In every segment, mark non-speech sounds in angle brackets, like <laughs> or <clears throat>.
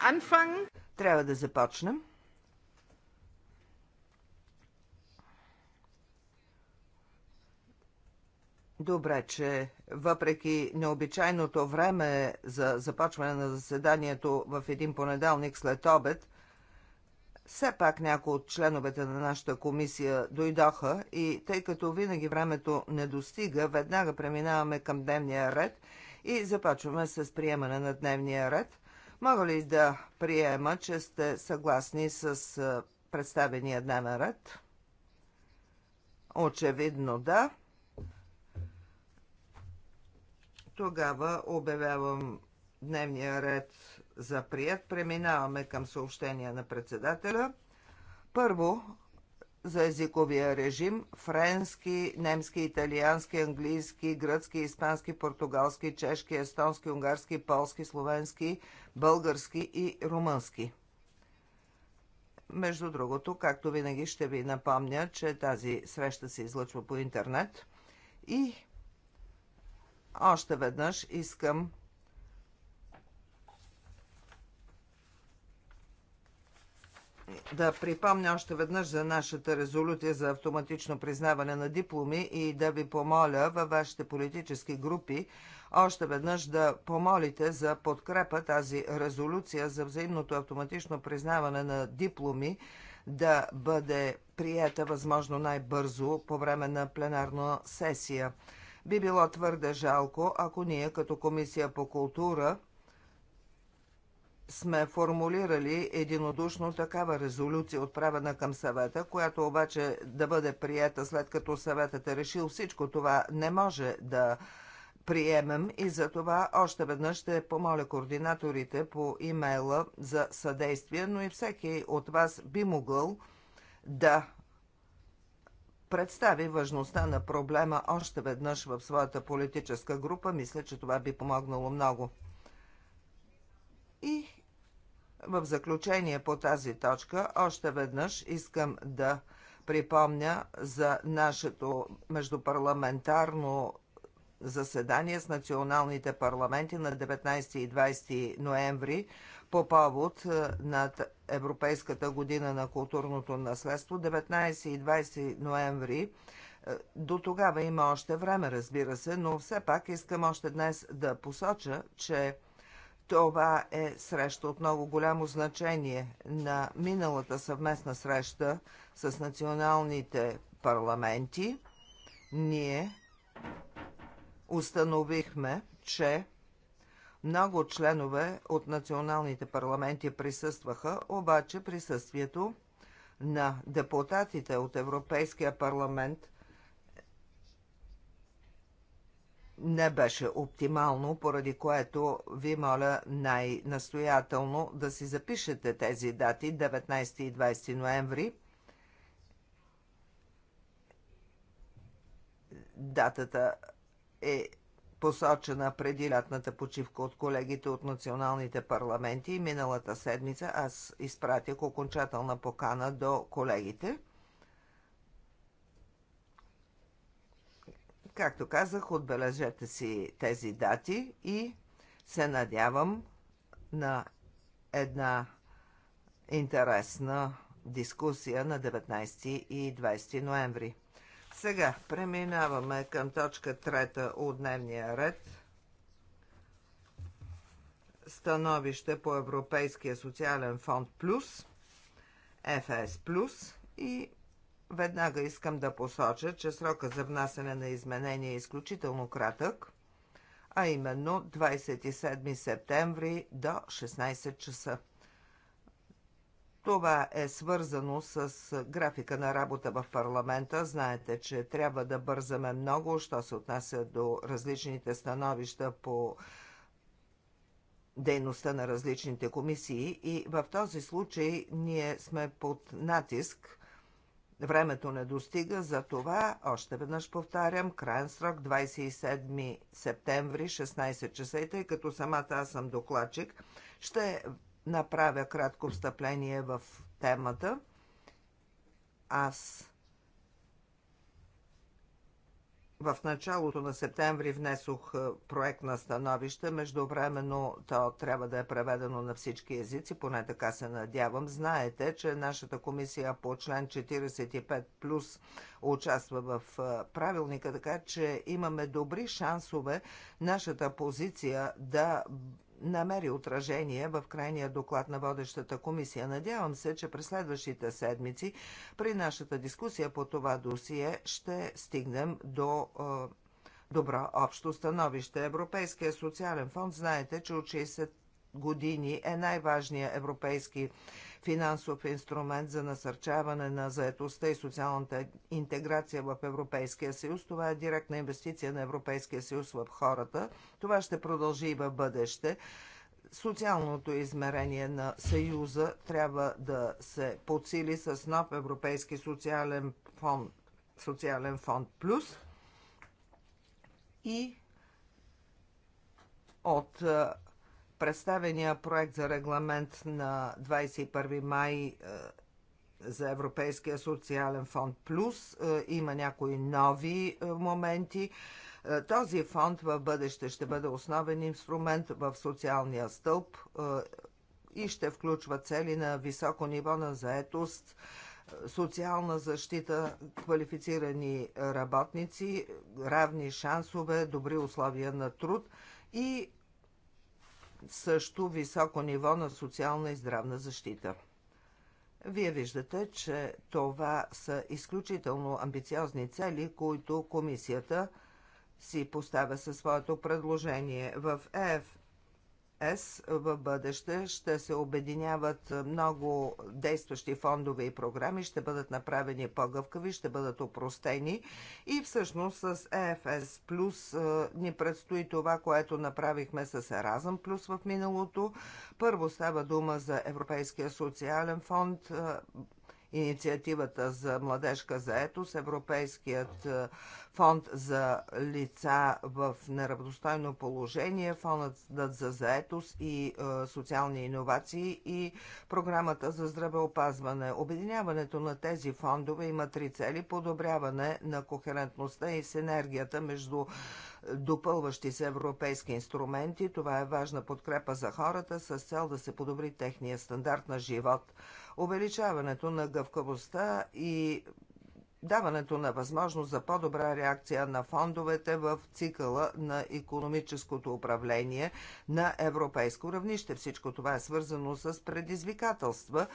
anfangen. трябва да започнем. Добре, че въпреки необичайното време за започване на заседанието в един понеделник след обед, все пак някои от членовете на нашата комисия дойдоха и тъй като винаги времето не достига, веднага преминаваме към дневния ред и започваме с приемане на дневния ред. Мога ли да приема, че сте съгласни с представения дневен ред? Очевидно да. Тогава обявявам дневния ред за прият. Преминаваме към съобщения на председателя. Първо, за езиковия режим френски, немски, италиански, английски, гръцки, испански, португалски, чешки, естонски, унгарски, полски, словенски, български и румънски. Между другото, както винаги ще ви напомня, че тази среща се излъчва по интернет и още веднъж искам да припомня още веднъж за нашата резолюция за автоматично признаване на дипломи и да ви помоля във вашите политически групи още веднъж да помолите за подкрепа тази резолюция за взаимното автоматично признаване на дипломи да бъде приета възможно най-бързо по време на пленарна сесия. Би било твърде жалко, ако ние като Комисия по култура сме формулирали единодушно такава резолюция, отправена към съвета, която обаче да бъде приета след като съветът е решил всичко това, не може да приемем и за това още веднъж ще помоля координаторите по имейла за съдействие, но и всеки от вас би могъл да представи важността на проблема още веднъж в своята политическа група. Мисля, че това би помогнало много. И в заключение по тази точка още веднъж искам да припомня за нашето междупарламентарно заседание с националните парламенти на 19 и 20 ноември по повод е, на Европейската година на културното наследство 19 и 20 ноември. Е, до тогава има още време, разбира се, но все пак искам още днес да посоча, че това е среща от много голямо значение. На миналата съвместна среща с националните парламенти ние установихме, че много членове от националните парламенти присъстваха, обаче присъствието на депутатите от Европейския парламент не беше оптимално, поради което ви моля най-настоятелно да си запишете тези дати 19 и 20 ноември. Датата е посочена преди лятната почивка от колегите от националните парламенти и миналата седмица аз изпратих окончателна покана до колегите. Както казах, отбележете си тези дати и се надявам на една интересна дискусия на 19 и 20 ноември. Сега преминаваме към точка 3 от дневния ред. Становище по Европейския социален фонд Плюс, ФС е Плюс и Веднага искам да посоча, че срока за внасяне на изменения е изключително кратък, а именно 27 септември до 16 часа. Това е свързано с графика на работа в парламента. Знаете, че трябва да бързаме много, що се отнася до различните становища по дейността на различните комисии и в този случай ние сме под натиск Времето не достига, за това още веднъж повтарям, крайен срок 27 септември 16 часа и тъй като самата аз съм докладчик, ще направя кратко встъпление в темата. Аз в началото на септември внесох е, проект на становище. Междувременно то трябва да е преведено на всички езици, поне така се надявам. Знаете, че нашата комисия по член 45 плюс участва в е, правилника, така че имаме добри шансове нашата позиция да намери отражение в крайния доклад на водещата комисия. Надявам се, че през следващите седмици при нашата дискусия по това досие ще стигнем до добро общо становище. Европейския социален фонд, знаете, че от 60 години е най-важният европейски финансов инструмент за насърчаване на заетостта и социалната интеграция в Европейския съюз. Това е директна инвестиция на Европейския съюз в хората. Това ще продължи и в бъдеще социалното измерение на Съюза трябва да се подсили с нов Европейски социален фонд, социален фонд плюс и от представения проект за регламент на 21 май е, за Европейския социален фонд Плюс. Е, има някои нови е, моменти. Този фонд в бъдеще ще бъде основен инструмент в социалния стълб и ще включва цели на високо ниво на заетост, социална защита, квалифицирани работници, равни шансове, добри условия на труд и също високо ниво на социална и здравна защита. Вие виждате, че това са изключително амбициозни цели, които комисията си поставя със своето предложение. В ЕФ ЕС в бъдеще ще се обединяват много действащи фондове и програми, ще бъдат направени по-гъвкави, ще бъдат опростени и всъщност с ЕФС Плюс е, ни предстои това, което направихме с Еразъм Плюс в миналото. Първо става дума за Европейския социален фонд, е, инициативата за младежка заетост, Европейският е, фонд за лица в неравностойно положение, фондът за заетост и е, социални иновации и програмата за здравеопазване. Обединяването на тези фондове има три цели – подобряване на кохерентността и синергията между допълващи се европейски инструменти. Това е важна подкрепа за хората с цел да се подобри техния стандарт на живот. Увеличаването на гъвкавостта и даването на възможност за по-добра реакция на фондовете в цикъла на економическото управление на европейско равнище. Всичко това е свързано с предизвикателства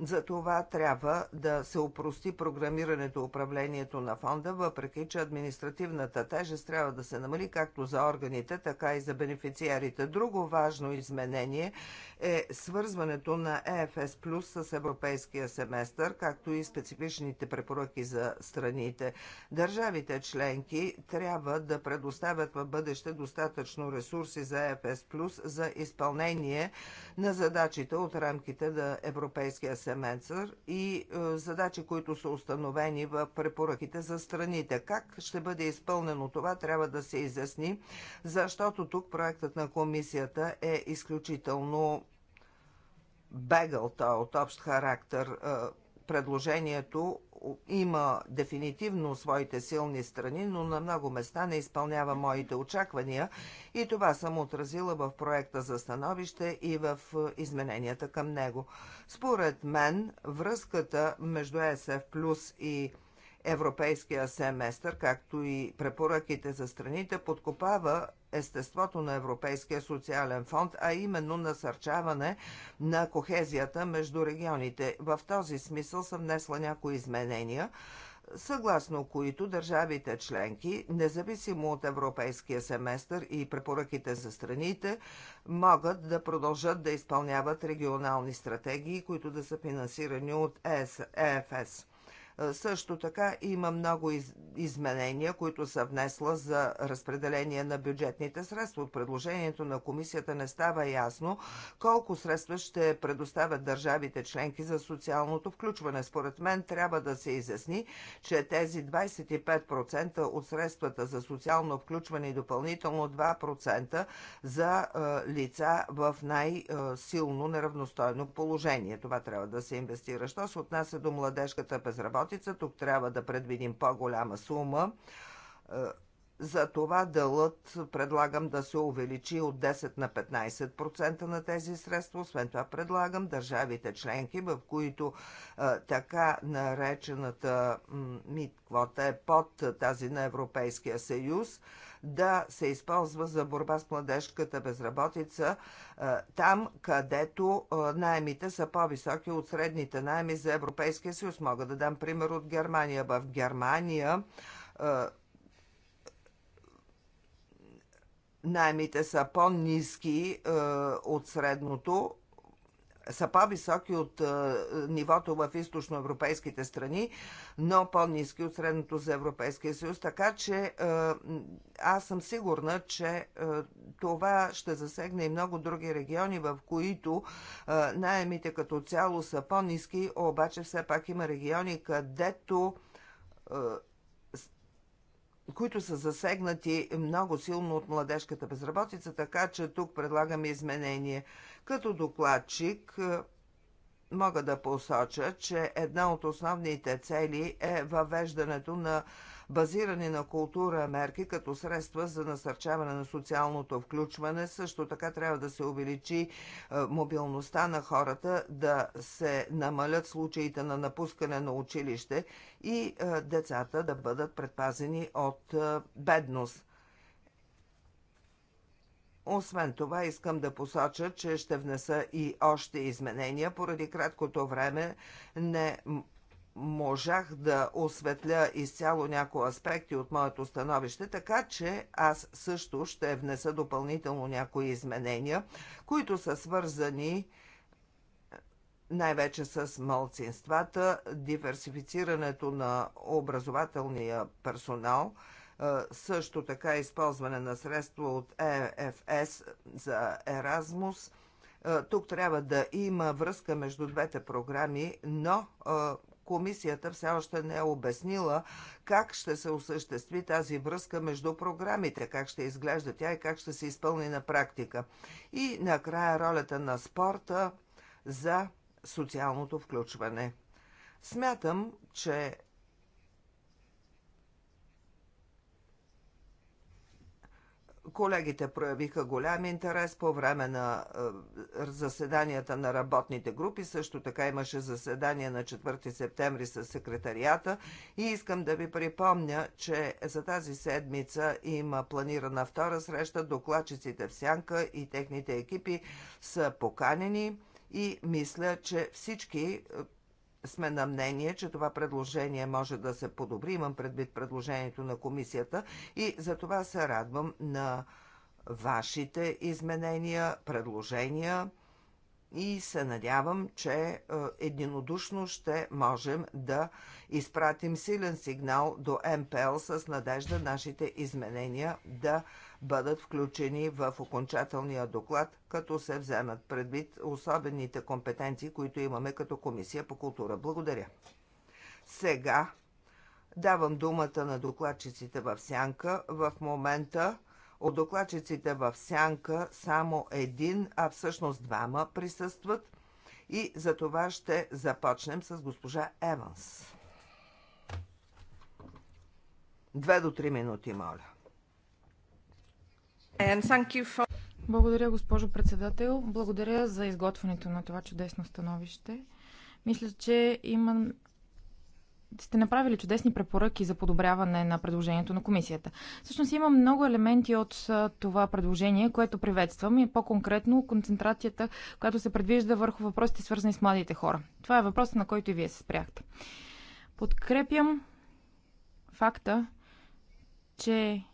за това трябва да се упрости програмирането и управлението на фонда, въпреки че административната тежест трябва да се намали както за органите, така и за бенефициарите. Друго важно изменение е свързването на ЕФС Плюс с европейския семестър, както и специфичните препоръки за страните. Държавите членки трябва да предоставят в бъдеще достатъчно ресурси за ЕФС Плюс за изпълнение на задачите от рамките на европейския семестър семенцър и е, задачи, които са установени в препоръките за страните. Как ще бъде изпълнено това, трябва да се изясни, защото тук проектът на комисията е изключително бегал, той от общ характер. Е, предложението има дефинитивно своите силни страни, но на много места не изпълнява моите очаквания и това съм отразила в проекта за становище и в е, измененията към него. Според мен, връзката между ЕСФ Плюс и европейския семестър, както и препоръките за страните, подкопава естеството на Европейския социален фонд, а именно насърчаване на кохезията между регионите. В този смисъл съм внесла някои изменения, съгласно които държавите членки, независимо от европейския семестър и препоръките за страните, могат да продължат да изпълняват регионални стратегии, които да са финансирани от ЕФС. Е е, също така има много изменения, които са внесла за разпределение на бюджетните средства. От предложението на комисията не става ясно колко средства ще предоставят държавите членки за социалното включване. Според мен трябва да се изясни, че тези 25% от средствата за социално включване и допълнително 2% за е, лица в най-силно е, неравностойно положение. Това трябва да се инвестира. Що се отнася до младежката безработица, безработица. Тук трябва да предвидим по-голяма сума. Е, за това дълът предлагам да се увеличи от 10 на 15% на тези средства. Освен това предлагам държавите членки, в които а, е, така наречената мит квота е под тази на Европейския съюз, да се използва за борба с младежката безработица е, там, където е, найемите са по-високи от средните найеми за Европейския съюз. Мога да дам пример от Германия. В Германия е, найемите са по-низки от средното са по-високи от а, е, нивото в източноевропейските страни, но по-низки от средното за Европейския съюз. Така че а, е, аз съм сигурна, че а, е, това ще засегне и много други региони, в които а, найемите като цяло са по-низки, обаче все пак има региони, където А, които са засегнати много силно от младежката безработица, така че тук предлагаме изменение. Като докладчик е, мога да посоча, че една от основните цели е въвеждането на базирани на култура мерки като средства за насърчаване на социалното включване. Също така трябва да се увеличи е, мобилността на хората, да се намалят случаите на напускане на училище и е, децата да бъдат предпазени от бедност. Освен това, искам да посоча, че ще внеса и още изменения. Поради краткото време не можах да осветля изцяло някои аспекти от моето становище, така че аз също ще внеса допълнително някои изменения, които са свързани е, най-вече с малцинствата, диверсифицирането на образователния персонал – също така използване на средства от ЕФС за Еразмус. Тук трябва да има връзка между двете програми, но комисията все още не е обяснила как ще се осъществи тази връзка между програмите, как ще изглежда тя и как ще се изпълни на практика. И накрая ролята на спорта за социалното включване. Смятам, че Колегите проявиха голям интерес по време на е, заседанията на работните групи. Също така имаше заседание на 4 септември с секретарията. И искам да ви припомня, че за тази седмица има планирана втора среща. Докладчиците в Сянка и техните екипи са поканени и мисля, че всички е, сме на мнение, че това предложение може да се подобри. Имам предвид предложението на комисията и за това се радвам на вашите изменения, предложения и се надявам, че е, единодушно ще можем да изпратим силен сигнал до МПЛ с надежда нашите изменения да бъдат включени в окончателния доклад, като се вземат предвид особените компетенции, които имаме като Комисия по култура. Благодаря. Сега давам думата на докладчиците в сянка. В момента от докладчиците в сянка само един, а всъщност двама присъстват. И за това ще започнем с госпожа Еванс. Две до три минути, моля. Благодаря, госпожо председател. Благодаря за изготвянето на това чудесно становище. Мисля, че имам сте направили чудесни препоръки за подобряване на предложението на комисията. Всъщност има много елементи от това предложение, което приветствам и по-конкретно концентрацията, която се предвижда върху въпросите свързани с младите хора. Това е въпрос, на който и вие се спряхте. Подкрепям факта, че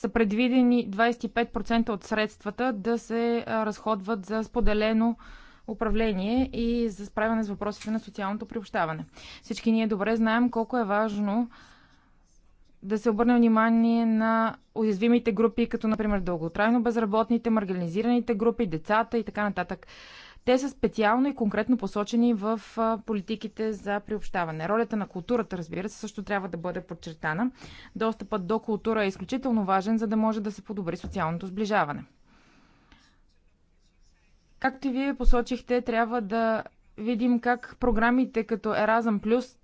са предвидени 25% от средствата да се разходват за споделено управление и за справяне с въпросите на социалното приобщаване. Всички ние добре знаем колко е важно да се обърне внимание на уязвимите групи, като например дълготрайно безработните, маргинализираните групи, децата и така нататък. Те са специално и конкретно посочени в политиките за приобщаване. Ролята на културата, разбира се, също трябва да бъде подчертана. Достъпът до култура е изключително важен, за да може да се подобри социалното сближаване. Както и вие посочихте, трябва да видим как програмите като Erasmus Plus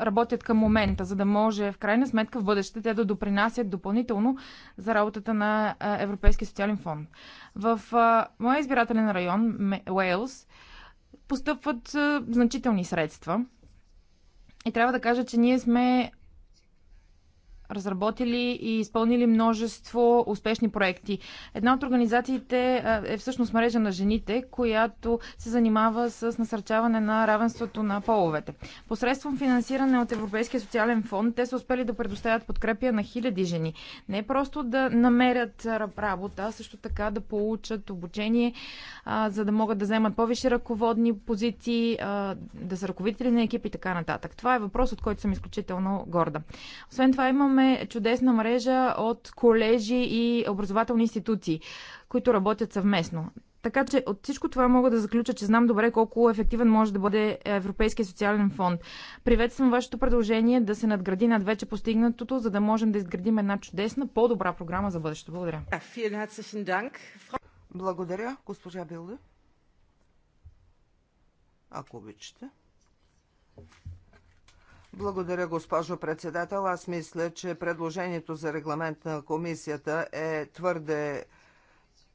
работят към момента, за да може в крайна сметка в бъдеще те да допринасят допълнително за работата на Европейския социален фонд. В моя избирателен район, Уейлс, постъпват значителни средства. И трябва да кажа, че ние сме разработили и изпълнили множество успешни проекти. Една от организациите е всъщност мрежа на жените, която се занимава с насърчаване на равенството на половете. Посредством финансиране от Европейския социален фонд, те са успели да предоставят подкрепия на хиляди жени. Не просто да намерят работа, а също така да получат обучение, за да могат да вземат повече ръководни позиции, да са ръководители на екип и така нататък. Това е въпрос, от който съм изключително горда. Освен това имам имаме чудесна мрежа от колежи и образователни институции, които работят съвместно. Така че от всичко това мога да заключа, че знам добре колко ефективен може да бъде Европейския социален фонд. Приветствам вашето предложение да се надгради над вече постигнатото, за да можем да изградим една чудесна, по-добра програма за бъдещето. Благодаря. Благодаря, госпожа Билда. Ако обичате. Благодаря, госпожо председател. Аз мисля, че предложението за регламент на комисията е твърде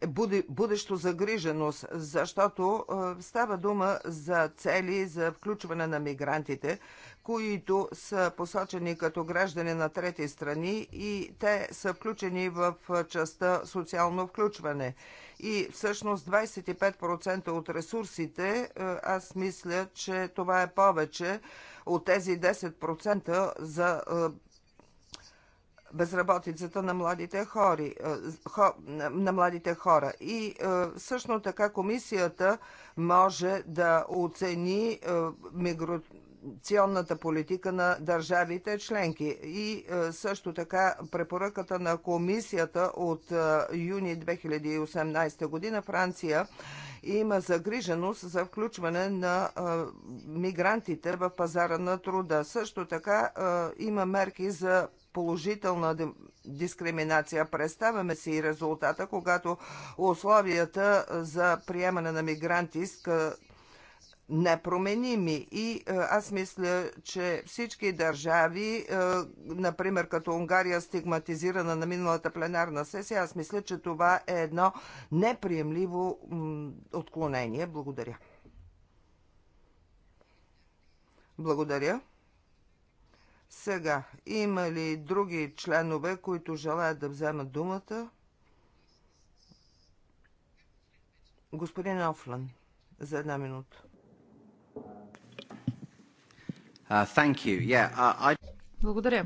е будещо загриженост, защото е, става дума за цели за включване на мигрантите, които са посочени като граждани на трети страни и те са включени в частта социално включване. И всъщност 25% от ресурсите, е, аз мисля, че това е повече от тези 10% за е, безработицата на младите, хори, е, на младите хора. И е, също така комисията може да оцени миграционната политика на държавите членки. И също така препоръката на комисията от юни 2018 година Франция има загриженост за включване на мигрантите в пазара на труда. Също така има мерки за положителна дискриминация. Представяме си и резултата, когато условията за приемане на мигранти непроменими. И е, аз мисля, че всички държави, е, например като Унгария, стигматизирана на миналата пленарна сесия, аз мисля, че това е едно неприемливо отклонение. Благодаря. Благодаря. Сега, има ли други членове, които желаят да вземат думата? Господин Офлан, за една минута. Uh, yeah, uh, I... Благодаря.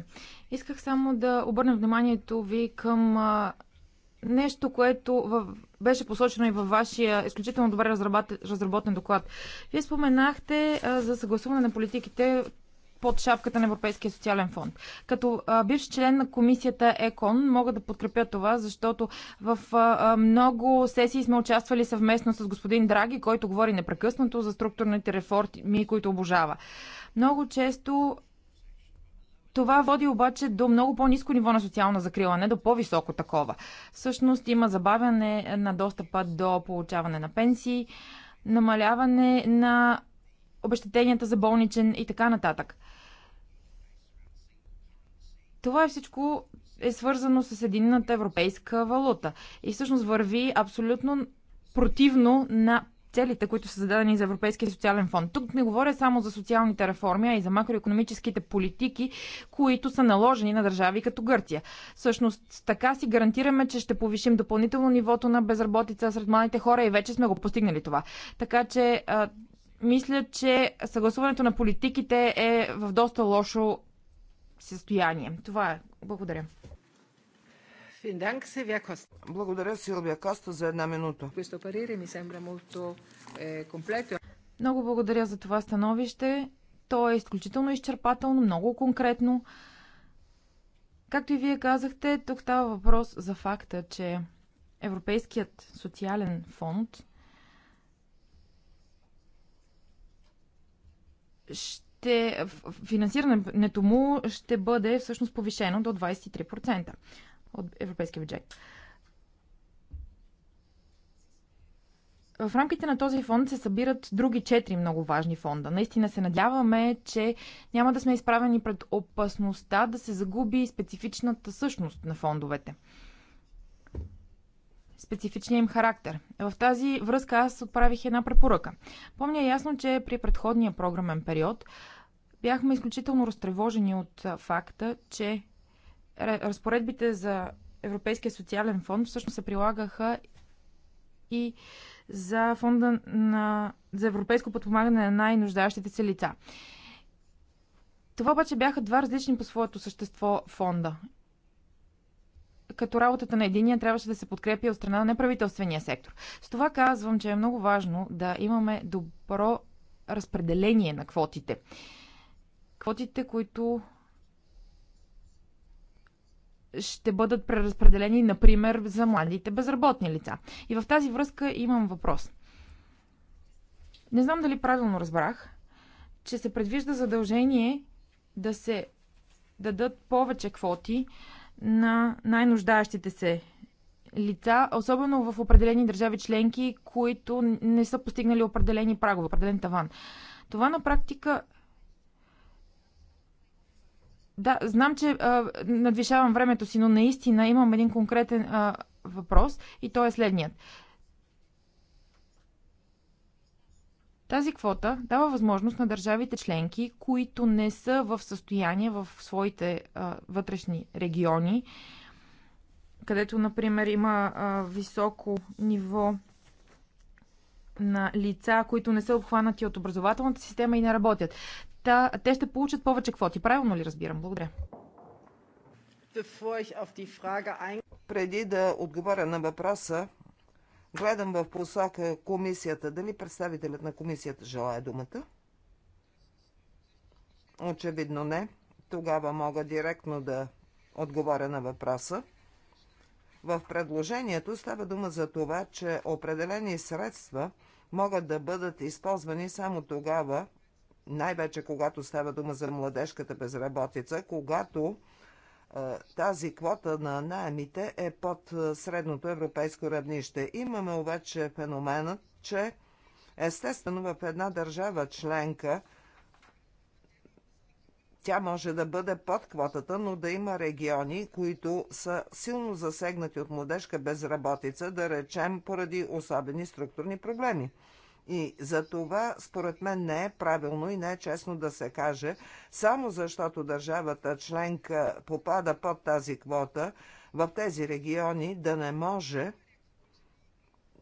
Исках само да обърна вниманието ви към нещо, което беше посочено и във вашия изключително добре разработен доклад. Вие споменахте за съгласуване на политиките под шапката на Европейския социален фонд. Като бивш член на комисията ЕКОН мога да подкрепя това, защото в много сесии сме участвали съвместно с господин Драги, който говори непрекъснато за структурните реформи, които обожава. Много често това води обаче до много по-низко ниво на социална закрила, не до по-високо такова. Всъщност има забавяне на достъпа до получаване на пенсии, намаляване на обещетенията за болничен и така нататък. Това е всичко е свързано с единната европейска валута и всъщност върви абсолютно противно на целите, които са зададени за Европейския социален фонд. Тук не говоря само за социалните реформи, а и за макроекономическите политики, които са наложени на държави като Гърция. Всъщност, така си гарантираме, че ще повишим допълнително нивото на безработица сред младите хора и вече сме го постигнали това. Така че мисля, че съгласуването на политиките е в доста лошо състояние. Това е. Благодаря. Благодаря, Силвия Коста, за една минута. Eh, много благодаря за това становище. То е изключително изчерпателно, много конкретно. Както и вие казахте, тук става въпрос за факта, че Европейският социален фонд ще, финансирането му ще бъде всъщност повишено до 23% от европейския бюджет. в рамките на този фонд се събират други четири много важни фонда. Наистина се надяваме, че няма да сме изправени пред опасността да се загуби специфичната същност на фондовете специфичния им характер. В тази връзка аз отправих една препоръка. Помня ясно, че при предходния програмен период бяхме изключително разтревожени от факта, че разпоредбите за Европейския социален фонд всъщност се прилагаха и за фонда на, за европейско подпомагане на най-нуждащите се лица. Това обаче бяха два различни по своето същество фонда като работата на единия трябваше да се подкрепи от страна на неправителствения сектор. С това казвам, че е много важно да имаме добро разпределение на квотите. Квотите, които ще бъдат преразпределени, например, за младите безработни лица. И в тази връзка имам въпрос. Не знам дали правилно разбрах, че се предвижда задължение да се дадат повече квоти на най-нуждаещите се лица, особено в определени държави членки, които не са постигнали определени прагове, определен таван. Това на практика. Да, знам, че а, надвишавам времето си, но наистина имам един конкретен а, въпрос и то е следният. Тази квота дава възможност на държавите членки, които не са в състояние в своите а, вътрешни региони, където, например, има а, високо ниво на лица, които не са обхванати от образователната система и не работят. Та, те ще получат повече квоти. Правилно ли разбирам? Благодаря. Преди да отговоря на въпроса, Гледам в посока комисията. Дали представителят на комисията желая думата? Очевидно не. Тогава мога директно да отговоря на въпроса. В предложението става дума за това, че определени средства могат да бъдат използвани само тогава, най-вече когато става дума за младежката безработица, когато е, тази квота на найемите е под е, средното европейско равнище. Имаме обаче феноменът, че естествено в една държава членка тя може да бъде под квотата, но да има региони, които са силно засегнати от младежка безработица, да речем поради особени структурни проблеми. И за това, според мен, не е правилно и не е честно да се каже, само защото държавата членка попада под тази квота, в тези региони да не може,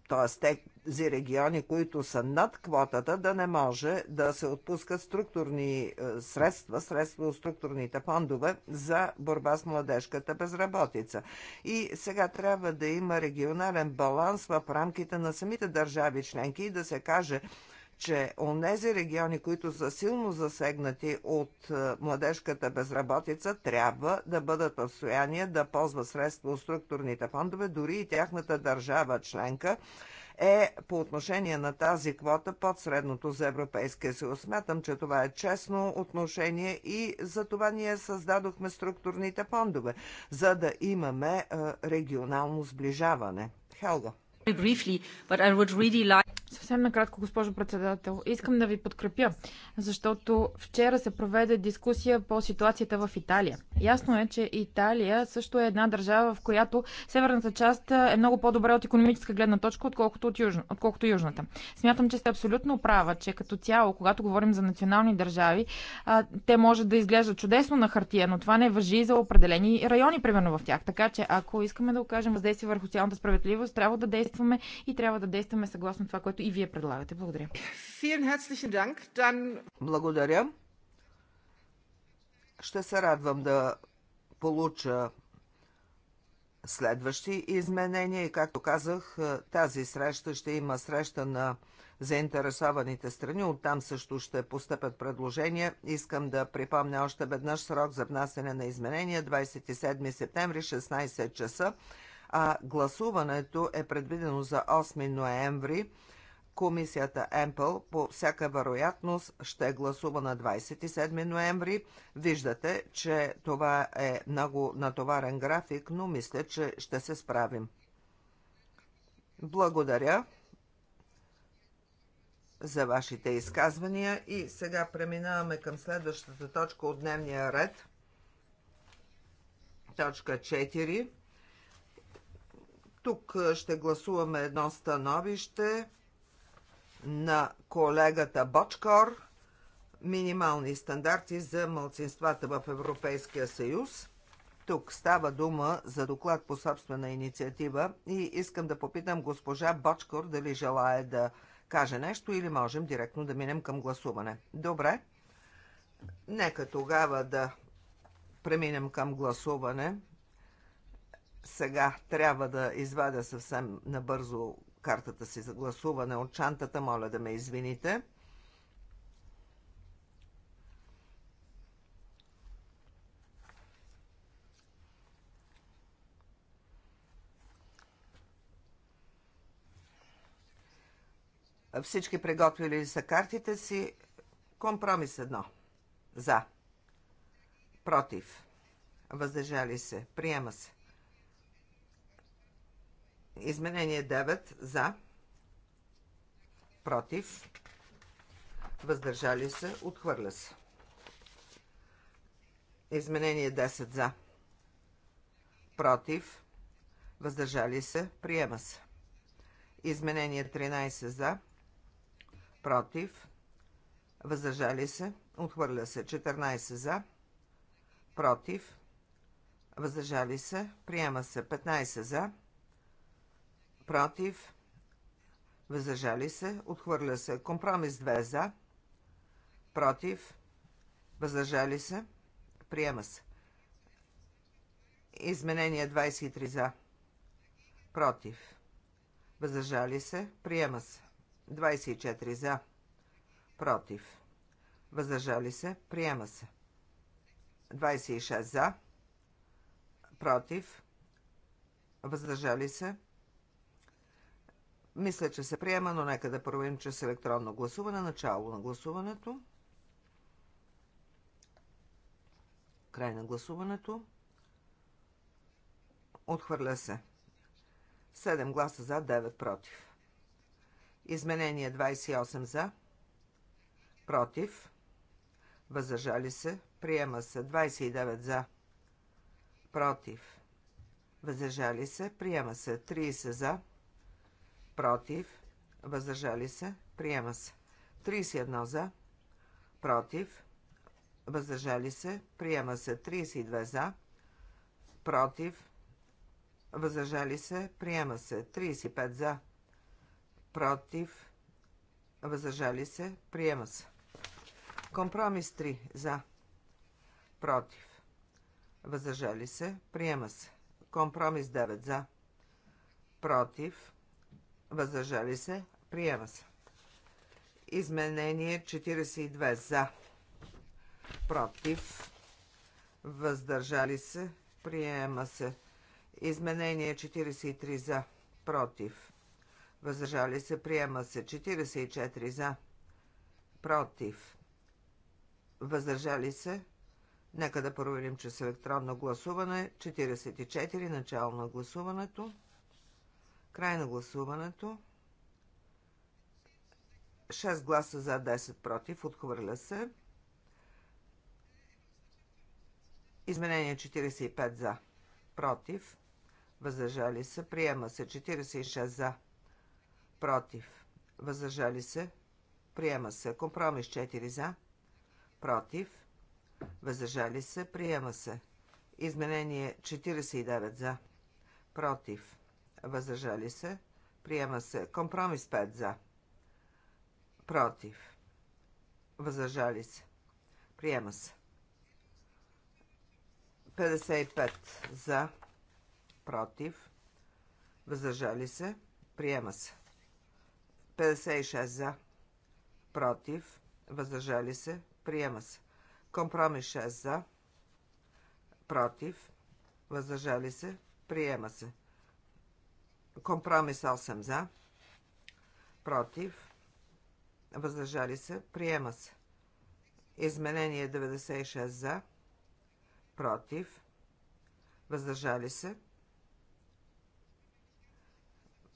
т.е. те тези региони, които са над квотата, да не може да се отпускат структурни е, средства, средства от структурните фондове за борба с младежката безработица. И сега трябва да има регионален баланс в рамките на самите държави членки и да се каже, че онези региони, които са силно засегнати от е, младежката безработица, трябва да бъдат в състояние да ползват средства от структурните фондове, дори и тяхната държава членка е по отношение на тази квота под средното за Европейския съюз. Смятам, че това е честно отношение и за това ние създадохме структурните фондове, за да имаме регионално сближаване. Хелго. Съвсем накратко, госпожо председател. Искам да ви подкрепя, защото вчера се проведе дискусия по ситуацията в Италия. Ясно е, че Италия също е една държава, в която северната част е много по-добра от економическа гледна точка, отколкото, от южна, отколкото южната. Смятам, че сте абсолютно права, че като цяло, когато говорим за национални държави, те може да изглеждат чудесно на хартия, но това не въжи и за определени райони, примерно в тях. Така че, ако искаме да окажем въздействие върху социалната справедливост, трябва да действаме действаме и трябва да действаме съгласно това, което и вие предлагате. Благодаря. Благодаря. Ще се радвам да получа следващи изменения и както казах, е, тази среща ще има среща на заинтересованите страни. Оттам също ще постъпят предложения. Искам да припомня още веднъж срок за внасене на изменения 27 септември 16 часа а гласуването е предвидено за 8 ноември. Комисията Емпъл по всяка вероятност ще гласува на 27 ноември. Виждате, че това е много натоварен график, но мисля, че ще се справим. Благодаря за вашите изказвания и сега преминаваме към следващата точка от дневния ред. Точка 4. Тук ще гласуваме едно становище на колегата Бочкор минимални стандарти за мълцинствата в Европейския съюз. Тук става дума за доклад по собствена инициатива и искам да попитам госпожа Бочкор дали желая да каже нещо или можем директно да минем към гласуване. Добре. Нека тогава да преминем към гласуване. Сега трябва да извадя съвсем набързо картата си за гласуване от чантата. Моля да ме извините. Всички приготвили са картите си. Компромис едно. За. Против. Въздържали се. Приема се. Изменение 9 за, против, въздържали се, отхвърля се. Изменение 10 за, против, въздържали се, приема се. Изменение 13 за, против, въздържали се, отхвърля се. 14 за, против, въздържали се, приема се. 15 за, против, против, въздържали се, отхвърля се. Компромис 2 за, против, въздържали се, приема се. Изменение 23 за, против, въздържали се, приема се. 24 за, против, въздържали се, приема се. 26 за, против, въздържали се, мисля, че се приема, но нека да проверим чрез електронно гласуване. Начало на гласуването. Край на гласуването. Отхвърля се. 7 гласа за, 9 против. Изменение 28 за, против, въздържали се, приема се 29 за, против, въздържали се, приема се 30 за, против, въздържали се, приема се. 31 за, против, въздържали се, приема се. 32 за, против, въздържали се, приема се. 35 за, против, въздържали се, приема се. Компромис 3 за, против, въздържали се, приема се. Компромис 9 за, против, въздържали се, приема се. Изменение 42 за, против, въздържали се, приема се. Изменение 43 за, против, въздържали се, приема се. 44 за, против, въздържали се. Нека да проверим, че с електронно гласуване 44 начало на гласуването. Край на гласуването. 6 гласа за, 10 против. Отхвърля се. Изменение 45 за. Против. Въздържали се. Приема се 46 за. Против. Въздържали се. Приема се. Компромис 4 за. Против. Въздържали се. Приема се. Изменение 49 за. Против въздържали се, приема се. Компромис 5 за, против, въздържали се, приема се. 55 за, против, въздържали се, приема се. 56 за, против, въздържали се, приема се. Компромис 6 за, против, въздържали се, приема се. Компромис 8 за. Против. Въздържали се. Приема се. Изменение 96 за. Против. Въздържали се.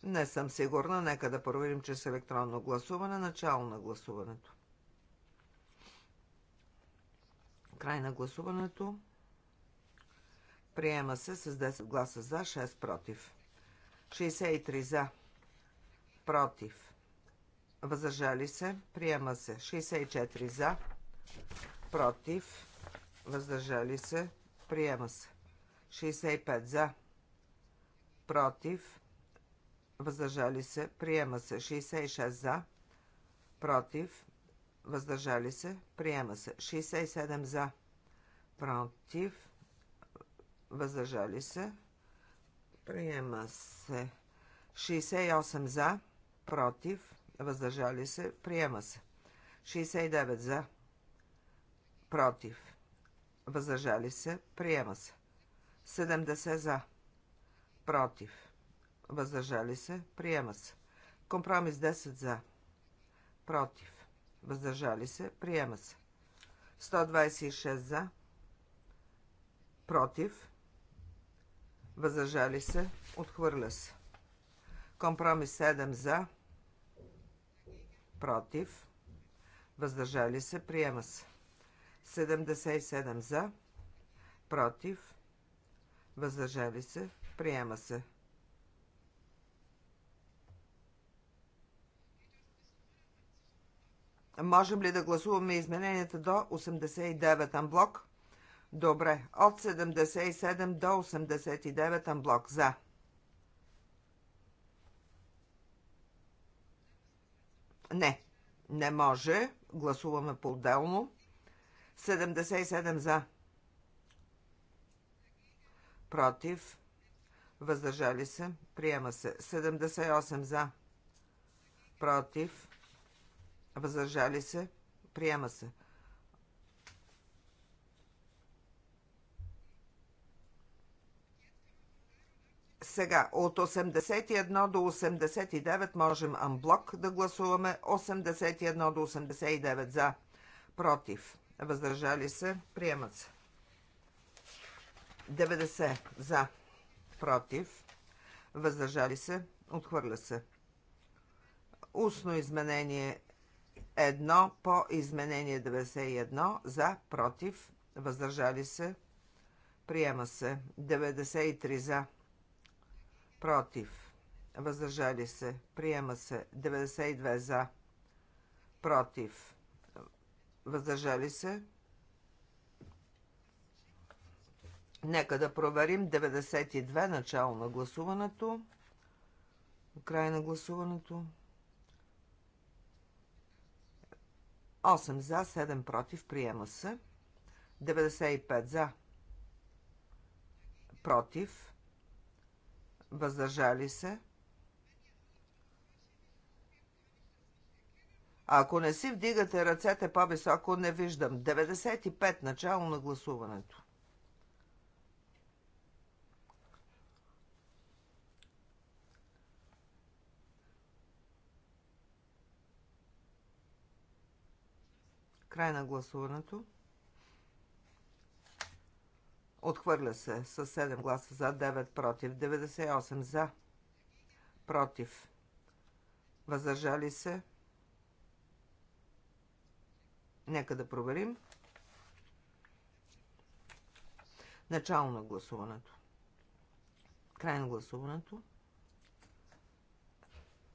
Не съм сигурна. Нека да проверим, че с електронно гласуване. Начало на гласуването. Край на гласуването. Приема се с 10 гласа за, 6 против. 63 за. Против. Въздържали се. Приема се. 64 за. Против. Въздържали се. Приема се. 65 за. Против. Въздържали се. Приема се. 66 за. Против. Въздържали се. Приема се. 67 за. Против. Въздържали се. Приема се. 68 за, против, въздържали се, приема се. 69 за, против, въздържали се, приема се. 70 за, против, въздържали се, приема се. Компромис 10 за, против, въздържали се, приема се. 126 за, против, въздържали се, отхвърля се. Компромис 7 за, против, въздържали се, приема се. 77 за, против, въздържали се, приема се. Можем ли да гласуваме измененията до 89 амблок? Добре, от 77 до 89 амблок за. Не, не може. Гласуваме по-отделно. 77 за. Против. Въздържали се. Приема се. 78 за. Против. Въздържали се. Приема се. Сега, от 81 до 89 можем амблок да гласуваме. 81 до 89 за. Против. Въздържали се. Приемат се. 90 за. Против. Въздържали се. Отхвърля се. Устно изменение 1 по изменение 91 за. Против. Въздържали се. Приема се. 93 за против, въздържали се, приема се 92 за, против, въздържали се. Нека да проверим 92 начало на гласуването, край на гласуването. 8 за, 7 против, приема се. 95 за, против, въздържали се. Ако не си вдигате ръцете по-високо, не виждам. 95 начало на гласуването. Край на гласуването. Отхвърля се с 7 гласа за, 9 против, 98 за, против. Въздържали се. Нека да проверим. Начало на гласуването. Край на гласуването.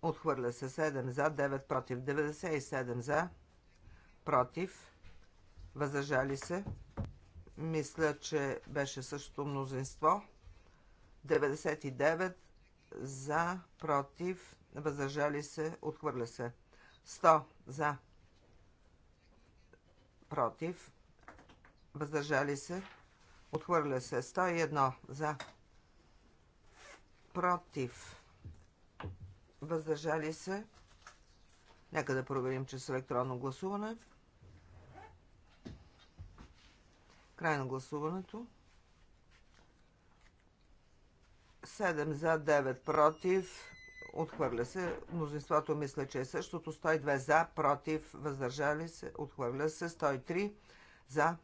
Отхвърля се 7 за, 9 против, 97 за, против, въздържали се, мисля, че беше същото мнозинство. 99 за, против, въздържали се, отхвърля се. 100 за, против, въздържали се, отхвърля се. 101 за, против, въздържали се. Нека да проверим, че с електронно гласуване. Край на гласуването. 7 за, 9 против. Отхвърля се. Мнозинството мисля, че е същото. 102 за, против, въздържали се. Отхвърля се. 103 за,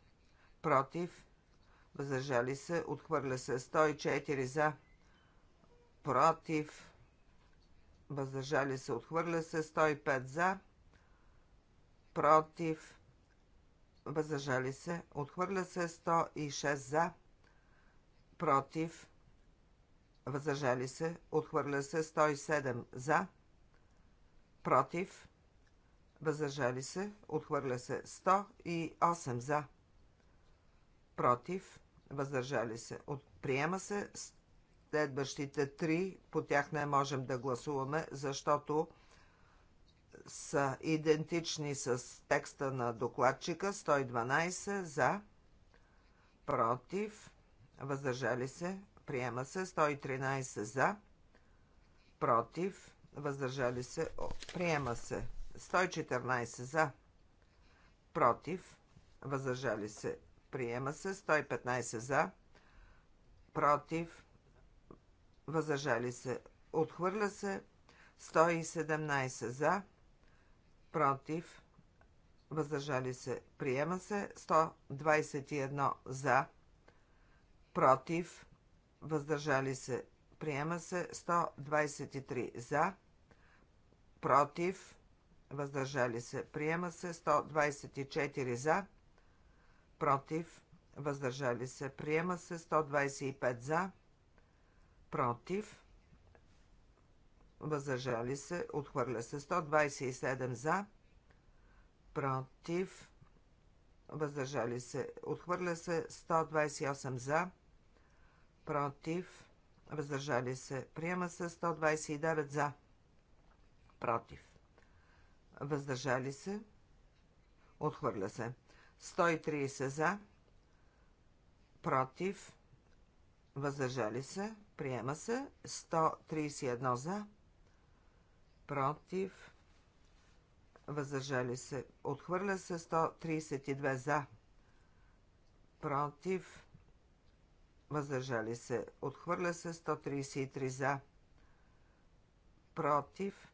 против, въздържали се. Отхвърля се. 104 за, против, въздържали се. Отхвърля се. 105 за, против, въздържали се, отхвърля се 106 за, против, въздържали се, отхвърля се 107 за, против, въздържали се, отхвърля се 108 за, против, въздържали се, от, приема се следващите 3, по тях не можем да гласуваме, защото са идентични с текста на докладчика. 112 за, против, въздържали се, приема се. 113 за, против, въздържали се, приема се. 114 за, против, въздържали се, приема се. 115 за, против, въздържали се, отхвърля се. 117 за, против, против, въздържали се, приема се. 121 за, против, въздържали се, приема се. 123 за, против, въздържали се, приема се. 124 за, против, въздържали се, приема се. 125 за, против, въздържали се, отхвърля се. 127 за, против, въздържали се, отхвърля се. 128 за, против, въздържали се, приема се. 129 за, против, въздържали се, отхвърля се. 130 за, против, въздържали се, приема се. 131 за, против, въздържали се, отхвърля се 132 за, против, въздържали се, отхвърля се 133 за, против,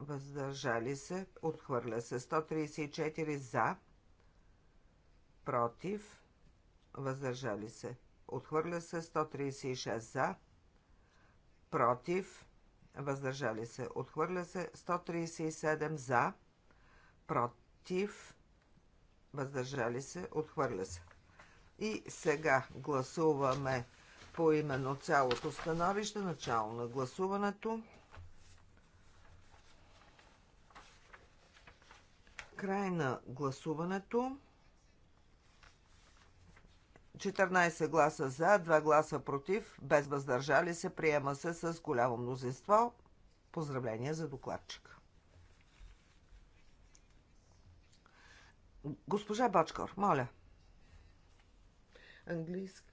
въздържали се, отхвърля се 134 за, против, въздържали се, отхвърля се 136 за, против, въздържали се, отхвърля се 137 за, против, въздържали се, отхвърля се. И сега гласуваме по именно цялото становище, начало на гласуването. Край на гласуването. 14 гласа за, 2 гласа против, без въздържали се, приема се с голямо мнозинство. Поздравления за докладчик. Госпожа Бачкор, моля. Английски.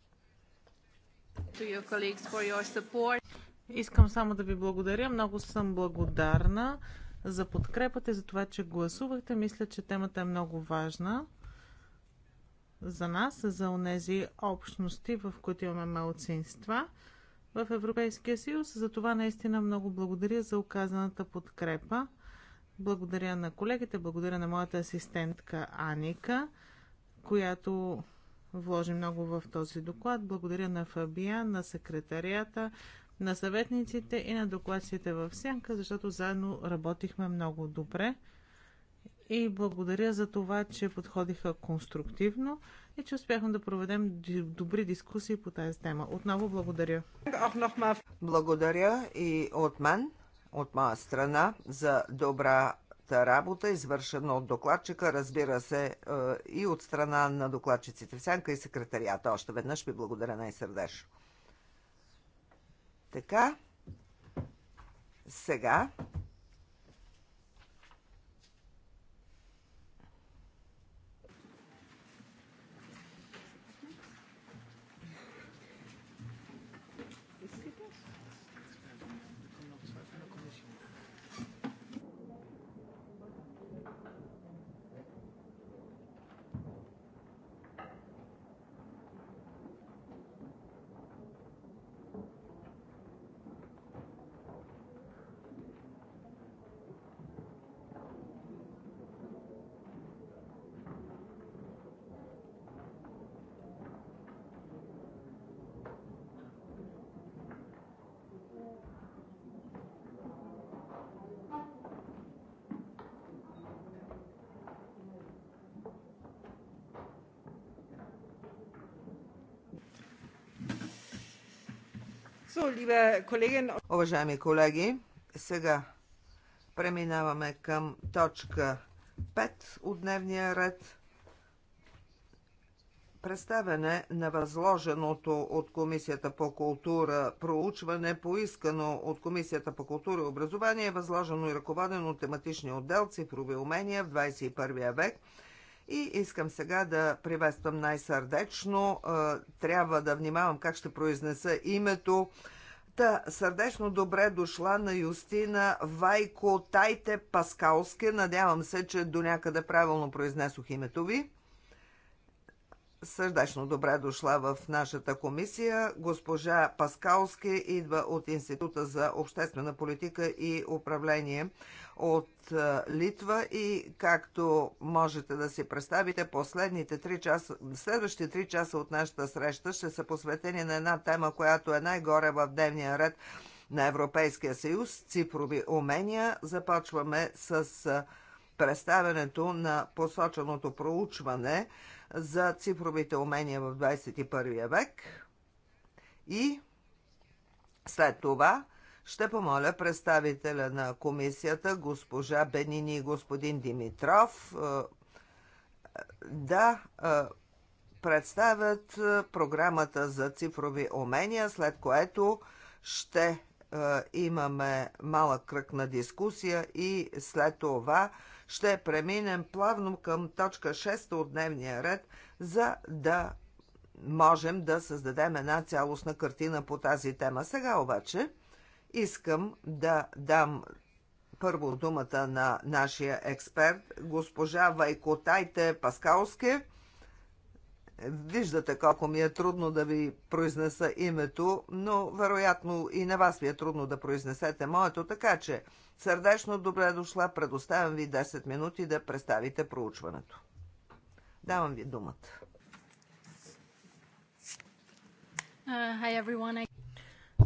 Искам само да ви благодаря. Много съм благодарна за подкрепата и за това, че гласувахте. Мисля, че темата е много важна за нас, за онези общности, в които имаме малцинства в Европейския съюз. За това наистина много благодаря за оказаната подкрепа. Благодаря на колегите, благодаря на моята асистентка Аника, която вложи много в този доклад. Благодаря на Фабия, на секретарията, на съветниците и на докладците в Сянка, защото заедно работихме много добре и благодаря за това, че подходиха конструктивно и че успяхме да проведем добри дискусии по тази тема. Отново благодаря. Благодаря и от мен, от моя страна, за добра работа, извършена от докладчика, разбира се, е, и от страна на докладчиците в Сянка и секретарията. Още веднъж ви благодаря най-сърдечно. Така, сега Уважаеми колеги, сега преминаваме към точка 5 от дневния ред. Представяне на възложеното от Комисията по култура проучване, поискано от Комисията по култура и образование, възложено и ръководено от тематичния отдел Цифрови умения в 21 век. И искам сега да приветствам най-сърдечно. Трябва да внимавам как ще произнеса името Та, сърдечно добре дошла на Юстина Вайко Тайте Паскалски. Надявам се, че до някъде правилно произнесох името ви. Сърдечно добре дошла в нашата комисия. Госпожа Паскалски идва от Института за обществена политика и управление от Литва и както можете да си представите, последните 3 часа, следващите три часа от нашата среща ще са посветени на една тема, която е най-горе в дневния ред на Европейския съюз – цифрови умения. Започваме с представянето на посоченото проучване за цифровите умения в 21 век и след това – ще помоля представителя на комисията, госпожа Бенини и господин Димитров, е, да е, представят е, програмата за цифрови умения, след което ще имаме малък кръг на дискусия и след това ще преминем плавно към точка 6 от дневния ред, за да можем да създадем една цялостна картина по тази тема. Сега обаче Искам да дам първо думата на нашия експерт, госпожа Вайкотайте Паскалске. Виждате колко ми е трудно да ви произнеса името, но вероятно и на вас ви е трудно да произнесете моето, така че сърдечно добре дошла, предоставям ви 10 минути да представите проучването. Давам ви думата. Uh, hi everyone.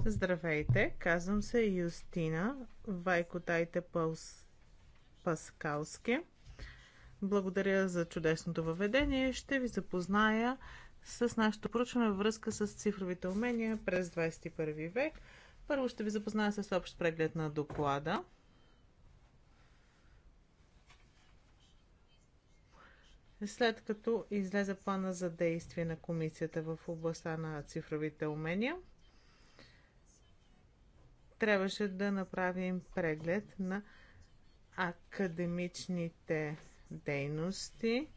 Здравейте, казвам се Юстина Вайкотайте Пълс Паскалски. Благодаря за чудесното въведение. Ще ви запозная с нашето проучване във връзка с цифровите умения през 21 век. Първо ще ви запозная с общ преглед на доклада. След като излезе плана за действие на комисията в областта на цифровите умения – трябваше да направим преглед на академичните дейности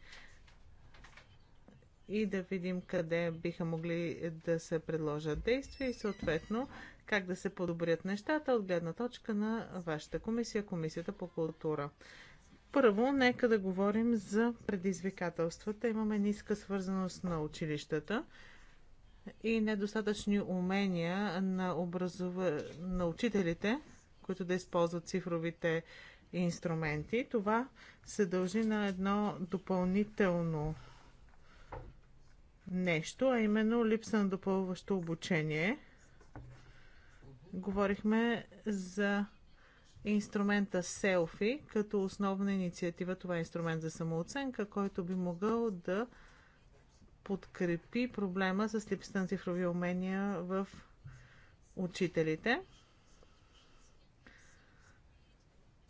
и да видим къде биха могли да се предложат действия и съответно как да се подобрят нещата от гледна точка на вашата комисия, Комисията по култура. Първо, нека да говорим за предизвикателствата. Имаме ниска свързаност на училищата и недостатъчни умения на, образова... на учителите, които да използват цифровите инструменти. Това се дължи на едно допълнително нещо, а именно липса на допълващо обучение. Говорихме за инструмента селфи като основна инициатива. Това е инструмент за самооценка, който би могъл да подкрепи проблема с липсата на цифрови умения в учителите.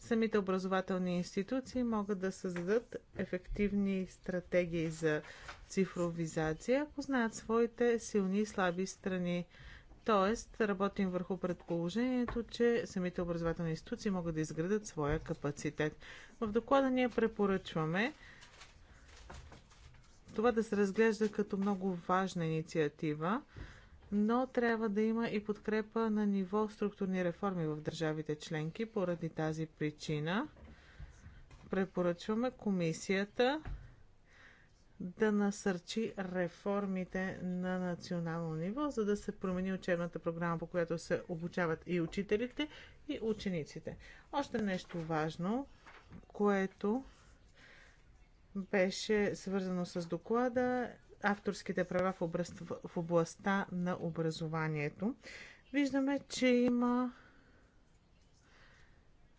Самите образователни институции могат да създадат ефективни стратегии за цифровизация, ако знаят своите силни и слаби страни. Тоест, работим върху предположението, че самите образователни институции могат да изградат своя капацитет. В доклада ние препоръчваме това да се разглежда като много важна инициатива, но трябва да има и подкрепа на ниво структурни реформи в държавите членки. Поради тази причина препоръчваме комисията да насърчи реформите на национално ниво, за да се промени учебната програма, по която се обучават и учителите, и учениците. Още нещо важно, което беше свързано с доклада авторските права в, образ... в областта на образованието. Виждаме, че има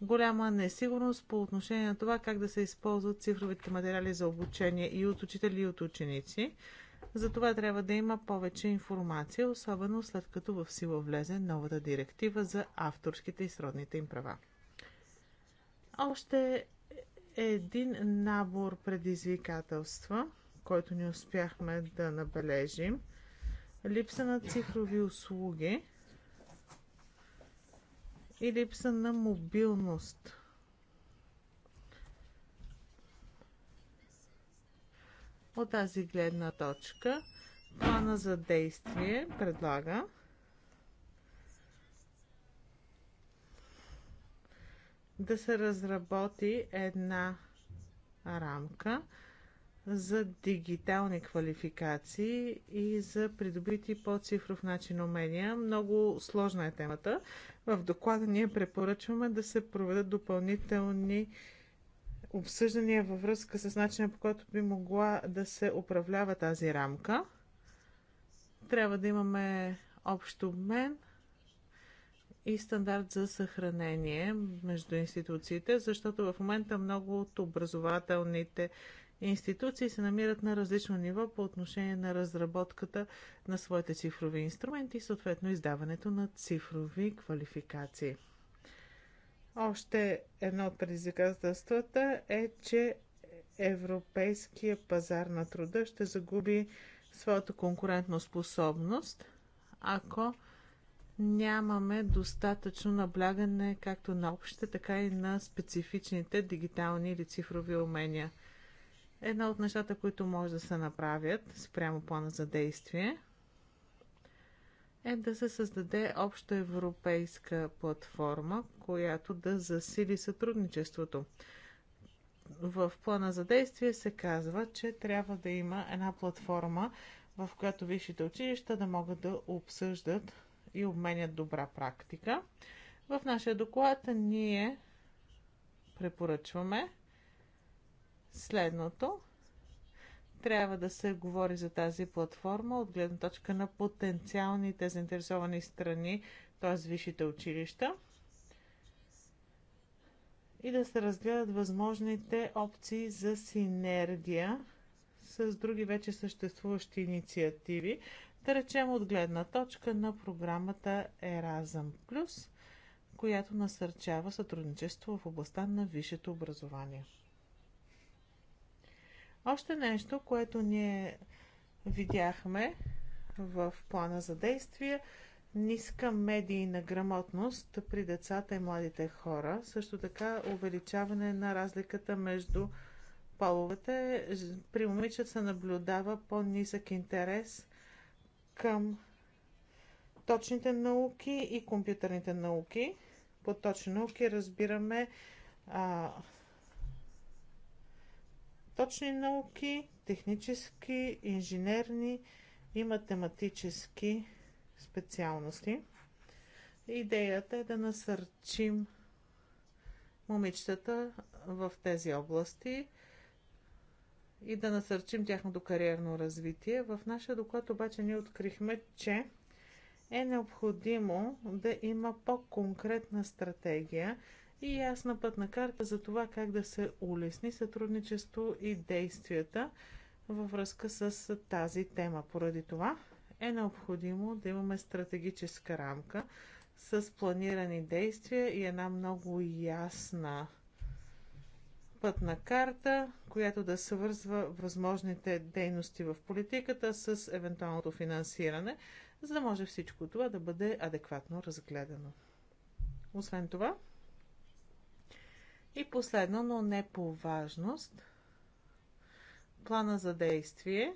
голяма несигурност по отношение на това как да се използват цифровите материали за обучение и от учители, и от ученици. Затова трябва да има повече информация, особено след като в сила влезе новата директива за авторските и сродните им права. Още един набор предизвикателства, който не успяхме да набележим. Липса на цифрови услуги и липса на мобилност. От тази гледна точка плана за действие предлага да се разработи една рамка за дигитални квалификации и за придобити по цифров начин умения. Много сложна е темата. В доклада ние препоръчваме да се проведат допълнителни обсъждания във връзка с начина по който би могла да се управлява тази рамка. Трябва да имаме общ обмен и стандарт за съхранение между институциите, защото в момента много от образователните институции се намират на различно ниво по отношение на разработката на своите цифрови инструменти и съответно издаването на цифрови квалификации. Още едно от предизвикателствата е, че европейския пазар на труда ще загуби своята конкурентна способност, ако нямаме достатъчно наблягане както на общите, така и на специфичните дигитални или цифрови умения. Една от нещата, които може да се направят спрямо плана за действие, е да се създаде обща европейска платформа, която да засили сътрудничеството. В плана за действие се казва, че трябва да има една платформа, в която висшите училища да могат да обсъждат и обменят добра практика. В нашия доклад ние препоръчваме следното. Трябва да се говори за тази платформа от гледна точка на потенциалните заинтересовани страни, т.е. висшите училища, и да се разгледат възможните опции за синергия с други вече съществуващи инициативи, да речем от гледна точка на програмата Erasm+, която насърчава сътрудничество в областта на висшето образование. Още нещо, което ние видяхме в плана за действие ниска медийна грамотност при децата и младите хора, също така увеличаване на разликата между половете. При момичета се наблюдава по-нисък интерес към точните науки и компютърните науки. По точни науки разбираме а, точни науки, технически, инженерни и математически специалности. Идеята е да насърчим момичетата в тези области и да насърчим тяхното кариерно развитие. В нашия доклад обаче ние открихме, че е необходимо да има по-конкретна стратегия и ясна пътна карта за това как да се улесни сътрудничество и действията във връзка с тази тема. Поради това е необходимо да имаме стратегическа рамка с планирани действия и една много ясна пътна карта, която да свързва възможните дейности в политиката с евентуалното финансиране, за да може всичко това да бъде адекватно разгледано. Освен това, и последно, но не по важност, плана за действие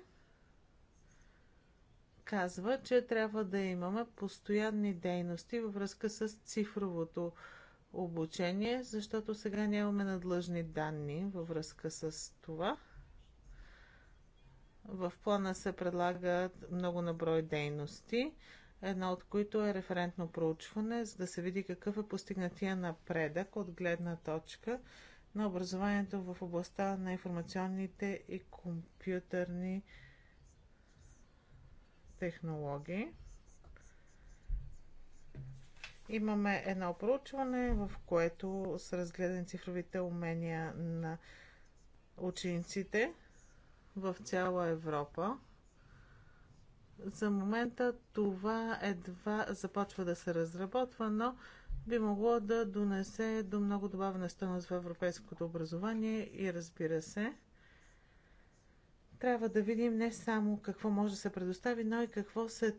казва, че трябва да имаме постоянни дейности във връзка с цифровото обучение, защото сега нямаме надлъжни данни във връзка с това. В плана се предлагат много наброй дейности, една от които е референтно проучване, за да се види какъв е постигнатия напредък от гледна точка на образованието в областта на информационните и компютърни технологии. Имаме едно проучване, в което са разгледани цифровите умения на учениците в цяла Европа. За момента това едва започва да се разработва, но би могло да донесе до много добавена стойност в европейското образование и разбира се, трябва да видим не само какво може да се предостави, но и какво се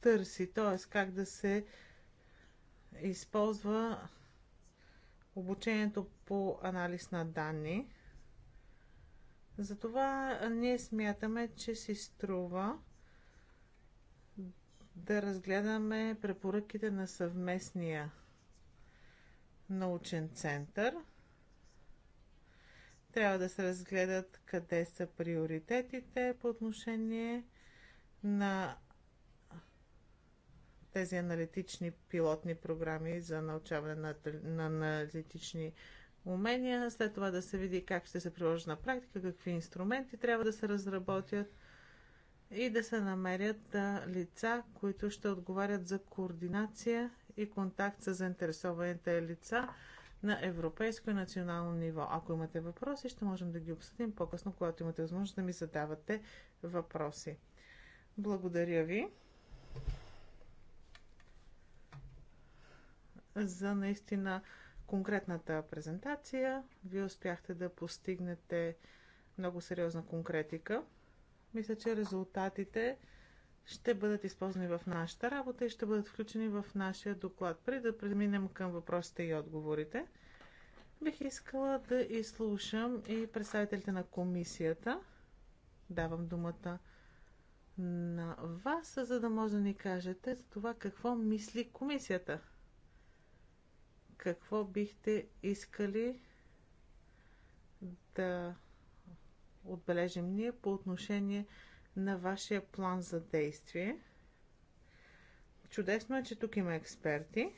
търси, т.е. как да се използва обучението по анализ на данни. Затова ние смятаме, че си струва да разгледаме препоръките на съвместния научен център. Трябва да се разгледат къде са приоритетите по отношение на тези аналитични пилотни програми за научаване на, на аналитични умения, след това да се види как ще се приложи на практика, какви инструменти трябва да се разработят и да се намерят лица, които ще отговарят за координация и контакт с заинтересованите лица на европейско и национално ниво. Ако имате въпроси, ще можем да ги обсъдим по-късно, когато имате възможност да ми задавате въпроси. Благодаря ви! за наистина конкретната презентация. Вие успяхте да постигнете много сериозна конкретика. Мисля, че резултатите ще бъдат използвани в нашата работа и ще бъдат включени в нашия доклад. Преди да преминем към въпросите и отговорите, бих искала да изслушам и представителите на комисията. Давам думата на вас, за да може да ни кажете за това какво мисли комисията какво бихте искали да отбележим ние по отношение на вашия план за действие. Чудесно е, че тук има експерти.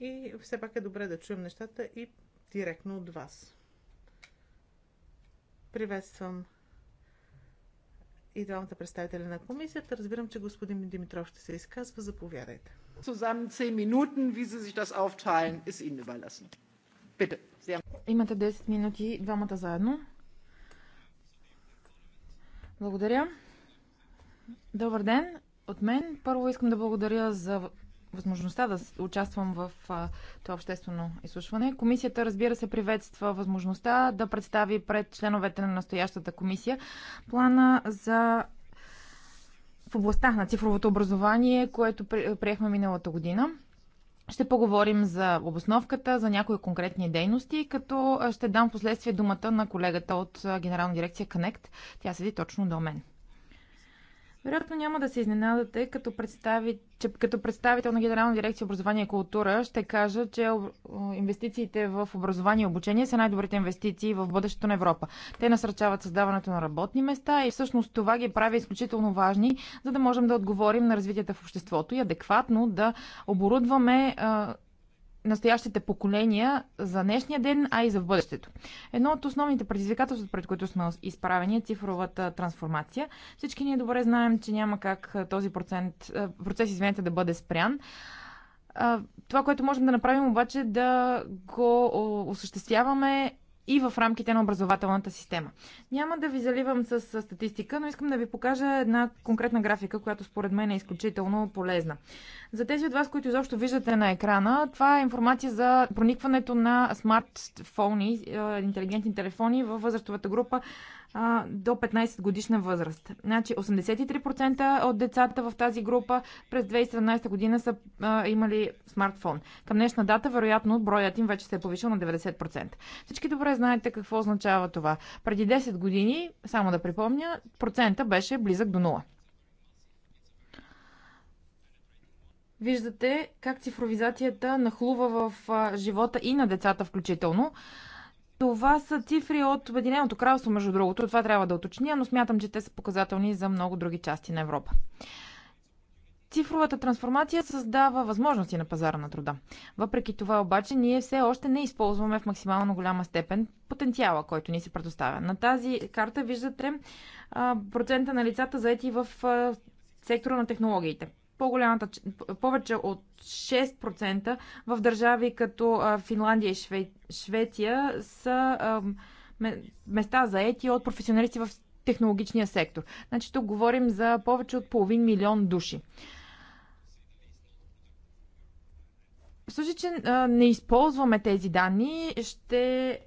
И все пак е добре да чуем нещата и директно от вас. Приветствам и двамата представители на комисията. Разбирам, че господин Димитров ще се изказва. Заповядайте. Zusammen zehn Minuten, wie Sie sich das aufteilen, ist Ihnen überlassen. Bitte. Имате 10 минути, двамата заедно. Благодаря. Добър ден от мен. Първо искам да благодаря за възможността да участвам в това обществено изслушване. Комисията, разбира се, приветства възможността да представи пред членовете на настоящата комисия плана за в областта на цифровото образование, което приехме миналата година. Ще поговорим за обосновката, за някои конкретни дейности, като ще дам последствие думата на колегата от Генерална дирекция Connect. Тя седи точно до мен. Вероятно няма да се изненадате, като, представи, че, като представител на Генерална дирекция образование и култура ще кажа, че инвестициите в образование и обучение са най-добрите инвестиции в бъдещето на Европа. Те насърчават създаването на работни места и всъщност това ги прави изключително важни, за да можем да отговорим на развитията в обществото и адекватно да оборудваме настоящите поколения за днешния ден, а и за бъдещето. Едно от основните предизвикателства, пред които сме изправени, е цифровата трансформация. Всички ние добре знаем, че няма как този процент, процес извинете, да бъде спрян. Това, което можем да направим обаче, да го осъществяваме и в рамките на образователната система. Няма да ви заливам с статистика, но искам да ви покажа една конкретна графика, която според мен е изключително полезна. За тези от вас, които изобщо виждате на екрана, това е информация за проникването на смартфони, е, интелигентни телефони във възрастовата група а, до 15 годишна възраст. Значи 83% от децата в тази група през 2017 година са а, имали смартфон. Към днешна дата, вероятно, броят им вече се е повишил на 90%. Всички добре знаете какво означава това. Преди 10 години, само да припомня, процента беше близък до 0. Виждате как цифровизацията нахлува в живота и на децата включително. Това са цифри от Обединеното кралство, между другото. Това трябва да уточня, но смятам, че те са показателни за много други части на Европа. Цифровата трансформация създава възможности на пазара на труда. Въпреки това обаче ние все още не използваме в максимално голяма степен потенциала, който ни се предоставя. На тази карта виждате процента на лицата заети в сектора на технологиите по-голямата, повече от 6% в държави като Финландия и Швеция са места заети от професионалисти в технологичния сектор. Значи тук говорим за повече от половин милион души. В случай, че не използваме тези данни, ще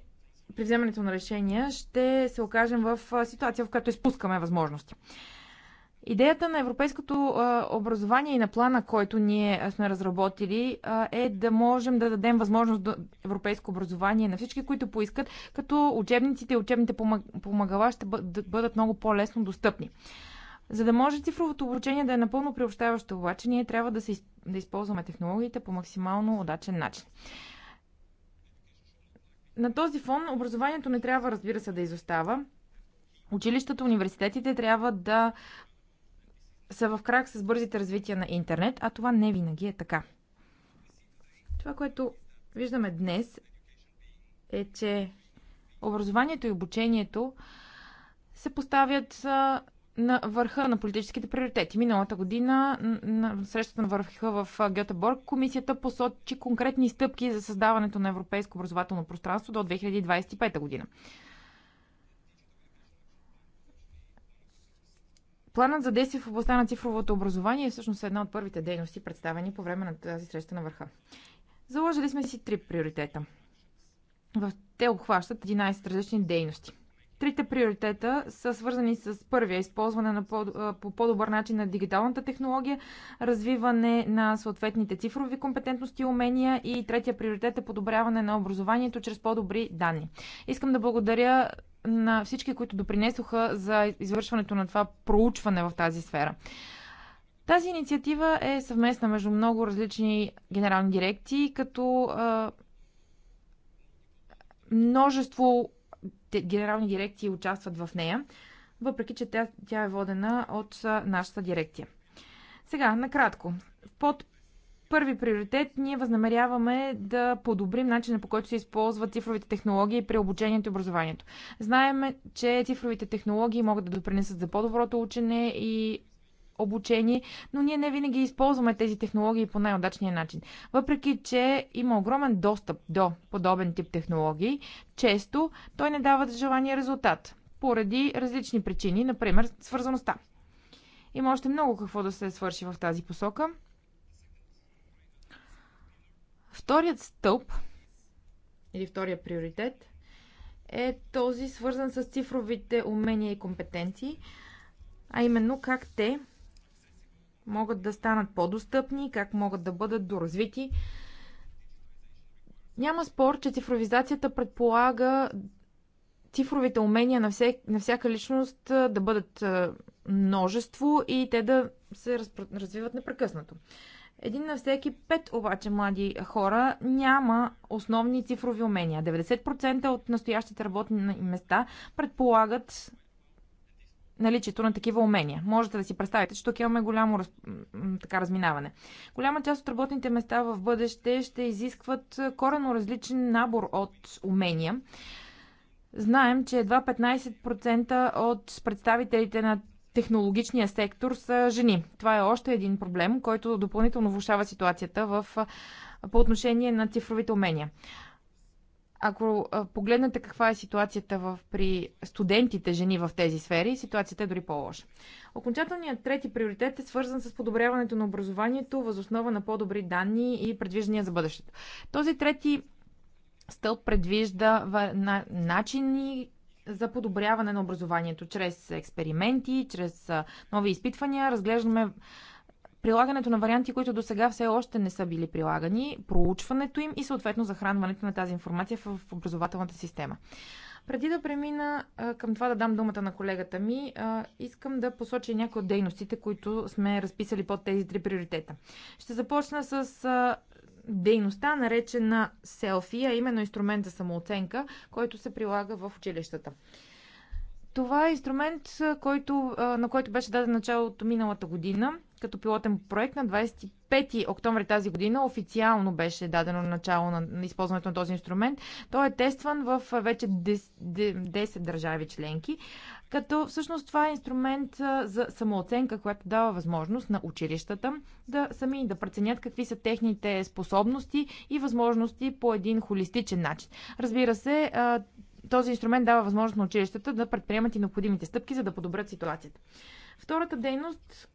при вземането на решения ще се окажем в ситуация, в която изпускаме възможности. Идеята на европейското образование и на плана, който ние сме разработили, е да можем да дадем възможност до европейско образование на всички, които поискат, като учебниците и учебните помагала ще бъдат много по-лесно достъпни. За да може цифровото обучение да е напълно приобщаващо, обаче, ние трябва да, се, да използваме технологиите по максимално удачен начин. На този фон образованието не трябва, разбира се, да изостава. Училищата, университетите трябва да са в крак с бързите развития на интернет, а това не винаги е така. Това, което виждаме днес е, че образованието и обучението се поставят на върха на политическите приоритети. Миналата година на срещата на върха в Гетеборг, комисията посочи конкретни стъпки за създаването на европейско образователно пространство до 2025 година. Планът за действие в областта на цифровото образование е всъщност една от първите дейности, представени по време на тази среща на върха. Заложили сме си три приоритета. В те обхващат 11 различни дейности. Трите приоритета са свързани с първия използване на по, по по-добър начин на дигиталната технология, развиване на съответните цифрови компетентности и умения и третия приоритет е подобряване на образованието чрез по-добри данни. Искам да благодаря на всички, които допринесоха за извършването на това проучване в тази сфера. Тази инициатива е съвместна между много различни генерални дирекции, като а, множество генерални дирекции участват в нея, въпреки че тя, тя е водена от нашата дирекция. Сега, накратко, под първи приоритет ние възнамеряваме да подобрим начина по който се използват цифровите технологии при обучението и образованието. Знаеме, че цифровите технологии могат да допринесат за по-доброто учене и обучение, но ние не винаги използваме тези технологии по най-удачния начин. Въпреки, че има огромен достъп до подобен тип технологии, често той не дава желания резултат поради различни причини, например свързаността. Има още много какво да се свърши в тази посока – Вторият стълб или втория приоритет е този свързан с цифровите умения и компетенции, а именно как те могат да станат по-достъпни, как могат да бъдат доразвити. Няма спор, че цифровизацията предполага цифровите умения на, всек, на всяка личност да бъдат множество и те да се разпро... развиват непрекъснато. Един на всеки пет обаче млади хора няма основни цифрови умения. 90% от настоящите работни места предполагат наличието на такива умения. Можете да си представите, че тук имаме голямо раз... така, разминаване. Голяма част от работните места в бъдеще ще изискват корено различен набор от умения. Знаем, че едва 15% от представителите на технологичния сектор са жени. Това е още един проблем, който допълнително влушава ситуацията в, по отношение на цифровите умения. Ако погледнете каква е ситуацията в, при студентите жени в тези сфери, ситуацията е дори по-лоша. Окончателният трети приоритет е свързан с подобряването на образованието възоснова на по-добри данни и предвиждания за бъдещето. Този трети стълб предвижда начини за подобряване на образованието чрез експерименти, чрез нови изпитвания. Разглеждаме прилагането на варианти, които до сега все още не са били прилагани, проучването им и съответно захранването на тази информация в образователната система. Преди да премина към това да дам думата на колегата ми, искам да посоча някои от дейностите, които сме разписали под тези три приоритета. Ще започна с дейността, наречена селфи, а именно инструмент за самооценка, който се прилага в училищата. Това е инструмент, който, на който беше даден началото миналата година, като пилотен проект на 25 октомври тази година официално беше дадено начало на използването на този инструмент. Той е тестван в вече 10, 10 държави членки като всъщност това е инструмент за самооценка, която дава възможност на училищата да сами да преценят какви са техните способности и възможности по един холистичен начин. Разбира се, този инструмент дава възможност на училищата да предприемат и необходимите стъпки, за да подобрят ситуацията. Втората дейност,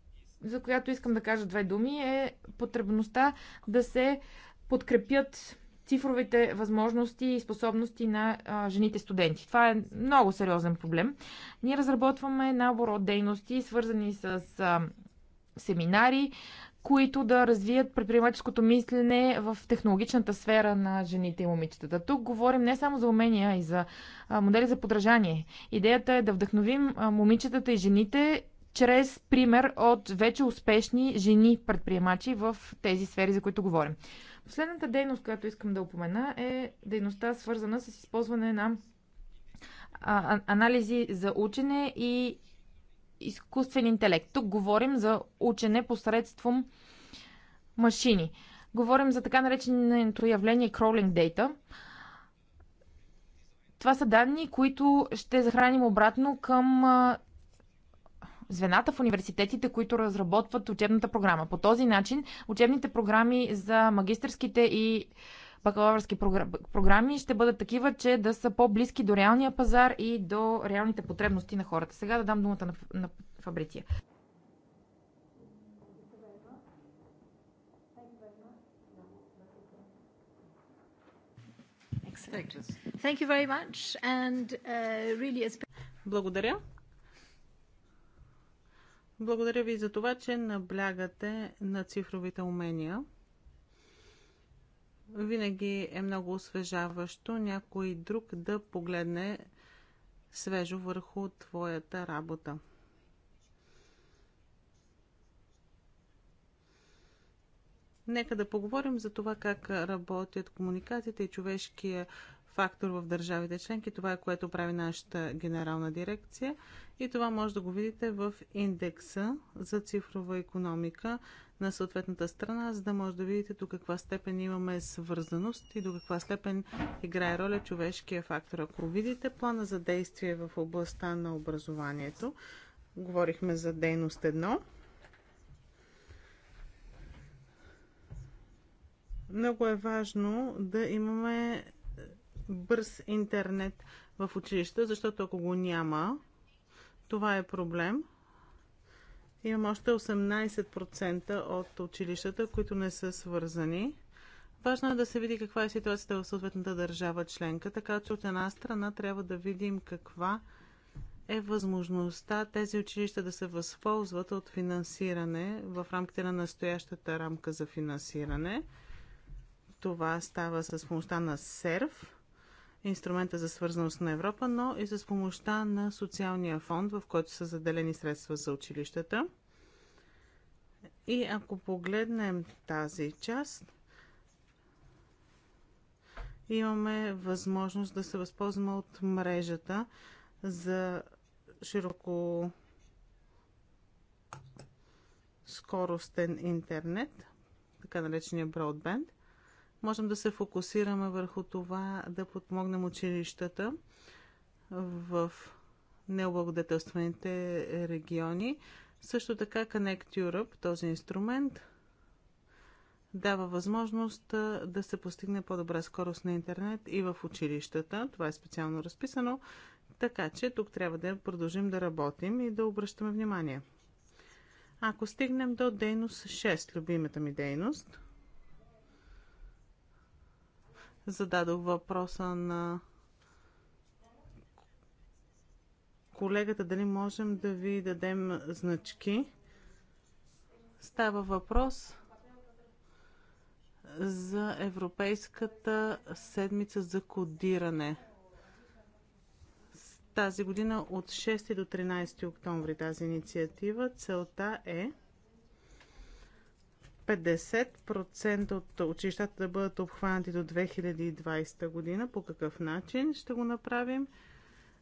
за която искам да кажа две думи, е потребността да се подкрепят цифровите възможности и способности на жените студенти. Това е много сериозен проблем. Ние разработваме набор от дейности, свързани с семинари, които да развият предприемаческото мислене в технологичната сфера на жените и момичетата. Тук говорим не само за умения и за модели за подражание. Идеята е да вдъхновим момичетата и жените чрез пример от вече успешни жени предприемачи в тези сфери, за които говорим. Последната дейност, която искам да упомена е дейността свързана с използване на анализи за учене и изкуствен интелект. Тук говорим за учене посредством машини. Говорим за така нареченото явление crawling data. Това са данни, които ще захраним обратно към звената в университетите, които разработват учебната програма. По този начин учебните програми за магистърските и бакалавърски програми ще бъдат такива, че да са по-близки до реалния пазар и до реалните потребности на хората. Сега да дам думата на, на Фабриция. Uh, Благодаря. Благодаря ви за това, че наблягате на цифровите умения. Винаги е много освежаващо някой друг да погледне свежо върху твоята работа. Нека да поговорим за това как работят комуникациите и човешкия фактор в държавите членки. Това е което прави нашата генерална дирекция и това може да го видите в индекса за цифрова економика на съответната страна, за да може да видите до каква степен имаме свързаност и до каква степен играе роля човешкия фактор. Ако видите плана за действие в областта на образованието, говорихме за дейност едно. много е важно да имаме бърз интернет в училища, защото ако го няма, това е проблем. Имам още 18% от училищата, които не са свързани. Важно е да се види каква е ситуацията в съответната държава членка, така че от една страна трябва да видим каква е възможността тези училища да се възползват от финансиране в рамките на настоящата рамка за финансиране. Това става с помощта на СЕРВ инструмента за свързаност на Европа, но и с помощта на социалния фонд, в който са заделени средства за училищата. И ако погледнем тази част, имаме възможност да се възползваме от мрежата за широко скоростен интернет, така наречения broadband можем да се фокусираме върху това да подмогнем училищата в необлагодетелствените региони. Също така Connect Europe, този инструмент, дава възможност да се постигне по-добра скорост на интернет и в училищата. Това е специално разписано, така че тук трябва да продължим да работим и да обръщаме внимание. Ако стигнем до дейност 6, любимата ми дейност – зададох въпроса на колегата дали можем да ви дадем значки. Става въпрос за Европейската седмица за кодиране. Тази година от 6 до 13 октомври тази инициатива целта е 50% от училищата да бъдат обхванати до 2020 година. По какъв начин ще го направим?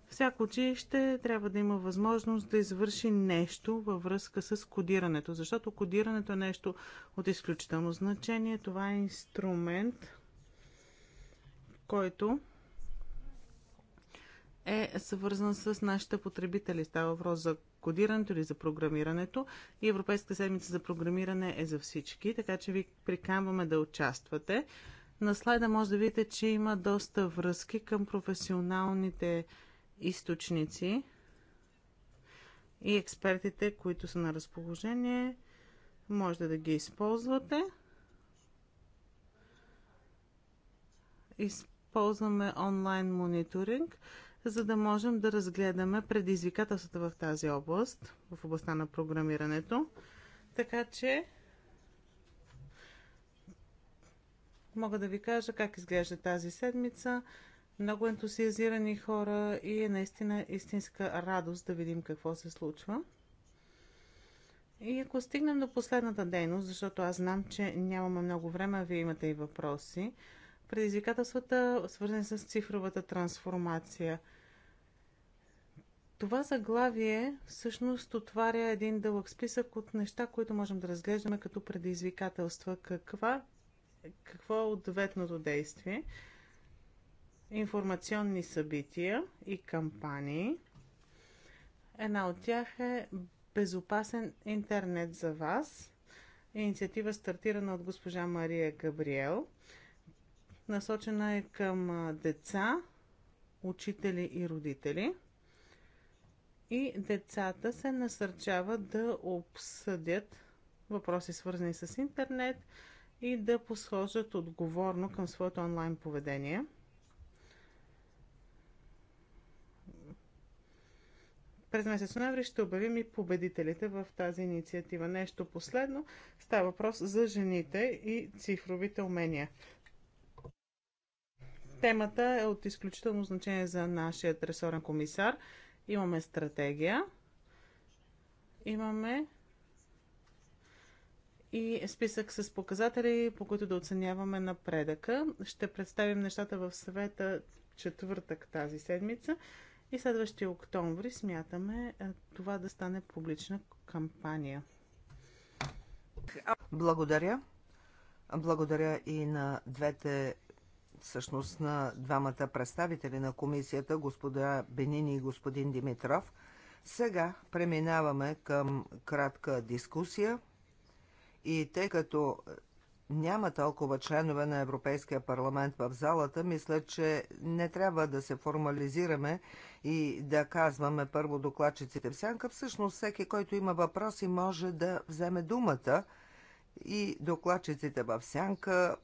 Всяко училище трябва да има възможност да извърши нещо във връзка с кодирането, защото кодирането е нещо от изключително значение. Това е инструмент, който е свързан с нашите потребители. Става въпрос за кодирането или за програмирането. И Европейска седмица за програмиране е за всички, така че ви приканваме да участвате. На слайда може да видите, че има доста връзки към професионалните източници и експертите, които са на разположение. Може да ги използвате. Използваме онлайн мониторинг за да можем да разгледаме предизвикателствата в тази област, в областта на програмирането. Така че мога да ви кажа как изглежда тази седмица. Много ентусиазирани хора и е наистина истинска радост да видим какво се случва. И ако стигнем до последната дейност, защото аз знам, че нямаме много време, а вие имате и въпроси, предизвикателствата, свързани с цифровата трансформация – това заглавие всъщност отваря един дълъг списък от неща, които можем да разглеждаме като предизвикателства. Каква, какво е ответното действие? Информационни събития и кампании. Една от тях е Безопасен интернет за вас. Инициатива стартирана от госпожа Мария Габриел. Насочена е към деца, учители и родители – и децата се насърчават да обсъдят въпроси свързани с интернет и да подхождат отговорно към своето онлайн поведение. През месец ноември ще обявим и победителите в тази инициатива. Нещо последно става въпрос за жените и цифровите умения. Темата е от изключително значение за нашия ресорен комисар – Имаме стратегия. Имаме и списък с показатели, по които да оценяваме напредъка. Ще представим нещата в съвета четвъртък тази седмица и следващия октомври смятаме е, това да стане публична кампания. Благодаря. Благодаря и на двете всъщност на двамата представители на комисията, господа Бенини и господин Димитров. Сега преминаваме към кратка дискусия и тъй като няма толкова членове на Европейския парламент в залата, мисля, че не трябва да се формализираме и да казваме първо докладчиците в сянка. Всъщност всеки, който има въпроси, може да вземе думата и докладчиците в сянка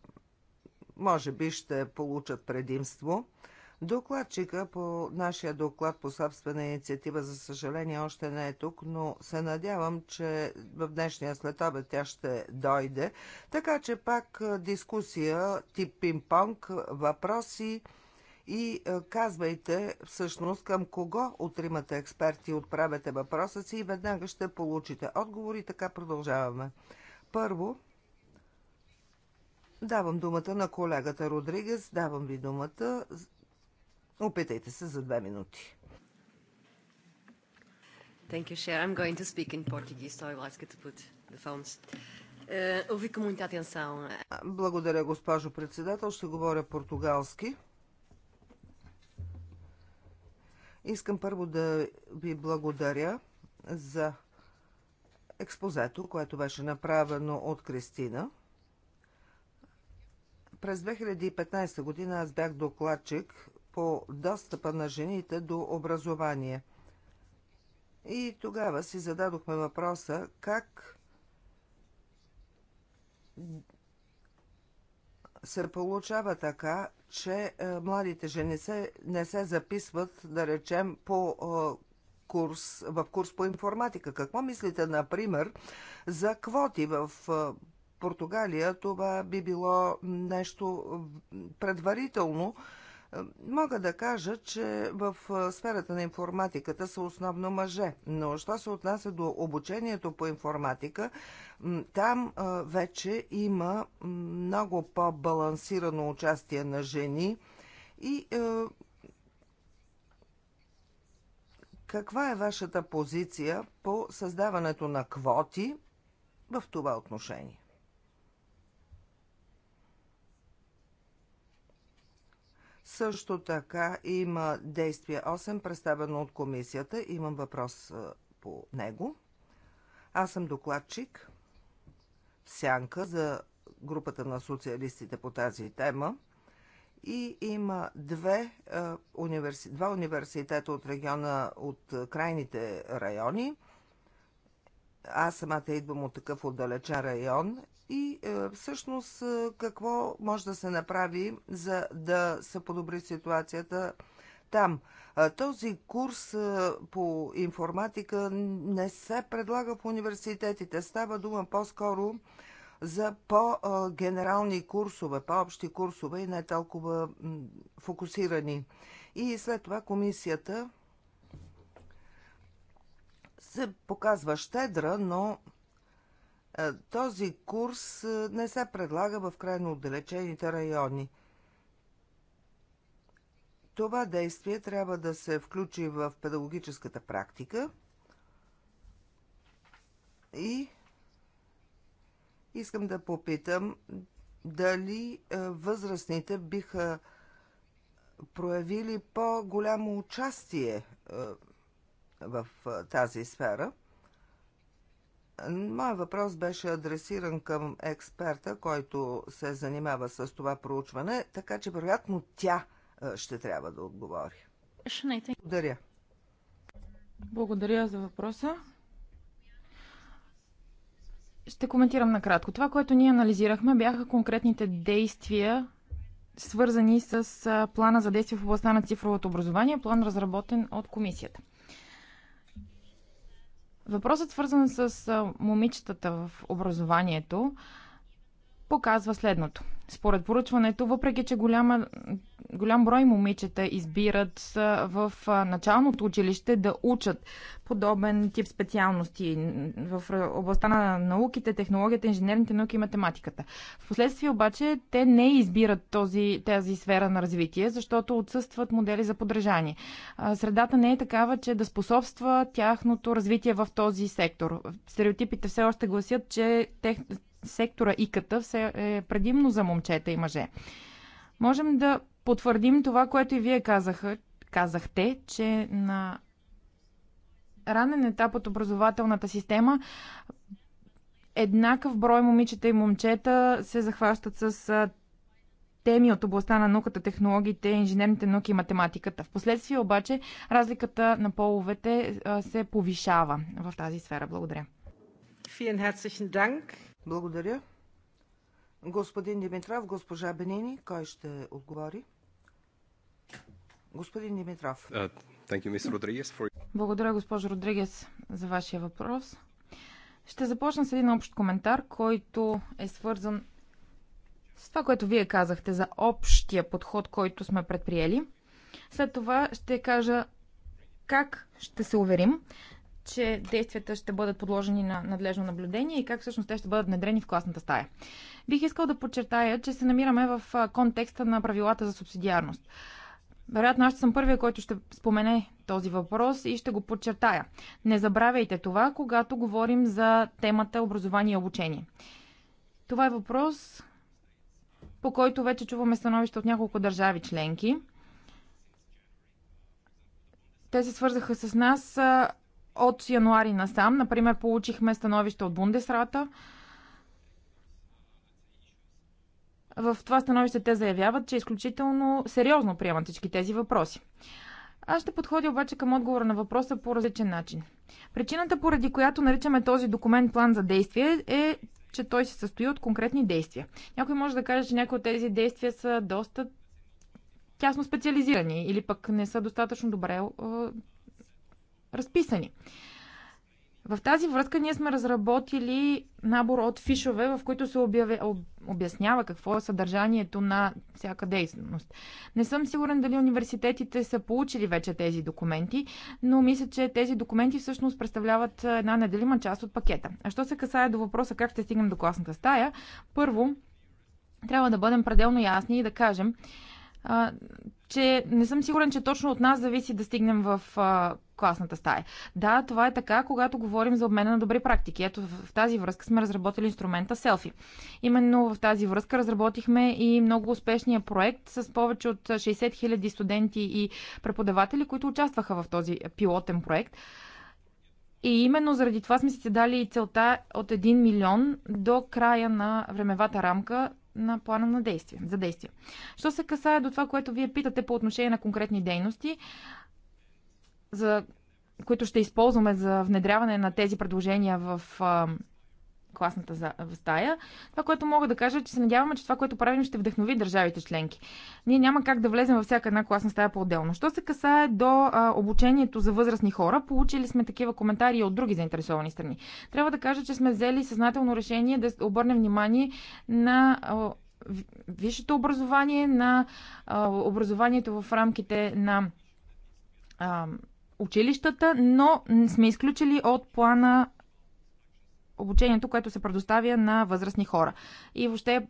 може би ще получат предимство. Докладчика по нашия доклад по собствена инициатива, за съжаление, още не е тук, но се надявам, че в днешния следобед тя ще дойде. Така че пак дискусия тип пинг-понг, въпроси и казвайте всъщност към кого от тримата експерти отправяте въпроса си и веднага ще получите отговори. Така продължаваме. Първо, Давам думата на колегата Родригес. Давам ви думата. Опитайте се за две минути. Thank you, Cher. I'm going to speak in Portuguese, so I will ask you to put the phones. Uh, ouvi com muita atenção. Благодаря, госпожо председател. Ще говоря португалски. Искам първо да ви благодаря за експозето, което беше направено от Кристина. През 2015 година аз бях докладчик по достъпа на жените до образование. И тогава си зададохме въпроса как се получава така, че е, младите жени се, не се записват, да речем, по е, курс, в курс по информатика. Какво мислите, например, за квоти в е, Португалия, това би било нещо предварително. Мога да кажа, че в сферата на информатиката са основно мъже, но що се отнася до обучението по информатика, там вече има много по-балансирано участие на жени и каква е вашата позиция по създаването на квоти в това отношение? Също така има действие 8, представено от комисията. Имам въпрос по него. Аз съм докладчик в Сянка за групата на социалистите по тази тема и има две, два университета от региона от крайните райони – аз самата идвам от такъв отдалечен район и е, всъщност е, какво може да се направи, за да се подобри ситуацията там. Е, този курс е, по информатика не се предлага в университетите. Става дума по-скоро за по-генерални курсове, по-общи курсове и не толкова фокусирани. И след това комисията се показва щедра, но е, този курс е, не се предлага в крайно отдалечените райони. Това действие трябва да се включи в педагогическата практика и искам да попитам дали е, възрастните биха проявили по-голямо участие в тази сфера. Моя въпрос беше адресиран към експерта, който се занимава с това проучване, така че вероятно тя ще трябва да отговори. Благодаря. Благодаря за въпроса. Ще коментирам накратко. Това, което ние анализирахме, бяха конкретните действия, свързани с плана за действие в областта на цифровото образование, план разработен от комисията. Въпросът, свързан с момичетата в образованието, показва следното. Според поръчването, въпреки че голяма, голям брой момичета избират в началното училище да учат подобен тип специалности в областта на науките, технологията, инженерните науки и математиката. Впоследствие обаче те не избират този, тази сфера на развитие, защото отсъстват модели за подражание. Средата не е такава, че да способства тяхното развитие в този сектор. Стереотипите все още гласят, че тех, сектора ИКТ все е предимно за момчета и мъже. Можем да потвърдим това, което и вие казаха, казахте, че на ранен етап от образователната система еднакъв брой момичета и момчета се захващат с теми от областта на науката, технологиите, инженерните науки и математиката. Впоследствие обаче разликата на половете се повишава в тази сфера. Благодаря. Vielen herzlichen Dank. Благодаря. Господин Димитров, госпожа Бенини, кой ще отговори? Господин Димитров. Uh, Благодаря, госпожо Родригес, за вашия въпрос. Ще започна с един общ коментар, който е свързан с това, което вие казахте за общия подход, който сме предприели. След това ще кажа как ще се уверим, че действията ще бъдат подложени на надлежно наблюдение и как всъщност те ще бъдат внедрени в класната стая. Бих искал да подчертая, че се намираме в контекста на правилата за субсидиарност. Вероятно, аз ще съм първия, който ще спомене този въпрос и ще го подчертая. Не забравяйте това, когато говорим за темата образование и обучение. Това е въпрос, по който вече чуваме становище от няколко държави членки. Те се свързаха с нас от януари насам. Например, получихме становище от Бундесрата. В това становище те заявяват, че изключително сериозно приемат всички тези въпроси. Аз ще подходя обаче към отговора на въпроса по различен начин. Причината, поради която наричаме този документ план за действие, е, че той се състои от конкретни действия. Някой може да каже, че някои от тези действия са доста тясно специализирани или пък не са достатъчно добре разписани. В тази връзка ние сме разработили набор от фишове, в които се обявя, об, обяснява какво е съдържанието на всяка дейност. Не съм сигурен дали университетите са получили вече тези документи, но мисля, че тези документи всъщност представляват една неделима част от пакета. А що се касае до въпроса как ще стигнем до класната стая, първо трябва да бъдем пределно ясни и да кажем, че не съм сигурен, че точно от нас зависи да стигнем в а, класната стая. Да, това е така, когато говорим за обмена на добри практики. Ето в тази връзка сме разработили инструмента селфи. Именно в тази връзка разработихме и много успешния проект с повече от 60 000 студенти и преподаватели, които участваха в този пилотен проект. И именно заради това сме си дали и целта от 1 милион до края на времевата рамка на плана на действие, за действие. Що се касае до това, което вие питате по отношение на конкретни дейности, за които ще използваме за внедряване на тези предложения в класната стая. Това, което мога да кажа, е, че се надяваме, че това, което правим, ще вдъхнови държавите членки. Ние няма как да влезем във всяка една класна стая по-отделно. Що се касае до а, обучението за възрастни хора, получили сме такива коментари от други заинтересовани страни. Трябва да кажа, че сме взели съзнателно решение да обърнем внимание на а, висшето образование, на а, образованието в рамките на а, училищата, но сме изключили от плана обучението, което се предоставя на възрастни хора. И въобще е,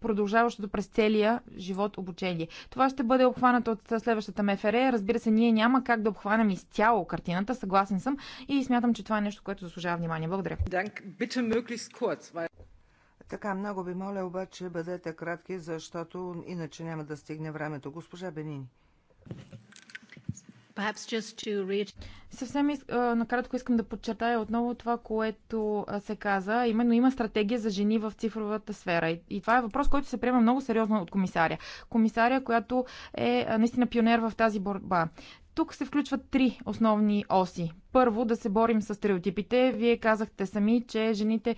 продължаващото през целия живот обучение. Това ще бъде обхванато от следващата МФР. Разбира се, ние няма как да обхванем изцяло картината, съгласен съм и смятам, че това е нещо, което заслужава внимание. Благодаря. Така, много ви моля, обаче бъдете кратки, защото иначе няма да стигне времето. Госпожа Бенини. To... Съвсем накратко искам да подчертая отново това, което се каза. Именно има стратегия за жени в цифровата сфера. И това е въпрос, който се приема много сериозно от комисаря. Комисаря, която е наистина пионер в тази борба. Тук се включват три основни оси. Първо, да се борим с стереотипите. Вие казахте сами, че жените,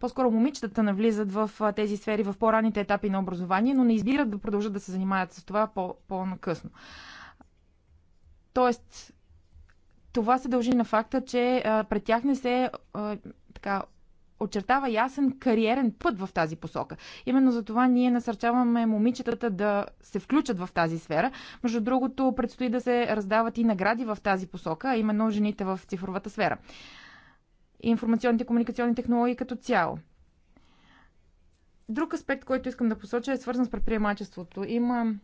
по-скоро момичетата, навлизат в тези сфери в по-ранните етапи на образование, но не избират да продължат да се занимават с това по-накъсно. -по Тоест, това се дължи на факта, че а, пред тях не се а, така, очертава ясен кариерен път в тази посока. Именно за това ние насърчаваме момичетата да се включат в тази сфера. Между другото, предстои да се раздават и награди в тази посока, а именно жените в цифровата сфера. Информационните и комуникационни технологии като цяло. Друг аспект, който искам да посоча е свързан с предприемачеството. Има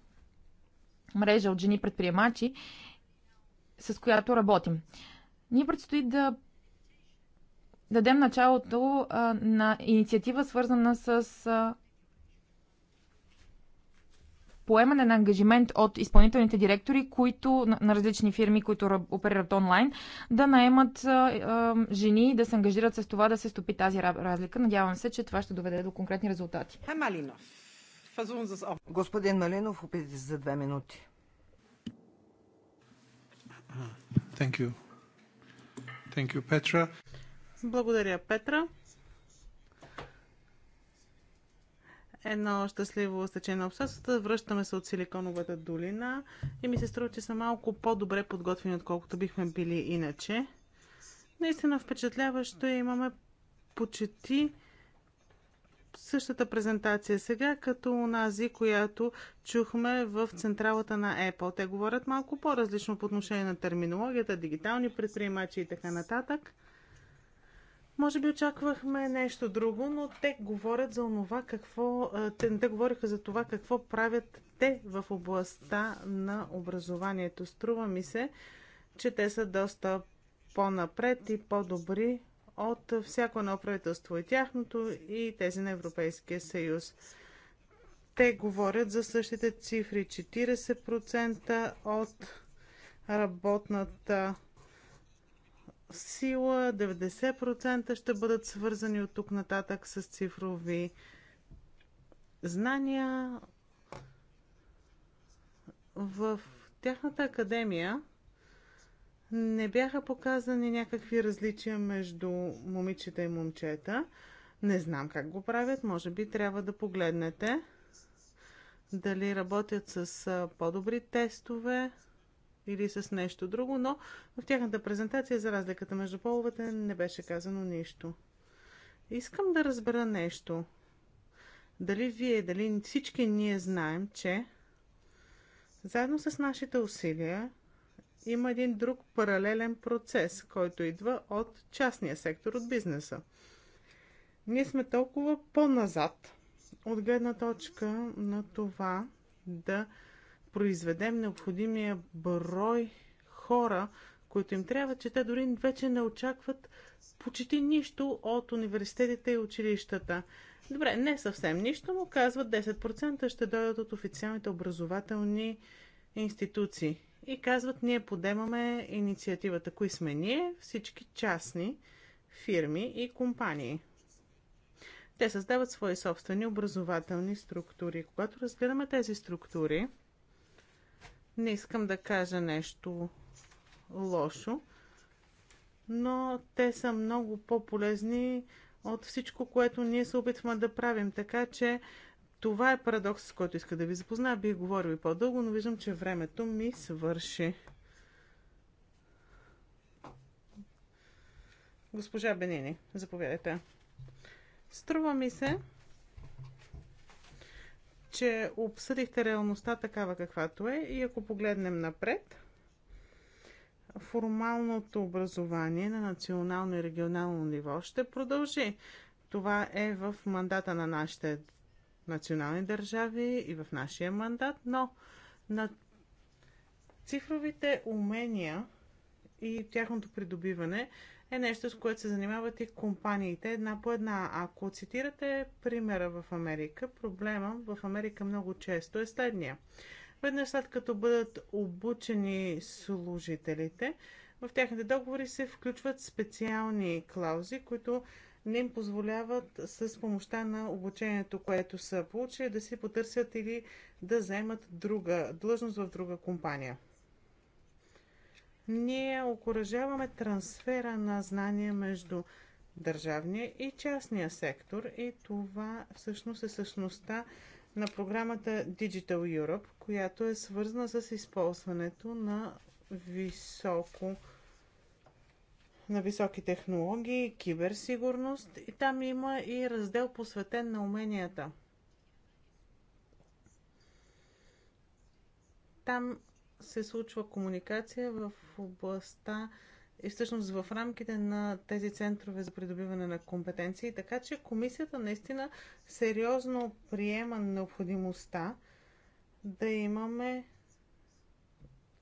мрежа от жени предприемачи с която работим. Ние предстои да дадем началото а, на инициатива, свързана с а, поемане на ангажимент от изпълнителните директори, които на, на различни фирми, които оперират онлайн, да наемат а, а, жени и да се ангажират с това да се стопи тази разлика. Надявам се, че това ще доведе до конкретни резултати. Господин Малинов, опитайте за две минути. Thank you. Thank you, Petra. Благодаря, Петра. едно щастливо стечение на обстоятелствата. Връщаме се от Силиконовата долина и ми се струва, че са малко по-добре подготвени, отколкото бихме били иначе. Наистина впечатляващо е, имаме почти същата презентация сега, като онази, която чухме в централата на Apple. Те говорят малко по-различно по отношение на терминологията, дигитални предприемачи и така нататък. Може би очаквахме нещо друго, но те говорят за онова какво... Те, те говориха за това какво правят те в областта на образованието. Струва ми се, че те са доста по-напред и по-добри от всяко едно правителство и тяхното и тези на Европейския съюз. Те говорят за същите цифри 40% от работната сила, 90% ще бъдат свързани от тук нататък с цифрови знания. В тяхната академия не бяха показани някакви различия между момичета и момчета. Не знам как го правят, може би трябва да погледнете дали работят с по-добри тестове или с нещо друго, но в тяхната презентация за разликата между половете не беше казано нищо. Искам да разбера нещо. Дали вие, дали всички ние знаем, че заедно с нашите усилия има един друг паралелен процес, който идва от частния сектор, от бизнеса. Ние сме толкова по-назад от гледна точка на това да произведем необходимия брой хора, които им трябва, че те дори вече не очакват почти нищо от университетите и училищата. Добре, не съвсем нищо, но казват 10% ще дойдат от официалните образователни институции и казват, ние подемаме инициативата. Кои сме ние? Всички частни фирми и компании. Те създават свои собствени образователни структури. Когато разгледаме тези структури, не искам да кажа нещо лошо, но те са много по-полезни от всичко, което ние се опитваме да правим. Така че това е парадокс, с който иска да ви запозная. Бих говорил и по-дълго, но виждам, че времето ми свърши. Госпожа Бенини, заповядайте. Струва ми се, че обсъдихте реалността такава каквато е и ако погледнем напред, формалното образование на национално и регионално ниво ще продължи. Това е в мандата на нашите национални държави и в нашия мандат, но на цифровите умения и тяхното придобиване е нещо, с което се занимават и компаниите една по една. Ако цитирате примера в Америка, проблема в Америка много често е следния. Веднъж след като бъдат обучени служителите, в тяхните договори се включват специални клаузи, които не им позволяват с помощта на обучението, което са получили, да си потърсят или да вземат друга длъжност в друга компания. Ние окоръжаваме трансфера на знания между държавния и частния сектор и това всъщност е същността на програмата Digital Europe, която е свързана с използването на високо на високи технологии, киберсигурност и там има и раздел посветен на уменията. Там се случва комуникация в областта и всъщност в рамките на тези центрове за придобиване на компетенции. Така че комисията наистина сериозно приема необходимостта да имаме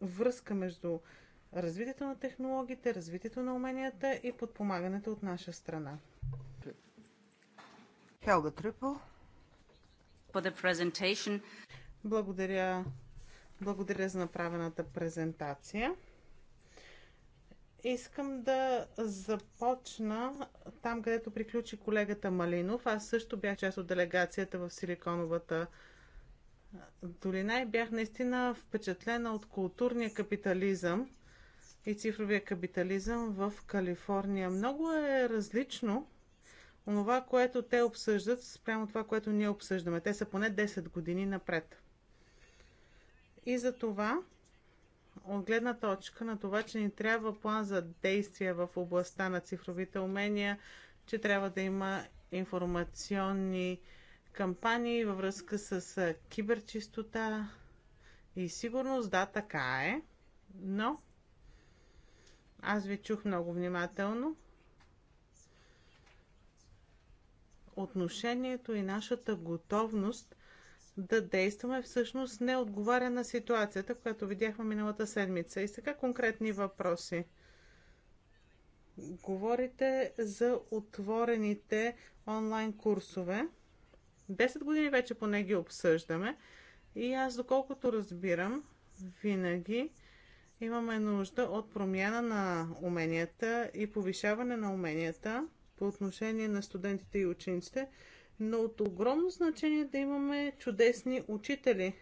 връзка между развитието на технологиите, развитието на уменията и подпомагането от наша страна. Хелга Трипл. Благодаря, благодаря за направената презентация. Искам да започна там, където приключи колегата Малинов. Аз също бях част от делегацията в Силиконовата долина и бях наистина впечатлена от културния капитализъм, и цифровия капитализъм в Калифорния. Много е различно онова, което те обсъждат, спрямо това, което ние обсъждаме. Те са поне 10 години напред. И за това, от гледна точка на това, че ни трябва план за действие в областта на цифровите умения, че трябва да има информационни кампании във връзка с киберчистота и сигурност, да, така е, но аз ви чух много внимателно. Отношението и нашата готовност да действаме всъщност не отговаря на ситуацията, която видяхме миналата седмица. И сега конкретни въпроси. Говорите за отворените онлайн курсове. 10 години вече поне ги обсъждаме. И аз, доколкото разбирам, винаги Имаме нужда от промяна на уменията и повишаване на уменията по отношение на студентите и учениците, но от огромно значение да имаме чудесни учители.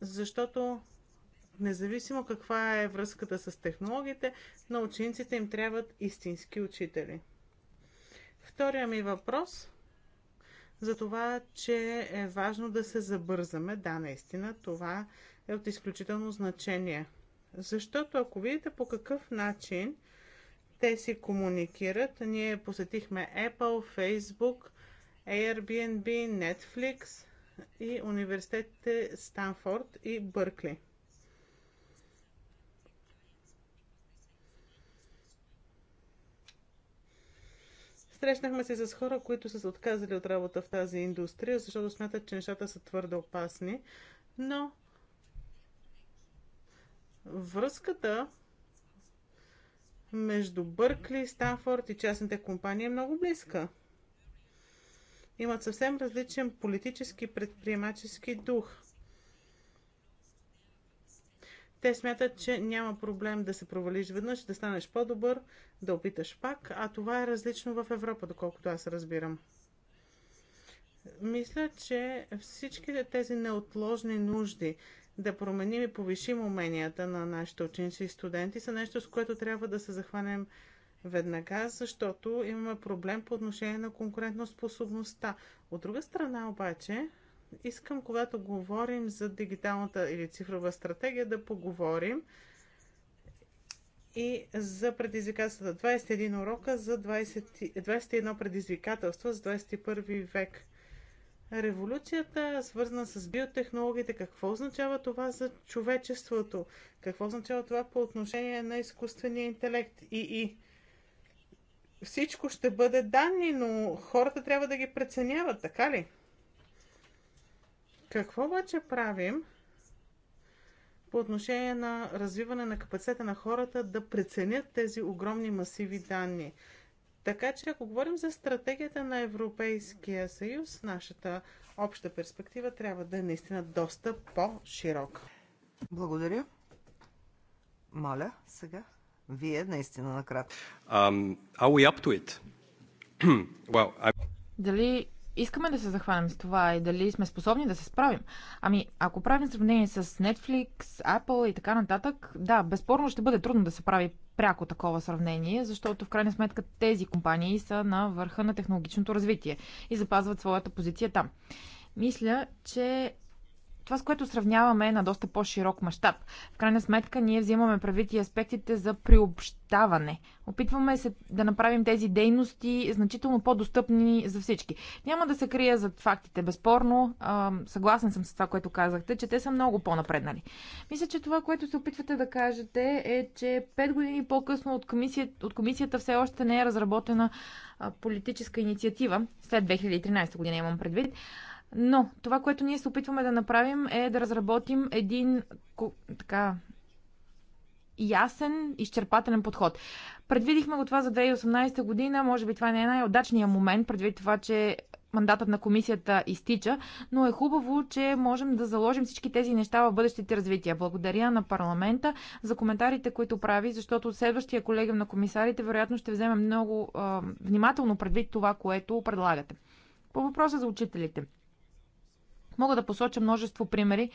Защото независимо каква е връзката с технологиите, на учениците им трябват истински учители. Втория ми въпрос за това, че е важно да се забързаме. Да, наистина, това е от изключително значение. Защото ако видите по какъв начин те си комуникират, ние посетихме Apple, Facebook, Airbnb, Netflix и университетите Станфорд и Бъркли. Срещнахме се с хора, които са се отказали от работа в тази индустрия, защото смятат, че нещата са твърде опасни. Но връзката между Бъркли, Станфорд и частните компании е много близка. Имат съвсем различен политически предприемачески дух. Те смятат, че няма проблем да се провалиш веднъж, да станеш по-добър, да опиташ пак, а това е различно в Европа, доколкото аз разбирам. Мисля, че всички тези неотложни нужди да променим и повишим уменията на нашите ученици и студенти са нещо, с което трябва да се захванем веднага, защото имаме проблем по отношение на конкурентоспособността. От друга страна обаче, искам, когато говорим за дигиталната или цифрова стратегия, да поговорим и за предизвикателствата. 21 урока за 20, 21 предизвикателства за 21 век. Революцията, свързана с биотехнологиите, какво означава това за човечеството? Какво означава това по отношение на изкуствения интелект? И, и всичко ще бъде данни, но хората трябва да ги преценяват, така ли? Какво обаче правим по отношение на развиване на капацитета на хората да преценят тези огромни масиви данни? Така че ако говорим за стратегията на Европейския съюз, нашата обща перспектива трябва да е наистина доста по-широка. Благодаря. Моля, сега. Вие наистина накратко. Um, are we up to it? <clears throat> well, I... Дали искаме да се захванем с това и дали сме способни да се справим. Ами, ако правим сравнение с Netflix, Apple и така нататък, да, безспорно ще бъде трудно да се прави пряко такова сравнение, защото в крайна сметка тези компании са на върха на технологичното развитие и запазват своята позиция там. Мисля, че това, с което сравняваме е на доста по-широк мащаб. В крайна сметка, ние взимаме правити и аспектите за приобщаване. Опитваме се да направим тези дейности значително по-достъпни за всички. Няма да се крия зад фактите. Безспорно, съгласен съм с това, което казахте, че те са много по-напреднали. Мисля, че това, което се опитвате да кажете е, че 5 години по-късно от комисията, от комисията все още не е разработена политическа инициатива, след 2013 година имам предвид, но това, което ние се опитваме да направим е да разработим един така ясен, изчерпателен подход. Предвидихме го това за 2018 година, може би това не е най-удачният момент, предвид това, че мандатът на комисията изтича, но е хубаво, че можем да заложим всички тези неща в бъдещите развития. Благодаря на парламента за коментарите, които прави, защото следващия колегиум на комисарите вероятно ще вземе много а, внимателно предвид това, което предлагате. По въпроса за учителите. Мога да посоча множество примери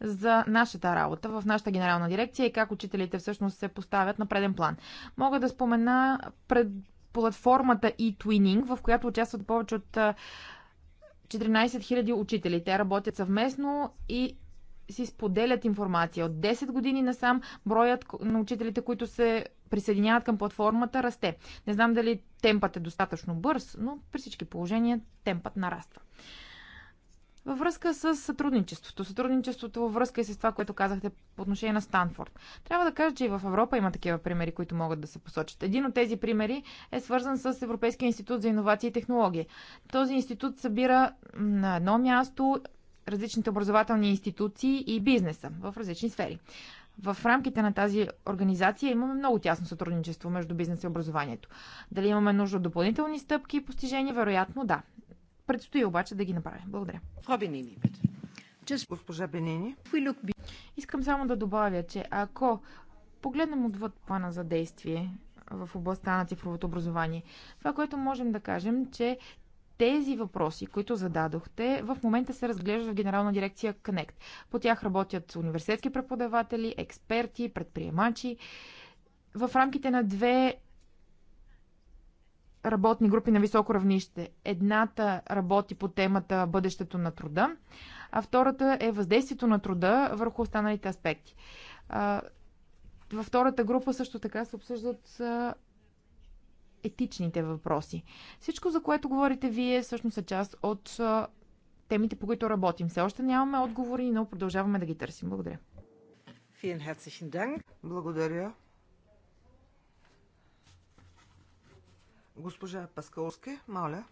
за нашата работа в нашата генерална дирекция и как учителите всъщност се поставят на преден план. Мога да спомена пред платформата e-twinning, в която участват повече от 14 000 учители. Те работят съвместно и си споделят информация. От 10 години насам броят на учителите, които се присъединяват към платформата, расте. Не знам дали темпът е достатъчно бърз, но при всички положения темпът нараства. Във връзка с сътрудничеството. Сътрудничеството във връзка и с това, което казахте по отношение на Станфорд. Трябва да кажа, че и в Европа има такива примери, които могат да се посочат. Един от тези примери е свързан с Европейския институт за иновации и технологии. Този институт събира на едно място различните образователни институции и бизнеса в различни сфери. В рамките на тази организация имаме много тясно сътрудничество между бизнес и образованието. Дали имаме нужда от допълнителни стъпки и постижения? Вероятно да. Предстои обаче да ги направя. Благодаря. Госпожа Бенини. Искам само да добавя, че ако погледнем отвъд плана за действие в областта на цифровото образование, това, което можем да кажем, че тези въпроси, които зададохте, в момента се разглеждат в Генерална дирекция Connect. По тях работят университетски преподаватели, експерти, предприемачи в рамките на две работни групи на високо равнище. Едната работи по темата бъдещето на труда, а втората е въздействието на труда върху останалите аспекти. Във втората група също така се обсъждат етичните въпроси. Всичко, за което говорите вие, всъщност е част от темите, по които работим. Все още нямаме отговори, но продължаваме да ги търсим. Благодаря. Благодаря. Госпожа Паскалски, моля,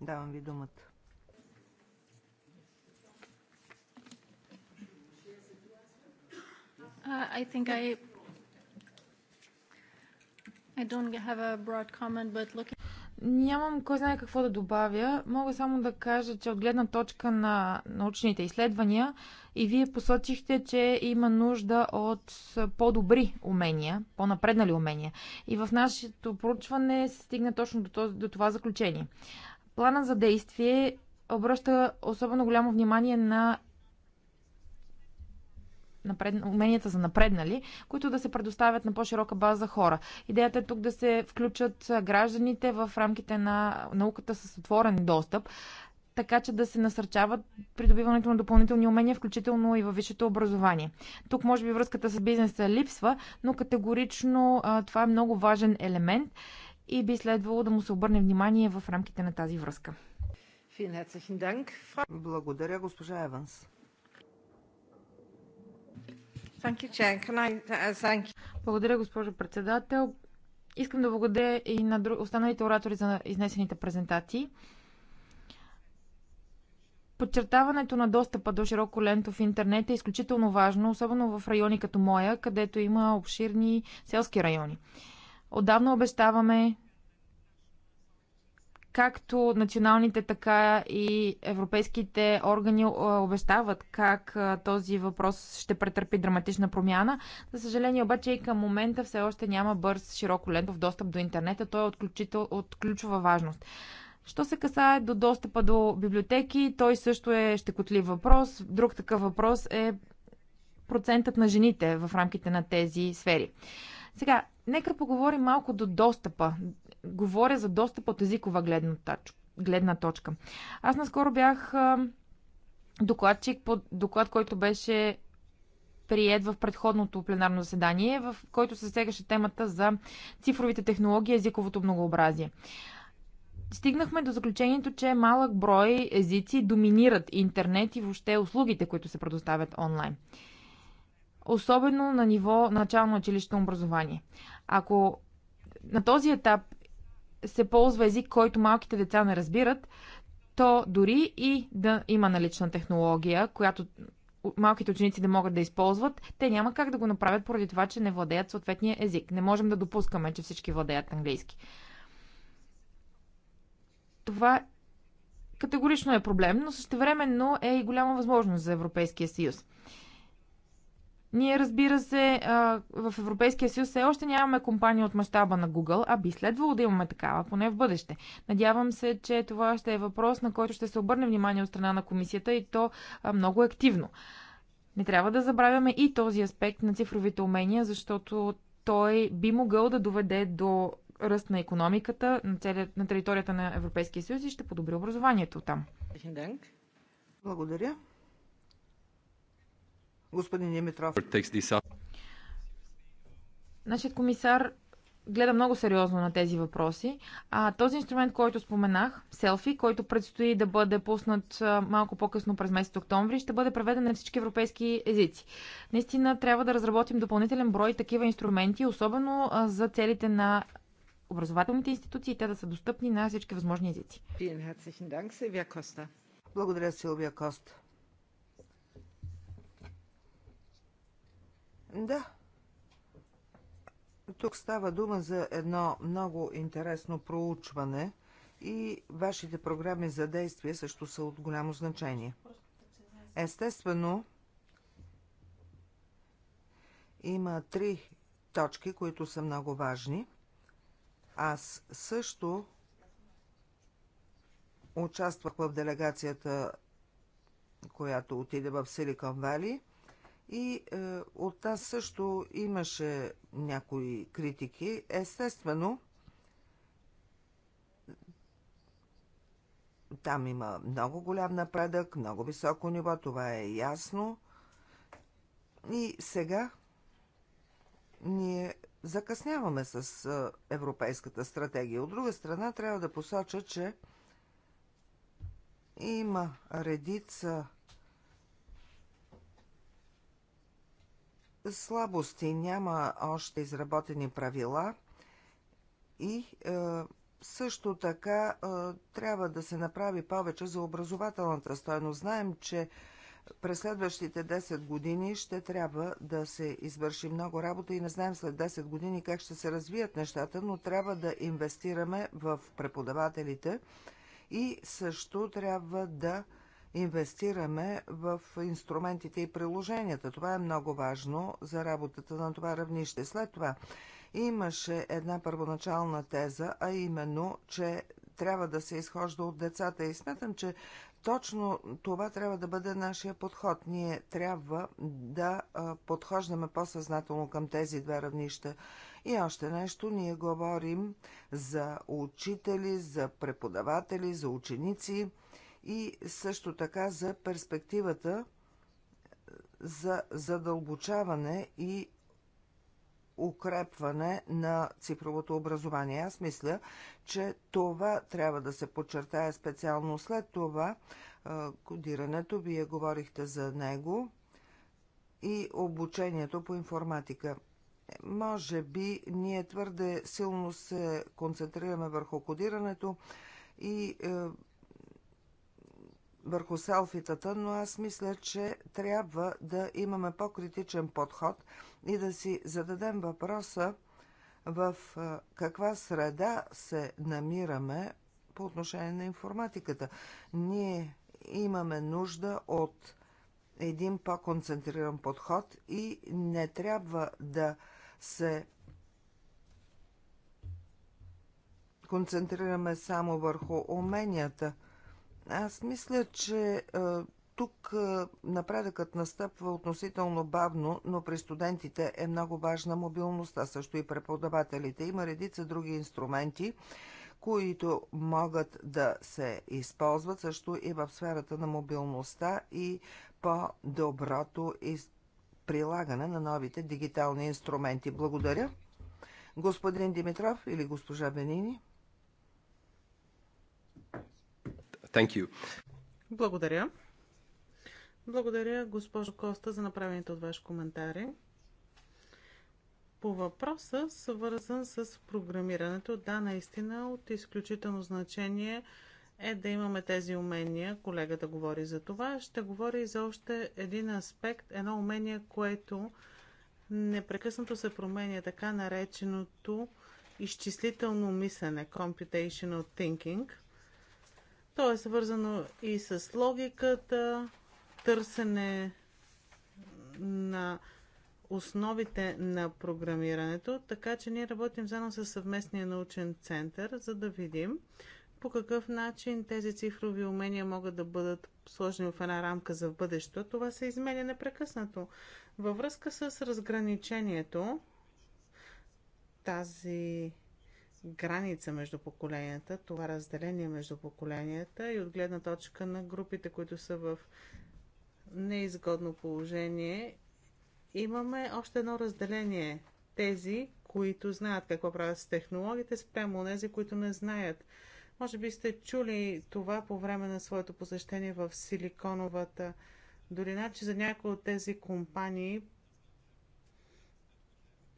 давам ви думата. I think I I don't have a broad comment, but looking Нямам кой знае какво да добавя. Мога само да кажа, че от гледна точка на научните изследвания и вие посочихте, че има нужда от по-добри умения, по-напреднали умения. И в нашето проучване се стигна точно до това заключение. Плана за действие обръща особено голямо внимание на напред... уменията за напреднали, които да се предоставят на по-широка база хора. Идеята е тук да се включат гражданите в рамките на науката с отворен достъп, така че да се насърчават придобиването на допълнителни умения, включително и във висшето образование. Тук може би връзката с бизнеса липсва, но категорично това е много важен елемент и би следвало да му се обърне внимание в рамките на тази връзка. Благодаря, госпожа Еванс. Uh, благодаря, госпожо председател. Искам да благодаря и на останалите оратори за изнесените презентации. Подчертаването на достъпа до широко лентов интернет е изключително важно, особено в райони като моя, където има обширни селски райони. Отдавна обещаваме както националните, така и европейските органи обещават как този въпрос ще претърпи драматична промяна. За съжаление обаче и към момента все още няма бърз широко лентов достъп до интернета. Той е от ключова важност. Що се касае до достъпа до библиотеки, той също е щекотлив въпрос. Друг такъв въпрос е процентът на жените в рамките на тези сфери. Сега, нека поговорим малко до достъпа говоря за достъп от езикова гледна, тач, гледна точка. Аз наскоро бях докладчик по доклад, който беше прият в предходното пленарно заседание, в който се сегаше темата за цифровите технологии и езиковото многообразие. Стигнахме до заключението, че малък брой езици доминират интернет и въобще услугите, които се предоставят онлайн. Особено на ниво начално училищно образование. Ако на този етап се ползва език, който малките деца не разбират, то дори и да има налична технология, която малките ученици да могат да използват, те няма как да го направят поради това, че не владеят съответния език. Не можем да допускаме, че всички владеят английски. Това категорично е проблем, но същевременно е и голяма възможност за Европейския съюз. Ние, разбира се, в Европейския съюз все още нямаме компания от мащаба на Google, а би следвало да имаме такава, поне в бъдеще. Надявам се, че това ще е въпрос, на който ще се обърне внимание от страна на комисията и то много активно. Не трябва да забравяме и този аспект на цифровите умения, защото той би могъл да доведе до ръст на економиката на, цели, на територията на Европейския съюз и ще подобри образованието там. Благодаря. Господин Димитров. Значит комисар гледа много сериозно на тези въпроси. А този инструмент, който споменах, селфи, който предстои да бъде пуснат малко по-късно през месец октомври, ще бъде преведен на всички европейски езици. Наистина трябва да разработим допълнителен брой такива инструменти, особено за целите на образователните институции, те да са достъпни на всички възможни езици. Благодаря, Силвия Коста. Да. Тук става дума за едно много интересно проучване и вашите програми за действие също са от голямо значение. Естествено, има три точки, които са много важни. Аз също участвах в делегацията, която отиде в Силикон Вали – и е, от нас също имаше някои критики. Естествено, там има много голям напредък, много високо ниво, това е ясно. И сега ние закъсняваме с е, европейската стратегия. От друга страна, трябва да посоча, че има редица слабости, няма още изработени правила и е, също така е, трябва да се направи повече за образователната стоеност. Знаем, че през следващите 10 години ще трябва да се извърши много работа и не знаем след 10 години как ще се развият нещата, но трябва да инвестираме в преподавателите и също трябва да инвестираме в инструментите и приложенията. Това е много важно за работата на това равнище. След това имаше една първоначална теза, а именно, че трябва да се изхожда от децата. И смятам, че точно това трябва да бъде нашия подход. Ние трябва да подхождаме по-съзнателно към тези две равнища. И още нещо, ние говорим за учители, за преподаватели, за ученици – и също така за перспективата е, за задълбочаване и укрепване на цифровото образование. Аз мисля, че това трябва да се подчертая, специално след това. Е, кодирането, вие говорихте за него и обучението по информатика. Може би ние твърде силно се концентрираме върху кодирането и е, върху селфитата, но аз мисля, че трябва да имаме по-критичен подход и да си зададем въпроса в каква среда се намираме по отношение на информатиката. Ние имаме нужда от един по-концентриран подход и не трябва да се концентрираме само върху уменията – аз мисля, че е, тук е, напредъкът настъпва относително бавно, но при студентите е много важна мобилността, също и преподавателите. Има редица други инструменти, които могат да се използват също и в сферата на мобилността и по-доброто прилагане на новите дигитални инструменти. Благодаря. Господин Димитров или госпожа Бенини? Thank you. Благодаря. Благодаря, госпожо Коста, за направените от ваши коментари. По въпроса, свързан с програмирането, да, наистина от изключително значение е да имаме тези умения. Колегата да говори за това. Ще говори и за още един аспект, едно умение, което непрекъснато се променя, така нареченото изчислително мислене, computational thinking – то е свързано и с логиката, търсене на основите на програмирането, така че ние работим заедно с съвместния научен център, за да видим по какъв начин тези цифрови умения могат да бъдат сложени в една рамка за бъдещето. Това се изменя непрекъснато. Във връзка с разграничението, тази граница между поколенията, това разделение между поколенията и от гледна точка на групите, които са в неизгодно положение, имаме още едно разделение. Тези, които знаят какво правят с технологиите, спрямо тези, които не знаят. Може би сте чули това по време на своето посещение в Силиконовата долина, че за някои от тези компании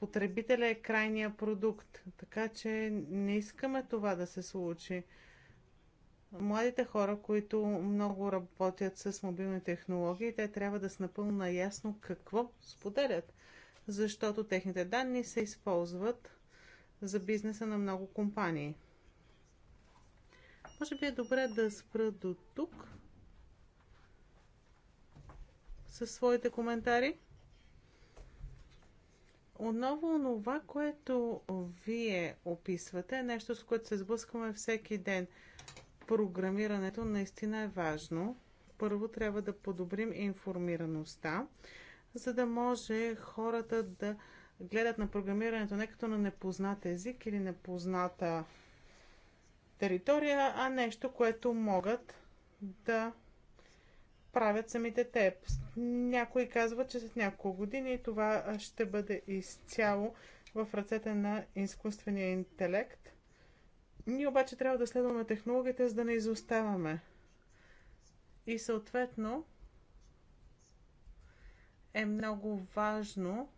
потребителя е крайния продукт. Така че не искаме това да се случи. Младите хора, които много работят с мобилни технологии, те трябва да са напълно наясно какво споделят, защото техните данни се използват за бизнеса на много компании. Може би е добре да спра до тук със своите коментари. Отново онова, което вие описвате, е нещо, с което се сблъскваме всеки ден. Програмирането наистина е важно. Първо трябва да подобрим информираността, за да може хората да гледат на програмирането не като на непознат език или непозната територия, а нещо, което могат да правят самите те. Някои казват, че след няколко години това ще бъде изцяло в ръцете на изкуствения интелект. Ние обаче трябва да следваме технологията, за да не изоставаме. И съответно е много важно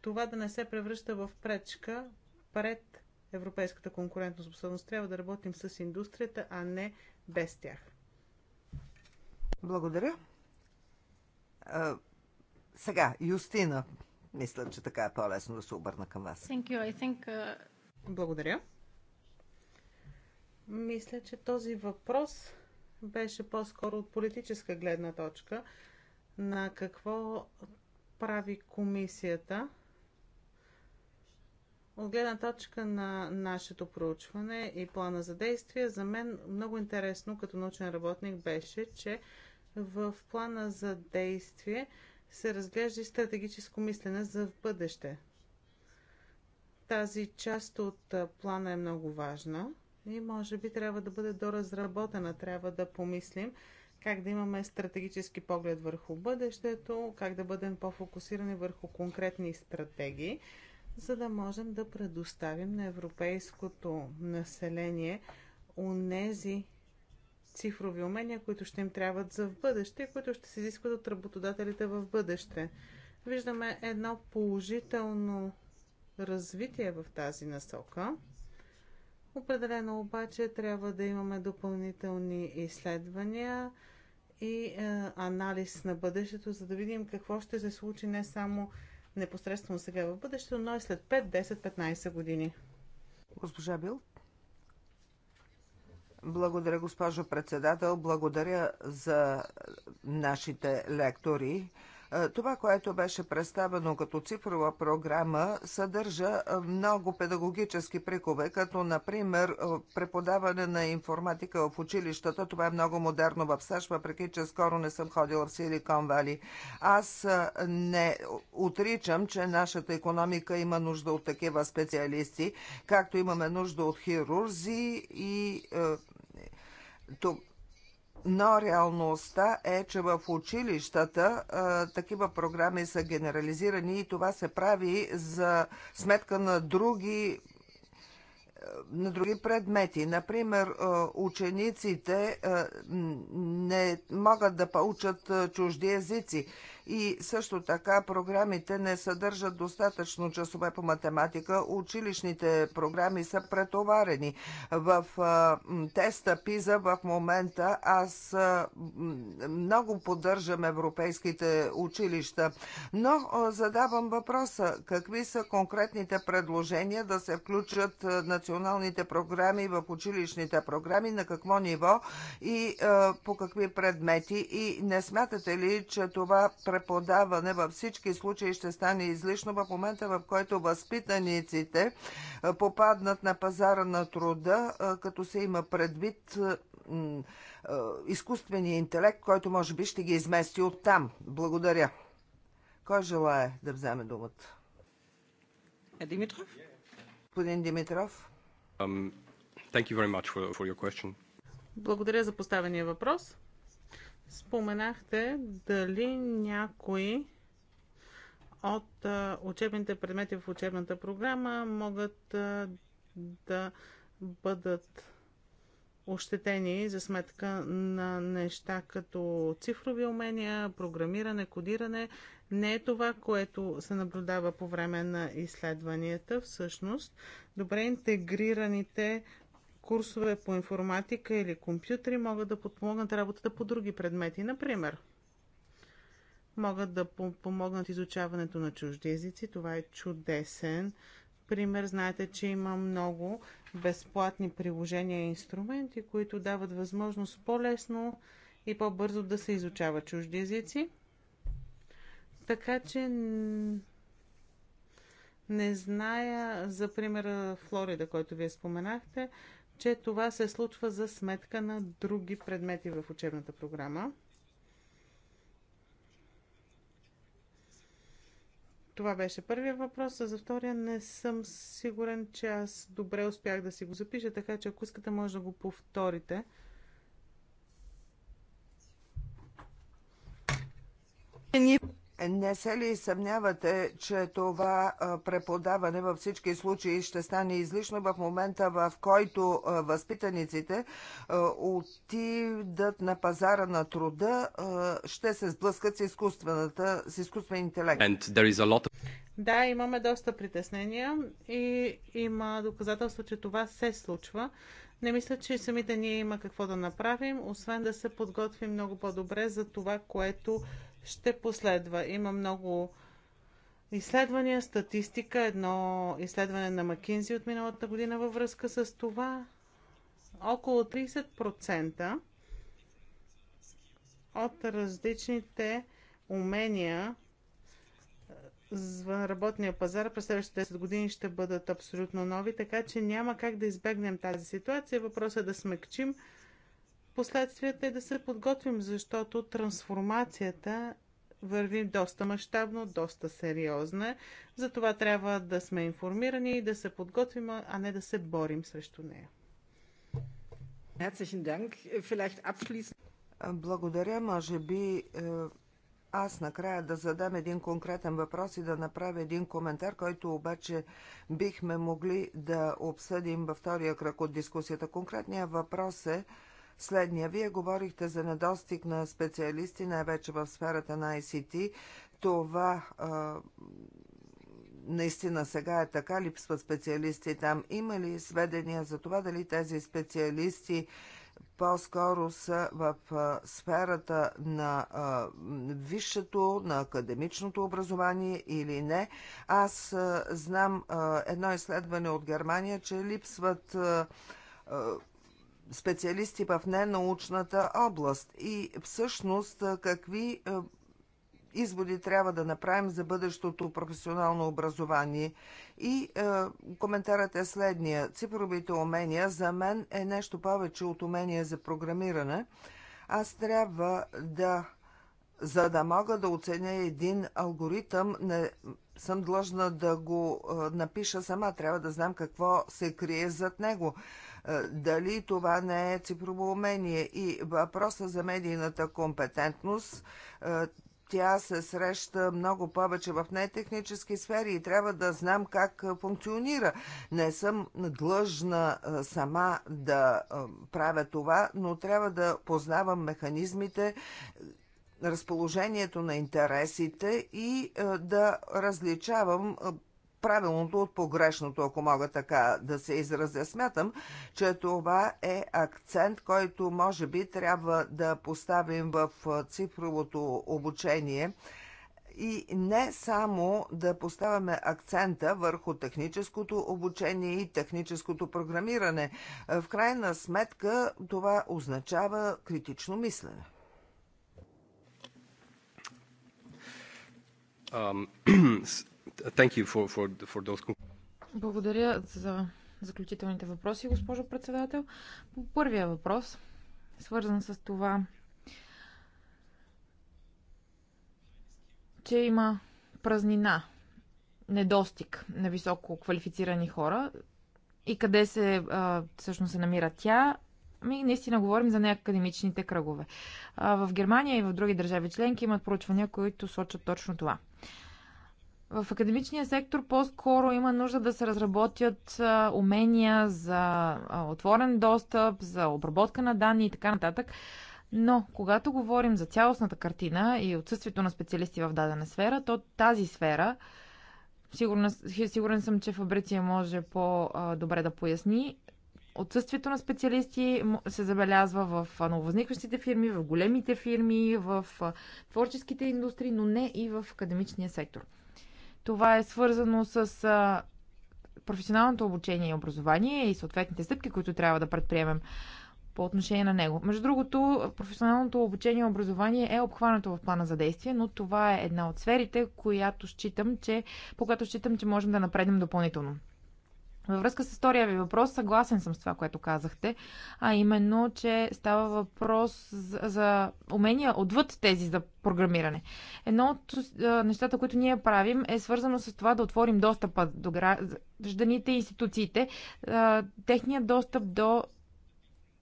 това да не се превръща в пречка пред европейската конкурентоспособност. Трябва да работим с индустрията, а не без тях. Благодаря. А, сега, Юстина, мисля, че така е по-лесно да се обърна към вас. Thank you. I think, uh... Благодаря. Мисля, че този въпрос беше по-скоро от политическа гледна точка на какво прави комисията от гледна точка на нашето проучване и плана за действие, за мен много интересно като научен работник беше, че в плана за действие се разглежда и стратегическо мислене за в бъдеще. Тази част от плана е много важна и може би трябва да бъде доразработена. Трябва да помислим как да имаме стратегически поглед върху бъдещето, как да бъдем по-фокусирани върху конкретни стратегии, за да можем да предоставим на европейското население онези цифрови умения, които ще им трябват за в бъдеще, които ще се изискват от работодателите в бъдеще. Виждаме едно положително развитие в тази насока. Определено обаче трябва да имаме допълнителни изследвания и е, анализ на бъдещето, за да видим какво ще се случи не само непосредствено сега в бъдещето, но и след 5, 10, 15 години. Госпожа Билт. Благодаря, госпожо председател. Благодаря за нашите лектори. Е, това, което беше представено като цифрова програма, съдържа е, много педагогически прикове, като например е, преподаване на информатика в училищата. Това е много модерно в САЩ, въпреки че скоро не съм ходила в Силикон Вали. Аз не отричам, че нашата економика има нужда от такива специалисти, както имаме нужда от хирурзи и тук но реалността е, че в училищата а, такива програми са генерализирани и това се прави за сметка на други на други предмети. Например, учениците не могат да получат чужди езици и също така програмите не съдържат достатъчно часове по математика. Училищните програми са претоварени. В теста ПИЗА в момента аз много поддържам европейските училища, но задавам въпроса какви са конкретните предложения да се включат националните програми в училищните програми, на какво ниво и по какви предмети и не смятате ли, че това преподаване във всички случаи ще стане излишно в момента, в който възпитаниците попаднат на пазара на труда, като се има предвид изкуствения интелект, който може би ще ги измести от там. Благодаря. Кой желая да вземе думата? Е, Димитров? Господин Димитров. Um, for, for Благодаря за поставения въпрос. Споменахте дали някои от учебните предмети в учебната програма могат да бъдат ощетени за сметка на неща като цифрови умения, програмиране, кодиране. Не е това, което се наблюдава по време на изследванията. Всъщност, добре интегрираните курсове по информатика или компютри могат да подпомогнат работата по други предмети. Например, могат да помогнат изучаването на чужди езици. Това е чудесен пример. Знаете, че има много безплатни приложения и инструменти, които дават възможност по-лесно и по-бързо да се изучава чужди езици. Така че не зная за примера Флорида, който вие споменахте че това се случва за сметка на други предмети в учебната програма. Това беше първия въпрос, а за втория не съм сигурен, че аз добре успях да си го запиша, така че ако искате може да го повторите. Не се ли съмнявате, че това преподаване във всички случаи ще стане излишно в момента, в който възпитаниците отидат на пазара на труда, ще се сблъскат с, изкуствената, с изкуствен интелект? Да, имаме доста притеснения и има доказателство, че това се случва. Не мисля, че самите ние има какво да направим, освен да се подготвим много по-добре за това, което ще последва. Има много изследвания, статистика, едно изследване на Макинзи от миналата година във връзка с това. Около 30% от различните умения е, за работния пазар през следващите 10 години ще бъдат абсолютно нови, така че няма как да избегнем тази ситуация. Въпросът е да смекчим последствията е да се подготвим, защото трансформацията върви доста мащабно, доста сериозна. Затова трябва да сме информирани и да се подготвим, а не да се борим срещу нея. Благодаря. Може би е, аз накрая да задам един конкретен въпрос и да направя един коментар, който обаче бихме могли да обсъдим във втория кръг от дискусията. Конкретният въпрос е следния. Вие говорихте за недостиг на специалисти, най-вече в сферата на ICT. Това а, наистина сега е така, липсват специалисти там. Има ли сведения за това дали тези специалисти по-скоро са в сферата на висшето, на академичното образование или не. Аз знам едно изследване от Германия, че липсват специалисти в ненаучната област и всъщност какви изводи трябва да направим за бъдещото професионално образование. И е, коментарът е следния. Цифровите умения за мен е нещо повече от умения за програмиране. Аз трябва да, за да мога да оценя един алгоритъм, не съм длъжна да го е, напиша сама. Трябва да знам какво се крие зад него. Е, дали това не е цифрово умение. И въпроса за медийната компетентност, е, тя се среща много повече в нетехнически сфери и трябва да знам как е, функционира. Не съм длъжна сама да правя това, но трябва да познавам механизмите, разположението на интересите и да различавам правилното от погрешното, ако мога така да се изразя. Смятам, че това е акцент, който може би трябва да поставим в цифровото обучение и не само да поставяме акцента върху техническото обучение и техническото програмиране. В крайна сметка това означава критично мислене. Um, <clears throat> Thank you for, for, for those... Благодаря за заключителните въпроси, госпожо председател. По първия въпрос, свързан с това, че има празнина, недостиг на високо квалифицирани хора и къде се а, всъщност се намира тя, ми наистина говорим за неакадемичните кръгове. А, в Германия и в други държави членки имат проучвания, които сочат точно това. В академичния сектор по-скоро има нужда да се разработят умения за отворен достъп, за обработка на данни и така нататък. Но, когато говорим за цялостната картина и отсъствието на специалисти в дадена сфера, то тази сфера, сигурен, сигурен съм, че Фабриция може по-добре да поясни, отсъствието на специалисти се забелязва в нововъзникващите фирми, в големите фирми, в творческите индустрии, но не и в академичния сектор. Това е свързано с професионалното обучение и образование и съответните стъпки, които трябва да предприемем по отношение на него. Между другото, професионалното обучение и образование е обхванато в плана за действие, но това е една от сферите, която считам, че, по която считам, че можем да напреднем допълнително. Във връзка с втория ви въпрос, съгласен съм с това, което казахте, а именно, че става въпрос за, за умения отвъд тези за програмиране. Едно от а, нещата, които ние правим, е свързано с това да отворим достъпа до гражданите и институциите, а, техният достъп до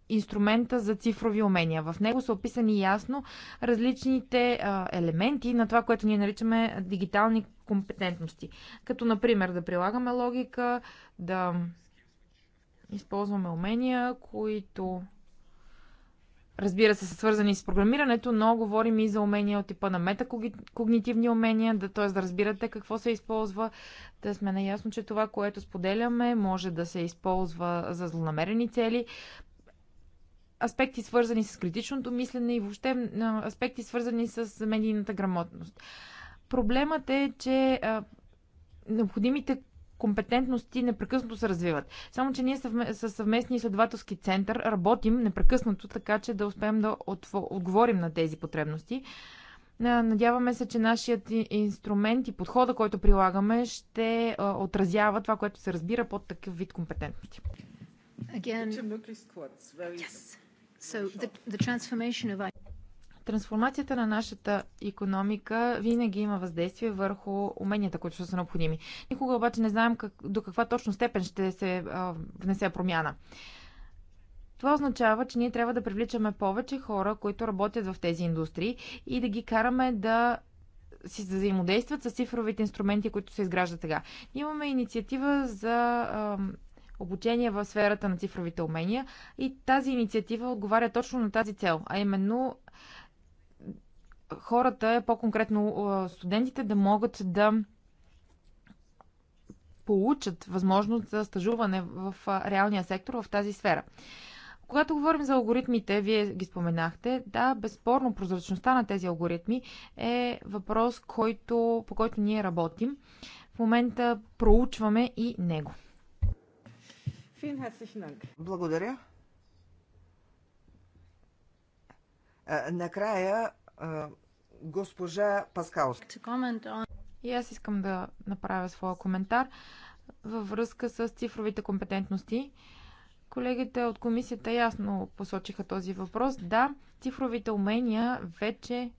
инструмента за цифрови умения. В него са описани ясно различните елементи на това, което ние наричаме дигитални компетентности. Като, например, да прилагаме логика, да използваме умения, които разбира се, са свързани с програмирането, но говорим и за умения от типа на метакогнитивни умения, да, т.е. да разбирате какво се използва, да сме наясно, че това, което споделяме, може да се използва за злонамерени цели, аспекти свързани с критичното мислене и въобще аспекти свързани с медийната грамотност. Проблемът е, че а, необходимите компетентности непрекъснато се развиват. Само, че ние съвме, със съвместния изследователски център работим непрекъснато, така че да успеем да отговорим на тези потребности. Надяваме се, че нашият инструмент и подхода, който прилагаме, ще отразява това, което се разбира под такъв вид компетентности. Again. Yes. Трансформацията на нашата економика винаги има въздействие върху уменията, които са необходими. Никога обаче не знаем как, до каква точно степен ще се а, внесе промяна. Това означава, че ние трябва да привличаме повече хора, които работят в тези индустрии и да ги караме да си взаимодействат с цифровите инструменти, които се изграждат сега. Имаме инициатива за а, обучение в сферата на цифровите умения. И тази инициатива отговаря точно на тази цел, а именно хората, по-конкретно студентите, да могат да получат възможност за стажуване в реалния сектор в тази сфера. Когато говорим за алгоритмите, вие ги споменахте, да, безспорно прозрачността на тези алгоритми е въпрос, който, по който ние работим. В момента проучваме и него. Благодаря. Е, накрая е, госпожа Паскалска. И аз искам да направя своя коментар във връзка с цифровите компетентности. Колегите от комисията ясно посочиха този въпрос. Да, цифровите умения вече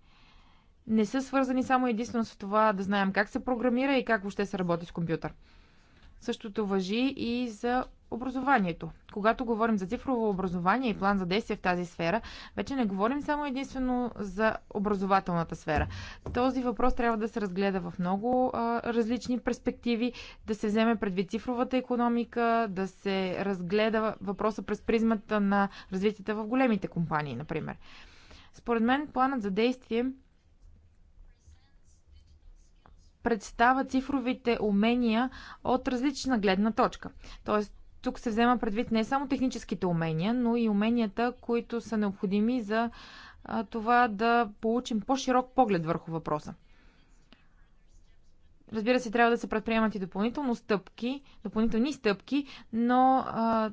не са свързани само единствено с това да знаем как се програмира и как въобще се работи с компютър. Същото въжи и за образованието. Когато говорим за цифрово образование и план за действие в тази сфера, вече не говорим само единствено за образователната сфера. Този въпрос трябва да се разгледа в много а, различни перспективи, да се вземе предвид цифровата економика, да се разгледа въпроса през призмата на развитието в големите компании, например. Според мен планът за действие представа цифровите умения от различна гледна точка. Тоест, тук се взема предвид не само техническите умения, но и уменията, които са необходими за това да получим по-широк поглед върху въпроса. Разбира се, трябва да се предприемат и допълнително стъпки, допълнителни стъпки, но а,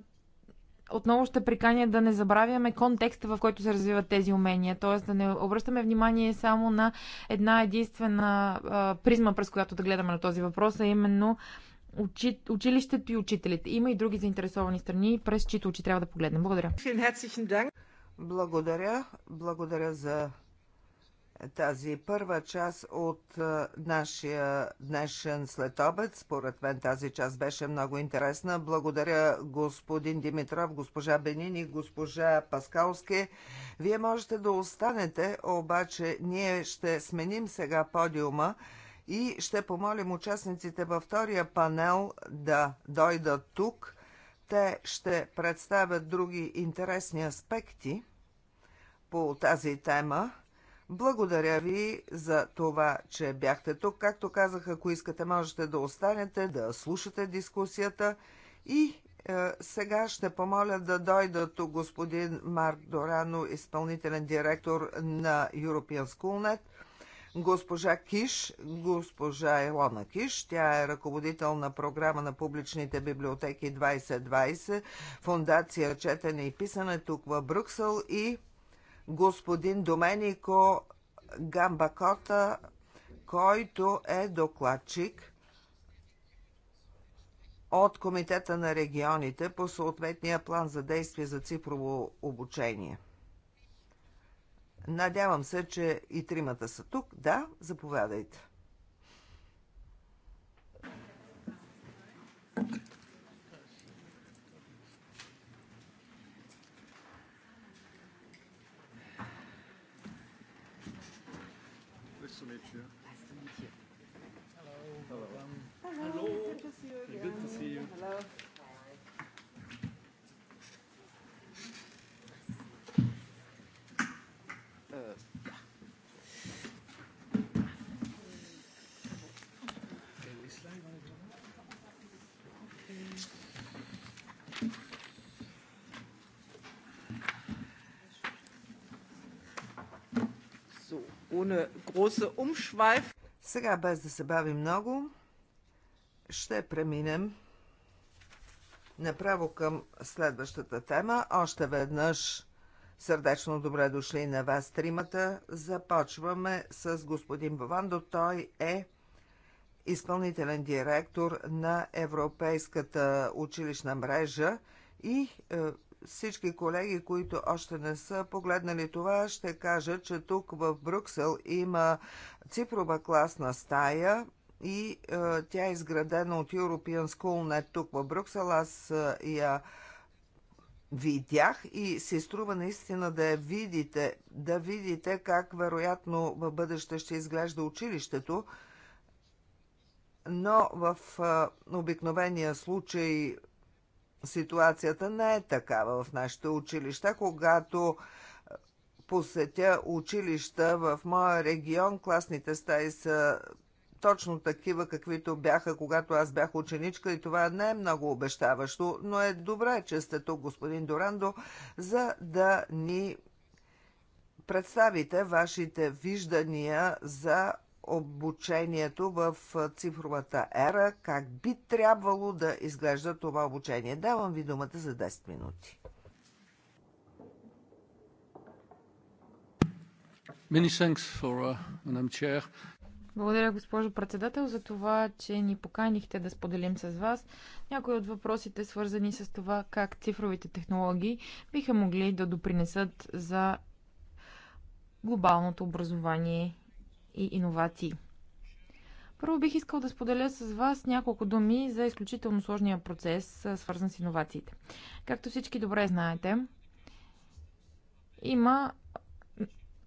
отново ще приканя да не забравяме контекста, в който се развиват тези умения, т.е. да не обръщаме внимание само на една единствена а, призма, през която да гледаме на този въпрос, а именно учи, училището и учителите. Има и други заинтересовани страни, през чието очи трябва да погледнем. Благодаря. Благодаря. Благодаря за тази първа част от нашия днешен следобед. Според мен тази част беше много интересна. Благодаря господин Димитров, госпожа Бенин и госпожа Паскалски. Вие можете да останете, обаче ние ще сменим сега подиума и ще помолим участниците във втория панел да дойдат тук. Те ще представят други интересни аспекти по тази тема. Благодаря ви за това, че бяхте тук. Както казах, ако искате, можете да останете, да слушате дискусията. И е, сега ще помоля да дойдат тук господин Марк Дорано, изпълнителен директор на European SchoolNet – госпожа Киш, госпожа Елона Киш. Тя е ръководител на програма на публичните библиотеки 2020, фундация Четене и писане тук в Брюксел и господин Доменико Гамбакота, който е докладчик от Комитета на регионите по съответния план за действие за цифрово обучение. Надявам се, че и тримата са тук. Да, заповядайте. Thank you. ohne große Umschweif. Сега, без да се бави много, ще преминем направо към следващата тема. Още веднъж сърдечно добре дошли на вас тримата. Започваме с господин Бавандо. Той е изпълнителен директор на Европейската училищна мрежа и е, всички колеги, които още не са погледнали това, ще кажа, че тук в Брюксел има цифрова класна стая и е, тя е изградена от European School Net тук в Брюксел. Аз е, я видях и се струва наистина да я видите, да видите как вероятно в бъдеще ще изглежда училището, но в е, обикновения случай ситуацията не е такава в нашите училища. Когато посетя училища в моя регион, класните стаи са точно такива, каквито бяха, когато аз бях ученичка и това не е много обещаващо, но е добре, че сте тук, господин Дорандо, за да ни представите вашите виждания за обучението в цифровата ера, как би трябвало да изглежда това обучение. Давам ви думата за 10 минути. For, uh, Благодаря, госпожо председател, за това, че ни поканихте да споделим с вас някои от въпросите, свързани с това как цифровите технологии биха могли да допринесат за глобалното образование и иновации. Първо бих искал да споделя с вас няколко думи за изключително сложния процес, свързан с иновациите. Както всички добре знаете, има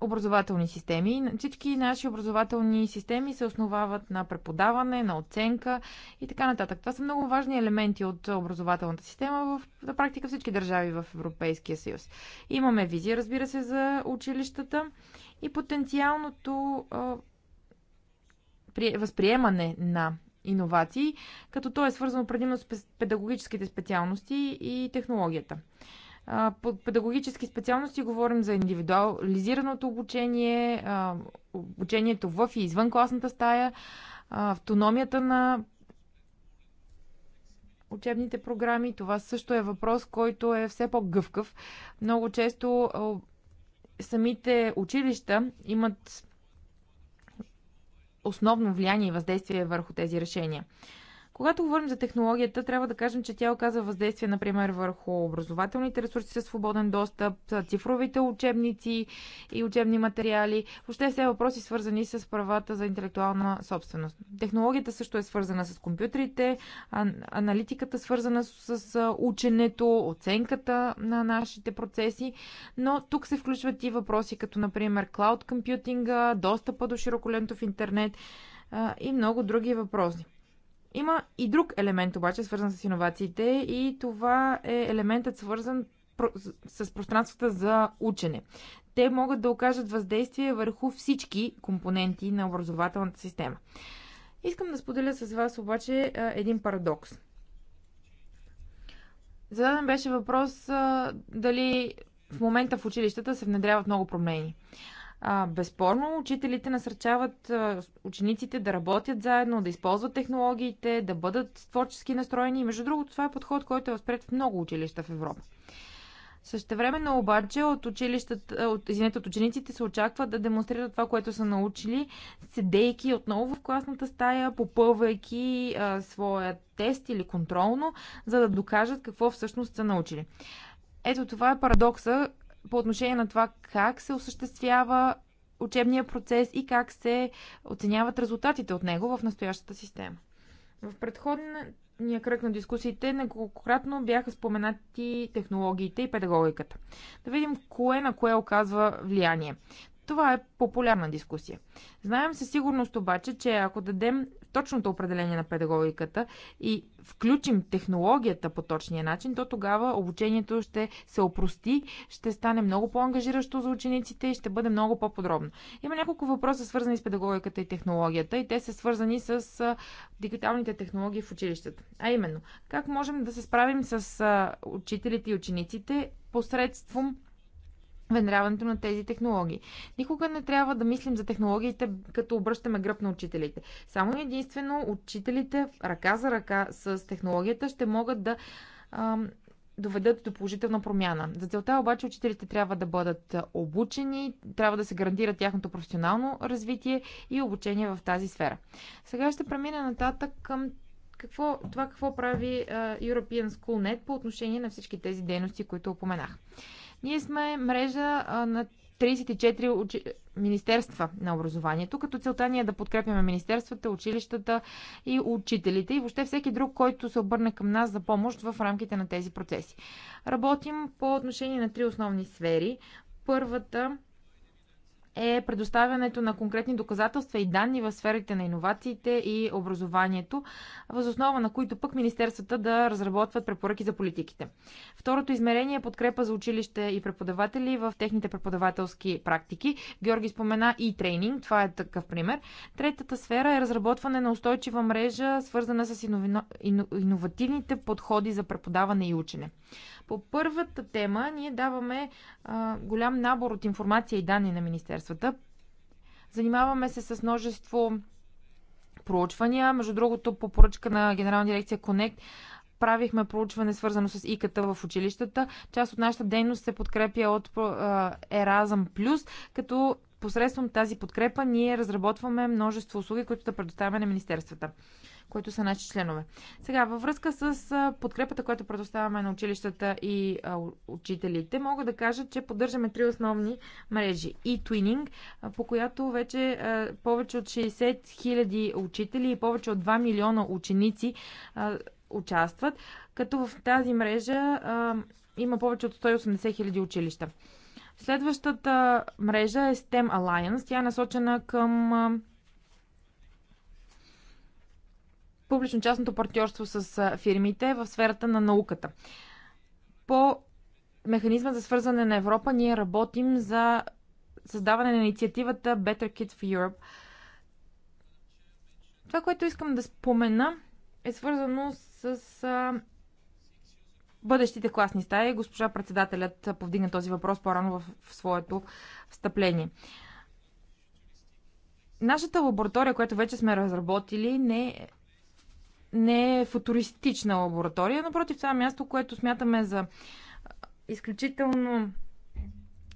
образователни системи. Всички наши образователни системи се основават на преподаване, на оценка и така нататък. Това са много важни елементи от образователната система в на практика всички държави в Европейския съюз. Имаме визия, разбира се, за училищата и потенциалното възприемане на иновации, като то е свързано предимно с педагогическите специалности и технологията. Под педагогически специалности говорим за индивидуализираното обучение, обучението в и извън класната стая, автономията на учебните програми. Това също е въпрос, който е все по-гъвкав. Много често самите училища имат основно влияние и въздействие върху тези решения. Когато говорим за технологията, трябва да кажем, че тя оказва въздействие, например, върху образователните ресурси със свободен достъп, цифровите учебници и учебни материали, въобще все въпроси свързани с правата за интелектуална собственост. Технологията също е свързана с компютрите, аналитиката свързана с ученето, оценката на нашите процеси, но тук се включват и въпроси като, например, клауд компютинга, достъпа до широколентов интернет и много други въпроси. Има и друг елемент обаче, свързан с иновациите и това е елементът свързан с пространствата за учене. Те могат да окажат въздействие върху всички компоненти на образователната система. Искам да споделя с вас обаче един парадокс. Зададен беше въпрос дали в момента в училищата се внедряват много промени. А, безспорно, учителите насърчават а, учениците да работят заедно, да използват технологиите, да бъдат творчески настроени. И между другото, това е подход, който е възпред в много училища в Европа. Същевременно обаче от, от, извинете, от учениците се очаква да демонстрират това, което са научили, седейки отново в класната стая, попълвайки а, своя тест или контролно, за да докажат какво всъщност са научили. Ето това е парадокса, по отношение на това как се осъществява учебния процес и как се оценяват резултатите от него в настоящата система. В предходния кръг на дискусиите неколкократно бяха споменати технологиите и педагогиката. Да видим кое на кое оказва влияние. Това е популярна дискусия. Знаем със сигурност обаче, че ако дадем точното определение на педагогиката и включим технологията по точния начин, то тогава обучението ще се опрости, ще стане много по-ангажиращо за учениците и ще бъде много по-подробно. Има няколко въпроса, свързани с педагогиката и технологията, и те са свързани с дигиталните технологии в училищата. А именно, как можем да се справим с учителите и учениците посредством внедряването на тези технологии. Никога не трябва да мислим за технологиите, като обръщаме гръб на учителите. Само единствено учителите ръка за ръка с технологията ще могат да ам, доведат до положителна промяна. За целта обаче учителите трябва да бъдат обучени, трябва да се гарантира тяхното професионално развитие и обучение в тази сфера. Сега ще премина нататък към какво, това какво прави European Net по отношение на всички тези дейности, които упоменах. Ние сме мрежа на 34 уч... Министерства на образованието, като целта ни е да подкрепяме министерствата, училищата и учителите и въобще всеки друг, който се обърне към нас за помощ в рамките на тези процеси. Работим по отношение на три основни сфери. Първата е предоставянето на конкретни доказателства и данни в сферите на иновациите и образованието, възоснова на които пък министерствата да разработват препоръки за политиките. Второто измерение е подкрепа за училище и преподаватели в техните преподавателски практики. Георги спомена и e тренинг, това е такъв пример. Третата сфера е разработване на устойчива мрежа, свързана с иновативните подходи за преподаване и учене. По първата тема ние даваме а, голям набор от информация и данни на министерствата. Занимаваме се с множество проучвания. Между другото, по поръчка на Генерална дирекция Connect правихме проучване свързано с иката в училищата. Част от нашата дейност се подкрепя от Еразъм Плюс, като посредством тази подкрепа ние разработваме множество услуги, които да предоставяме на министерствата които са наши членове. Сега, във връзка с подкрепата, която предоставяме на училищата и учителите, мога да кажа, че поддържаме три основни мрежи. И e Twinning, по която вече повече от 60 000 учители и повече от 2 милиона ученици участват, като в тази мрежа има повече от 180 000 училища. Следващата мрежа е STEM Alliance. Тя е насочена към публично-частното партньорство с фирмите в сферата на науката. По механизма за свързване на Европа ние работим за създаване на инициативата Better Kids for Europe. Това, което искам да спомена, е свързано с бъдещите класни стаи. Госпожа председателят повдигна този въпрос по-рано в своето встъпление. Нашата лаборатория, която вече сме разработили, не е не е футуристична лаборатория, напротив, това е място, което смятаме за изключително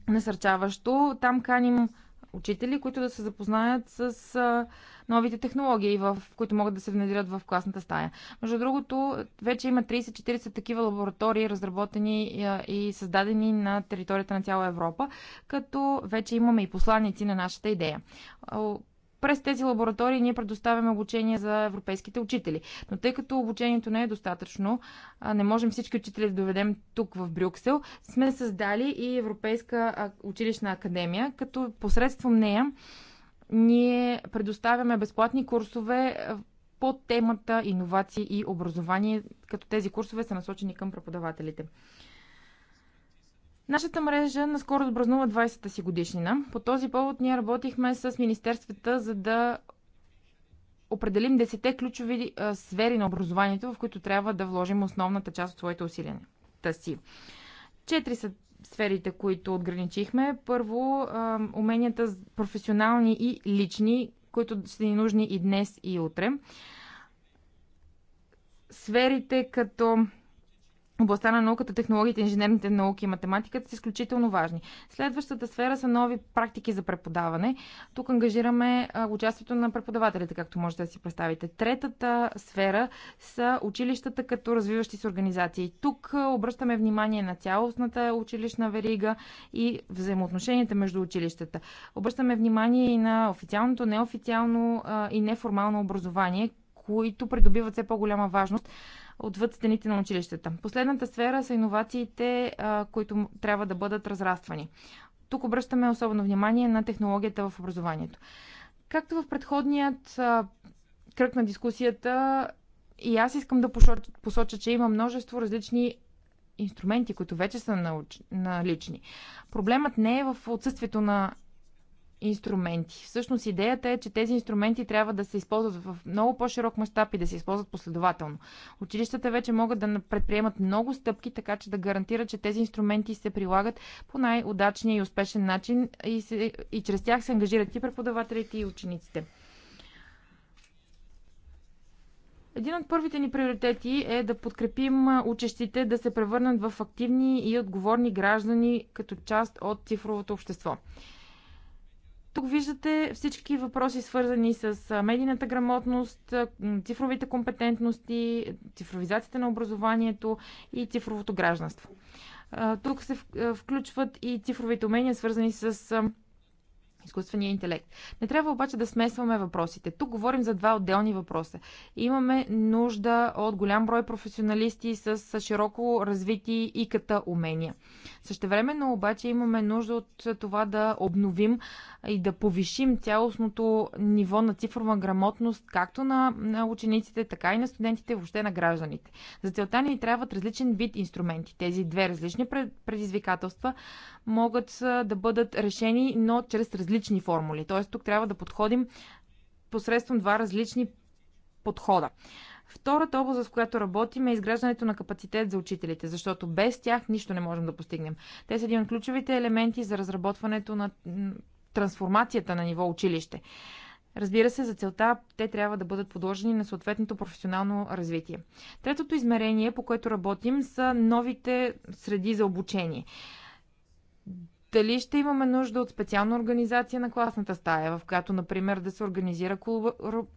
насърчаващо. Там каним учители, които да се запознаят с новите технологии, в които могат да се внедрят в класната стая. Между другото, вече има 30-40 такива лаборатории, разработени и създадени на територията на цяла Европа, като вече имаме и посланици на нашата идея. През тези лаборатории ние предоставяме обучение за европейските учители. Но тъй като обучението не е достатъчно, не можем всички учители да доведем тук в Брюксел, сме създали и Европейска училищна академия, като посредством нея ние предоставяме безплатни курсове по темата иновации и образование, като тези курсове са насочени към преподавателите. Нашата мрежа наскоро отбразнува 20-та си годишнина. По този повод ние работихме с министерствата, за да определим 10 ключови а, сфери на образованието, в които трябва да вложим основната част от своите усилия си. Четири са сферите, които отграничихме. Първо, а, уменията професионални и лични, които ще ни нужни и днес и утре. Сферите като областта на науката, технологиите, инженерните науки и математиката са изключително важни. Следващата сфера са нови практики за преподаване. Тук ангажираме участието на преподавателите, както можете да си представите. Третата сфера са училищата като развиващи се организации. Тук обръщаме внимание на цялостната училищна верига и взаимоотношенията между училищата. Обръщаме внимание и на официалното, неофициално и неформално образование, които придобиват все по-голяма важност отвъд стените на училищата. Последната сфера са иновациите, които трябва да бъдат разраствани. Тук обръщаме особено внимание на технологията в образованието. Както в предходният кръг на дискусията, и аз искам да посоча, че има множество различни инструменти, които вече са налични. Проблемът не е в отсъствието на инструменти. Всъщност идеята е, че тези инструменти трябва да се използват в много по-широк мащаб и да се използват последователно. Училищата вече могат да предприемат много стъпки, така че да гарантират, че тези инструменти се прилагат по най-удачния и успешен начин и, се, и чрез тях се ангажират и преподавателите и учениците. Един от първите ни приоритети е да подкрепим учещите да се превърнат в активни и отговорни граждани като част от цифровото общество. Тук виждате всички въпроси, свързани с медийната грамотност, цифровите компетентности, цифровизацията на образованието и цифровото гражданство. Тук се включват и цифровите умения, свързани с изкуствения интелект. Не трябва обаче да смесваме въпросите. Тук говорим за два отделни въпроса. Имаме нужда от голям брой професионалисти с широко развити и ката умения. Същевременно обаче имаме нужда от това да обновим и да повишим цялостното ниво на цифрова грамотност, както на, на учениците, така и на студентите, въобще на гражданите. За целта ни трябват различен вид инструменти. Тези две различни предизвикателства могат да бъдат решени, но чрез различни формули. Тоест тук трябва да подходим посредством два различни подхода. Втората област, в която работим е изграждането на капацитет за учителите, защото без тях нищо не можем да постигнем. Те са един от ключовите елементи за разработването на трансформацията на ниво училище. Разбира се, за целта те трябва да бъдат подложени на съответното професионално развитие. Третото измерение, по което работим, са новите среди за обучение дали ще имаме нужда от специална организация на класната стая, в която, например, да се организира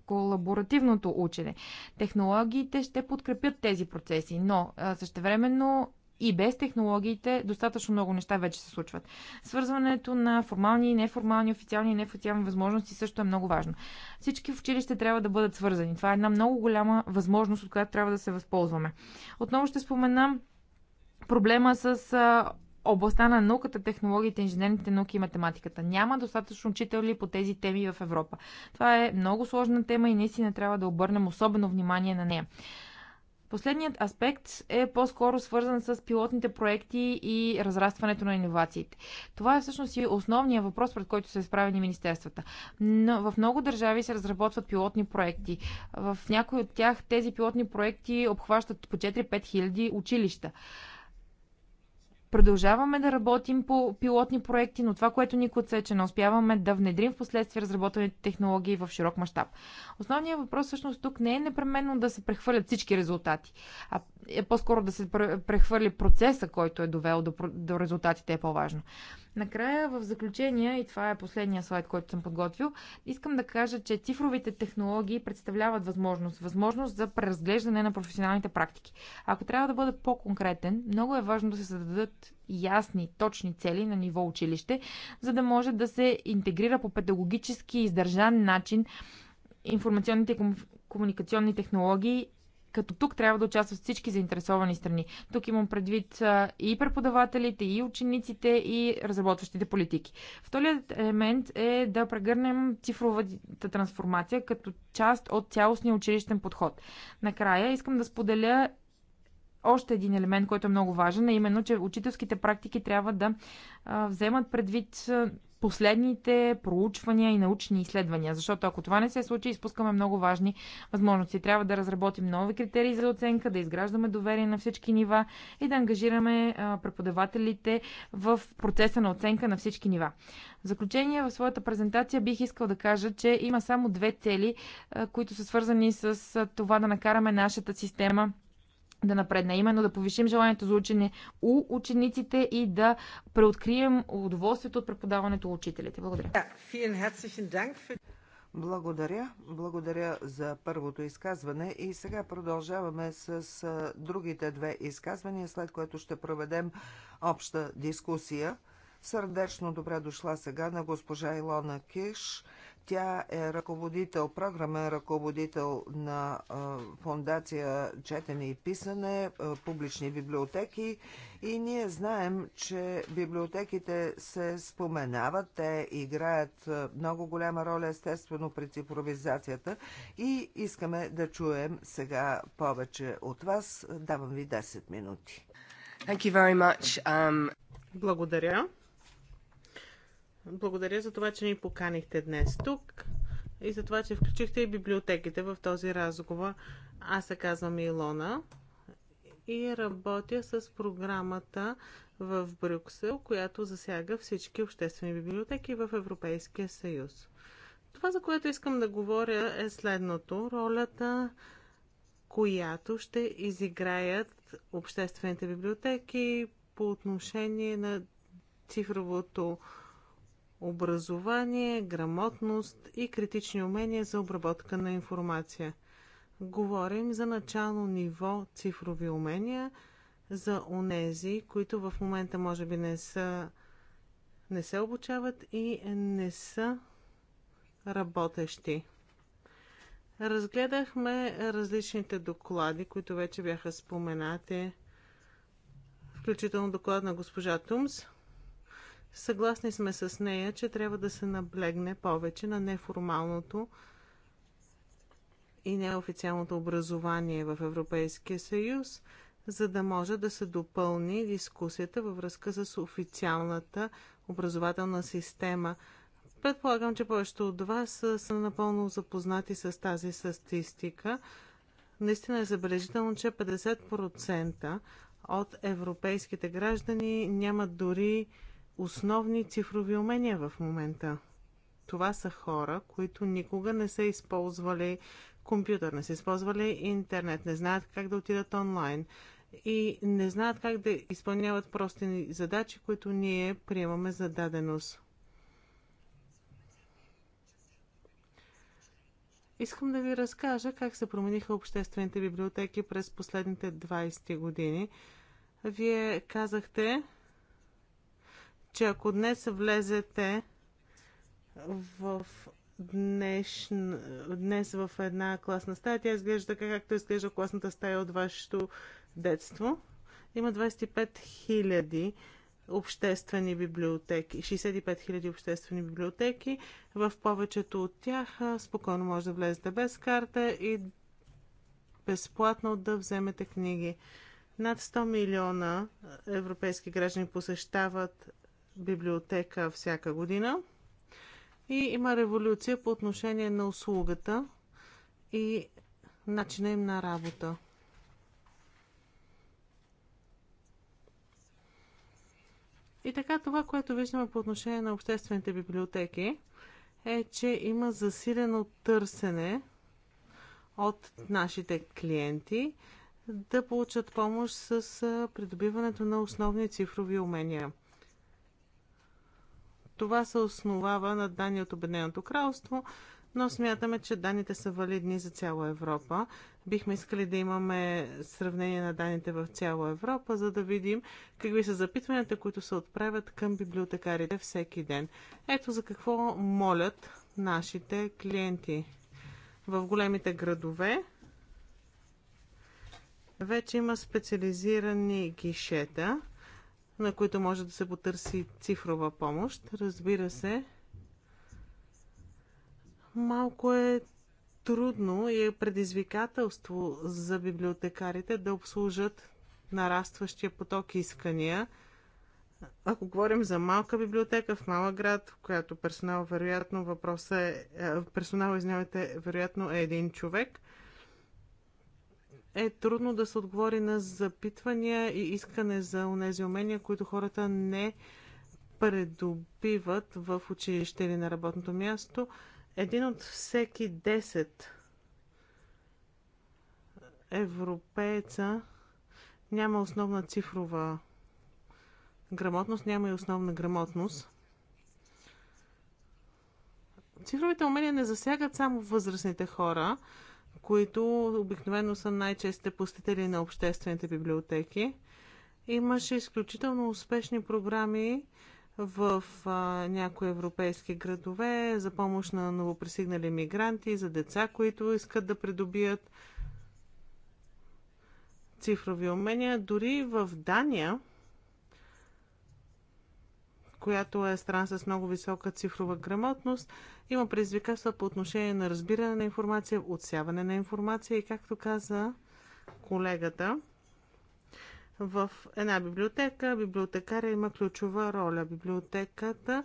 колаборативното учене. Технологиите ще подкрепят тези процеси, но същевременно и без технологиите достатъчно много неща вече се случват. Свързването на формални и неформални, официални и неофициални възможности също е много важно. Всички в училище трябва да бъдат свързани. Това е една много голяма възможност, от която трябва да се възползваме. Отново ще споменам проблема с областта на науката, технологиите, инженерните науки и математиката. Няма достатъчно учители по тези теми в Европа. Това е много сложна тема и наистина трябва да обърнем особено внимание на нея. Последният аспект е по-скоро свързан с пилотните проекти и разрастването на иновациите. Това е всъщност и основният въпрос, пред който са изправени министерствата. Но в много държави се разработват пилотни проекти. В някои от тях тези пилотни проекти обхващат по 4-5 хиляди училища. Продължаваме да работим по пилотни проекти, но това, което ни отсече, не успяваме да внедрим в последствие разработените технологии в широк мащаб. Основният въпрос всъщност тук не е непременно да се прехвърлят всички резултати, а е по-скоро да се прехвърли процеса, който е довел до, до резултатите е по-важно. Накрая, в заключение, и това е последния слайд, който съм подготвил, искам да кажа, че цифровите технологии представляват възможност. Възможност за преразглеждане на професионалните практики. Ако трябва да бъда по-конкретен, много е важно да се създадат ясни, точни цели на ниво училище, за да може да се интегрира по педагогически издържан начин информационните и комуникационни технологии като тук трябва да участват всички заинтересовани страни. Тук имам предвид и преподавателите, и учениците, и разработващите политики. Вторият елемент е да прегърнем цифровата трансформация като част от цялостния училищен подход. Накрая искам да споделя още един елемент, който е много важен, е именно, че учителските практики трябва да вземат предвид последните проучвания и научни изследвания, защото ако това не се случи, изпускаме много важни възможности. Трябва да разработим нови критерии за оценка, да изграждаме доверие на всички нива и да ангажираме преподавателите в процеса на оценка на всички нива. В заключение, в своята презентация бих искал да кажа, че има само две цели, които са свързани с това да накараме нашата система да напредне, именно да повишим желанието за учене у учениците и да преоткрием удоволствието от преподаването у учителите. Благодаря. Благодаря. Благодаря за първото изказване. И сега продължаваме с другите две изказвания, след което ще проведем обща дискусия. Сърдечно добре дошла сега на госпожа Илона Киш – тя е ръководител, програмен ръководител на фундация Четене и писане, публични библиотеки и ние знаем, че библиотеките се споменават, те играят много голяма роля естествено при цифровизацията и искаме да чуем сега повече от вас. Давам ви 10 минути. Thank you very much. Um... Благодаря. Благодаря за това, че ни поканихте днес тук и за това, че включихте и библиотеките в този разговор. Аз се казвам Илона и работя с програмата в Брюксел, която засяга всички обществени библиотеки в Европейския съюз. Това, за което искам да говоря е следното. Ролята, която ще изиграят обществените библиотеки по отношение на цифровото образование, грамотност и критични умения за обработка на информация. Говорим за начално ниво цифрови умения за онези, които в момента може би не са не се обучават и не са работещи. Разгледахме различните доклади, които вече бяха споменати, включително доклад на госпожа Тумс. Съгласни сме с нея, че трябва да се наблегне повече на неформалното и неофициалното образование в Европейския съюз, за да може да се допълни дискусията във връзка с официалната образователна система. Предполагам, че повечето от вас са напълно запознати с тази статистика. Наистина е забележително, че 50% от европейските граждани нямат дори основни цифрови умения в момента. Това са хора, които никога не са използвали компютър, не са използвали интернет, не знаят как да отидат онлайн и не знаят как да изпълняват прости задачи, които ние приемаме за даденост. Искам да ви разкажа как се промениха обществените библиотеки през последните 20 години. Вие казахте, че ако днес влезете в днешн, днес в една класна стая, тя изглежда така, както изглежда класната стая от вашето детство. Има 25 000 обществени библиотеки, 65 000 обществени библиотеки. В повечето от тях спокойно може да влезете без карта и безплатно да вземете книги. Над 100 милиона европейски граждани посещават библиотека всяка година. И има революция по отношение на услугата и начина им на работа. И така това, което виждаме по отношение на обществените библиотеки, е, че има засилено търсене от нашите клиенти да получат помощ с придобиването на основни цифрови умения. Това се основава на данни от Обединеното кралство, но смятаме, че данните са валидни за цяла Европа. Бихме искали да имаме сравнение на данните в цяла Европа, за да видим какви са запитванията, които се отправят към библиотекарите всеки ден. Ето за какво молят нашите клиенти. В големите градове вече има специализирани гишета – на които може да се потърси цифрова помощ. Разбира се, малко е трудно и е предизвикателство за библиотекарите да обслужат нарастващия поток искания. Ако говорим за малка библиотека в малък град, в която персонал вероятно въпросът е, е, персонал, извинявайте, вероятно е един човек, е трудно да се отговори на запитвания и искане за онези умения, които хората не предобиват в училище или на работното място. Един от всеки 10 европейца няма основна цифрова грамотност, няма и основна грамотност. Цифровите умения не засягат само възрастните хора, които обикновено са най-честите посетители на обществените библиотеки. Имаше изключително успешни програми в а, някои европейски градове за помощ на новоприсигнали мигранти, за деца, които искат да придобият цифрови умения. Дори в Дания която е страна с много висока цифрова грамотност, има предизвикателства по отношение на разбиране на информация, отсяване на информация и както каза колегата, в една библиотека библиотекаря има ключова роля. Библиотеката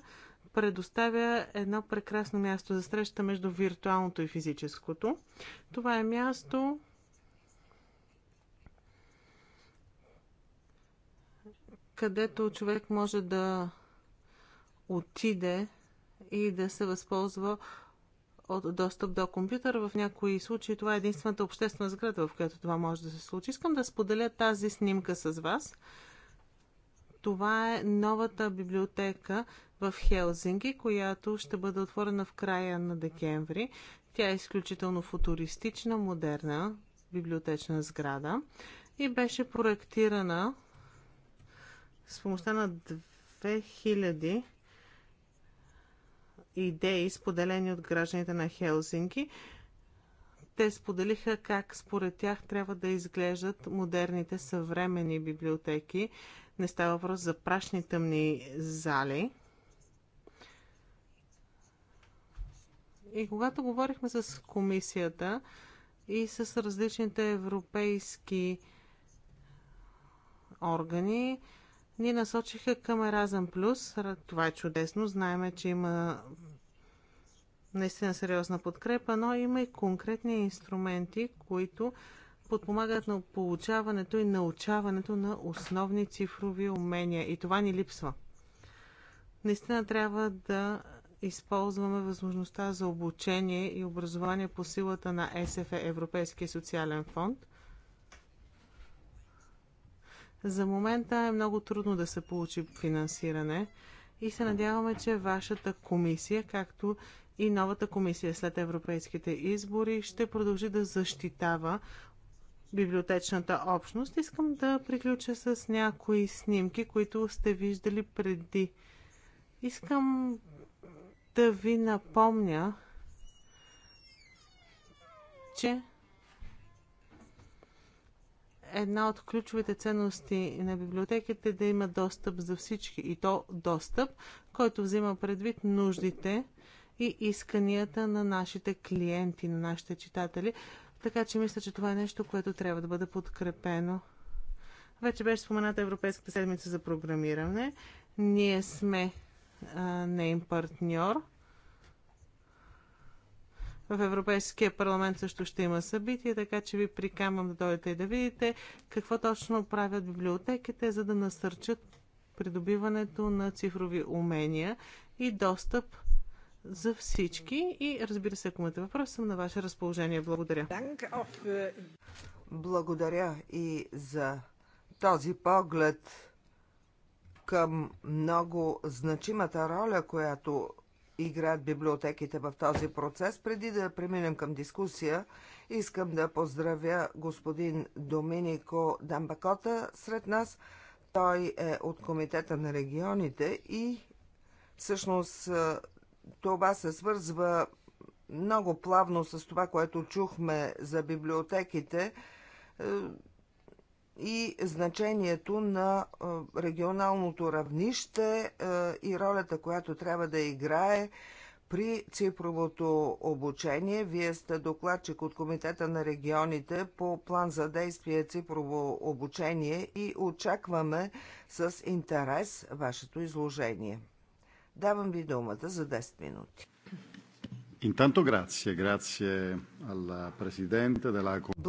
предоставя едно прекрасно място за среща между виртуалното и физическото. Това е място, където човек може да отиде и да се възползва от достъп до компютър. В някои случаи това е единствената обществена сграда, в която това може да се случи. Искам да споделя тази снимка с вас. Това е новата библиотека в Хелзинги, която ще бъде отворена в края на декември. Тя е изключително футуристична, модерна библиотечна сграда и беше проектирана с помощта на 2000 идеи, споделени от гражданите на Хелзинки. Те споделиха как според тях трябва да изглеждат модерните съвременни библиотеки. Не става въпрос за прашни тъмни зали. И когато говорихме с комисията и с различните европейски органи, ни насочиха към Еразъм Плюс. Това е чудесно. Знаеме, че има наистина сериозна подкрепа, но има и конкретни инструменти, които подпомагат на получаването и научаването на основни цифрови умения. И това ни липсва. Наистина трябва да използваме възможността за обучение и образование по силата на СФ Европейския социален фонд. За момента е много трудно да се получи финансиране и се надяваме, че вашата комисия, както и новата комисия след европейските избори, ще продължи да защитава библиотечната общност. Искам да приключа с някои снимки, които сте виждали преди. Искам да ви напомня, че една от ключовите ценности на библиотеките е да има достъп за всички и то достъп, който взима предвид нуждите и исканията на нашите клиенти, на нашите читатели. Така че мисля, че това е нещо, което трябва да бъде подкрепено. Вече беше спомената Европейската седмица за програмиране. Ние сме а, нейн партньор. В Европейския парламент също ще има събитие, така че ви прикамвам да дойдете и да видите какво точно правят библиотеките, за да насърчат придобиването на цифрови умения и достъп за всички. И разбира се, ако имате въпрос, съм на ваше разположение. Благодаря. Благодаря и за този поглед към много значимата роля, която играят библиотеките в този процес. Преди да преминем към дискусия, искам да поздравя господин Доминико Дамбакота сред нас. Той е от Комитета на регионите и всъщност това се свързва много плавно с това, което чухме за библиотеките е, и значението на регионалното равнище и ролята, която трябва да играе при цифровото обучение. Вие сте докладчик от Комитета на регионите по план за действие цифрово обучение и очакваме с интерес вашето изложение. Давам ви думата за 10 минути.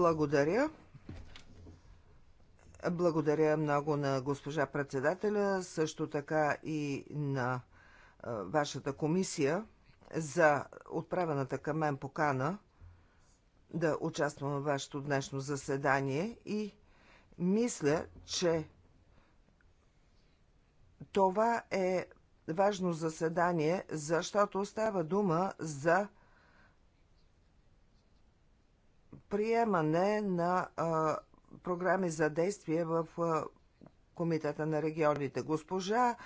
Благодаря. Благодаря много на госпожа председателя, също така и на вашата комисия за отправената към мен покана да участвам в вашето днешно заседание и мисля, че това е важно заседание, защото става дума за приемане на а, програми за действие в Комитета на регионите. Госпожа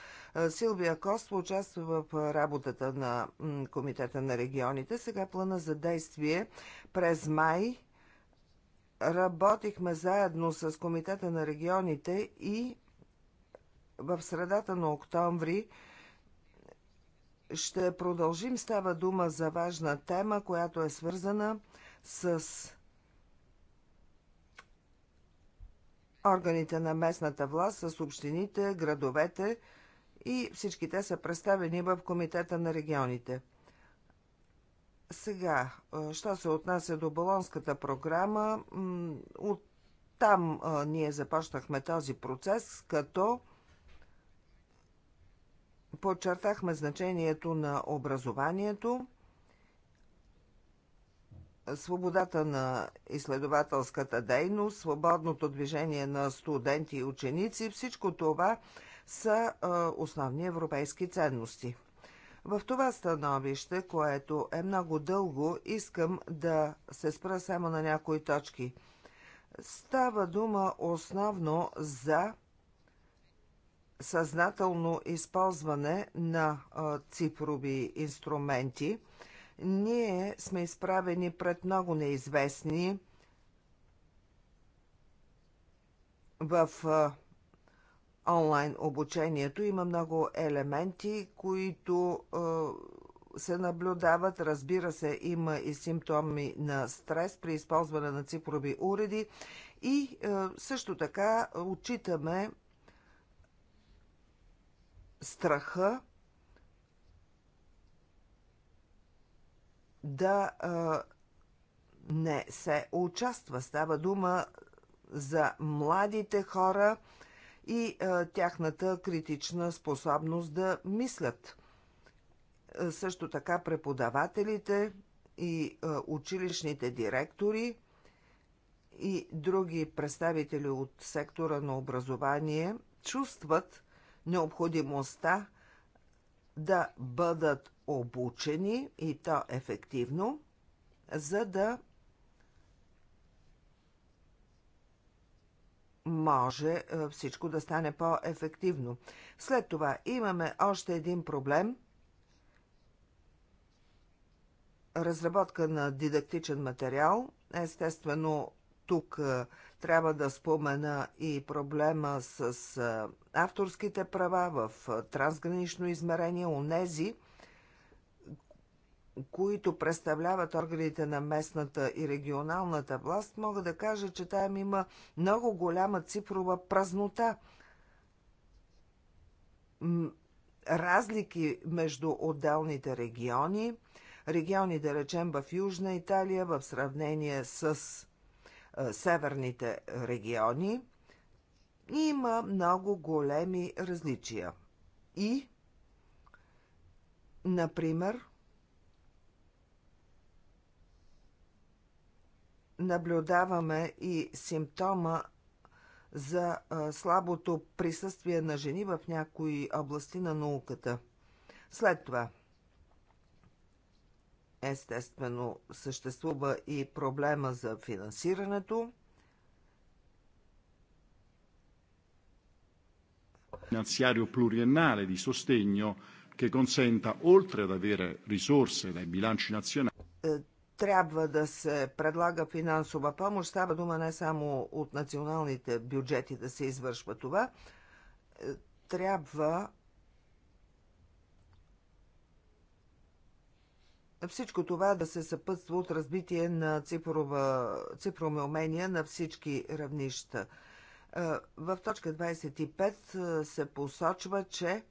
Силвия Коства участва в работата на Комитета на регионите. Сега плана за действие през май работихме заедно с Комитета на регионите и в средата на октомври ще продължим. Става дума за важна тема, която е свързана с органите на местната власт, с общините, градовете и всички те са представени в Комитета на регионите. Сега, що се отнася до Болонската програма, от там ние започнахме този процес, като подчертахме значението на образованието, свободата на изследователската дейност, свободното движение на студенти и ученици, всичко това са основни европейски ценности. В това становище, което е много дълго, искам да се спра само на някои точки. Става дума основно за съзнателно използване на цифрови инструменти – ние сме изправени пред много неизвестни в онлайн обучението. Има много елементи, които се наблюдават. Разбира се, има и симптоми на стрес при използване на цифрови уреди и също така отчитаме страха да а, не се участва. Става дума за младите хора и а, тяхната критична способност да мислят. А, също така преподавателите и а, училищните директори и други представители от сектора на образование чувстват необходимостта да бъдат обучени и то ефективно, за да може е, всичко да стане по-ефективно. След това имаме още един проблем разработка на дидактичен материал. Естествено, тук е, трябва да спомена и проблема с е, авторските права в трансгранично измерение, нези които представляват органите на местната и регионалната власт, мога да кажа, че там има много голяма цифрова празнота. Разлики между отделните региони, региони да речем в Южна Италия в сравнение с северните региони, има много големи различия. И, например, наблюдаваме и симптома за слабото присъствие на жени в някои области на науката. След това, естествено, съществува и проблема за финансирането. finanziario pluriennale di sostegno che consenta, oltre ad avere risorse dai bilanci nazionali, е, трябва да се предлага финансова помощ, става дума не само от националните бюджети да се извършва това, е, трябва всичко това да се съпътства от развитие на цифрова, цифрови умения на всички равнища. Е, в точка 25 е, се посочва, че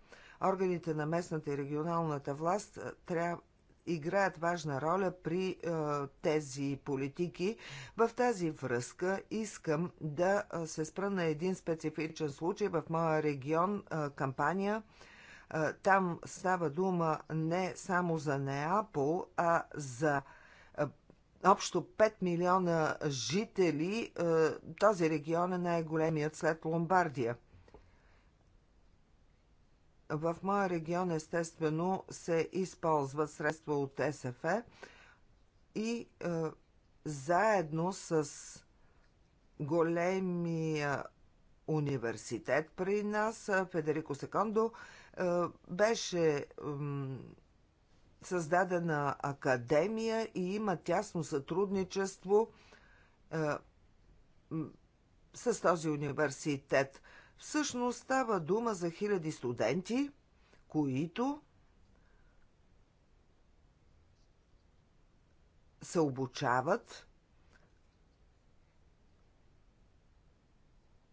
органите на местната и регионалната власт трябва играят важна роля при е, тези политики. В тази връзка искам да е, се спра на един специфичен случай в моя регион е, кампания. Е, там става дума не само за Неапол, а за е, общо 5 милиона жители. Е, този регион е най-големият след Ломбардия. В моя регион естествено се използват средства от СФЕ и е, заедно с големия университет при нас, е, Федерико Секондо, е, беше е, създадена академия и има тясно сътрудничество е, с този университет. Всъщност става дума за хиляди студенти, които се обучават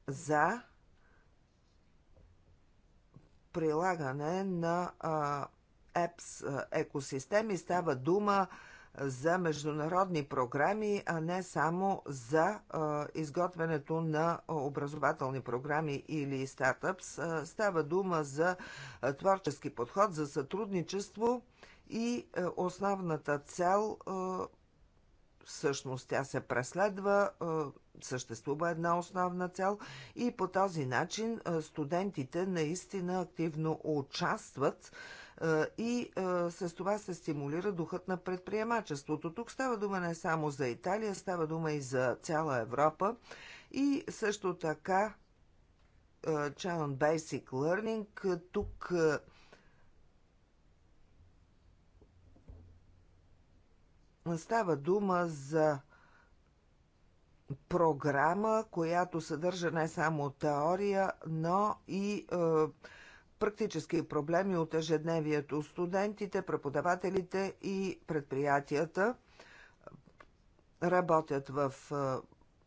за прилагане на а, EPS екосистеми. Става дума за международни програми, а не само за изготвянето на образователни програми или стартъпс. Става дума за творчески подход, за сътрудничество и основната цел всъщност тя се преследва, съществува една основна цел и по този начин студентите наистина активно участват и с това се стимулира духът на предприемачеството. Тук става дума не само за Италия, става дума и за цяла Европа и също така Channel Basic Learning. Тук става дума за програма, която съдържа не само теория, но и е, практически проблеми от ежедневието. Студентите, преподавателите и предприятията работят в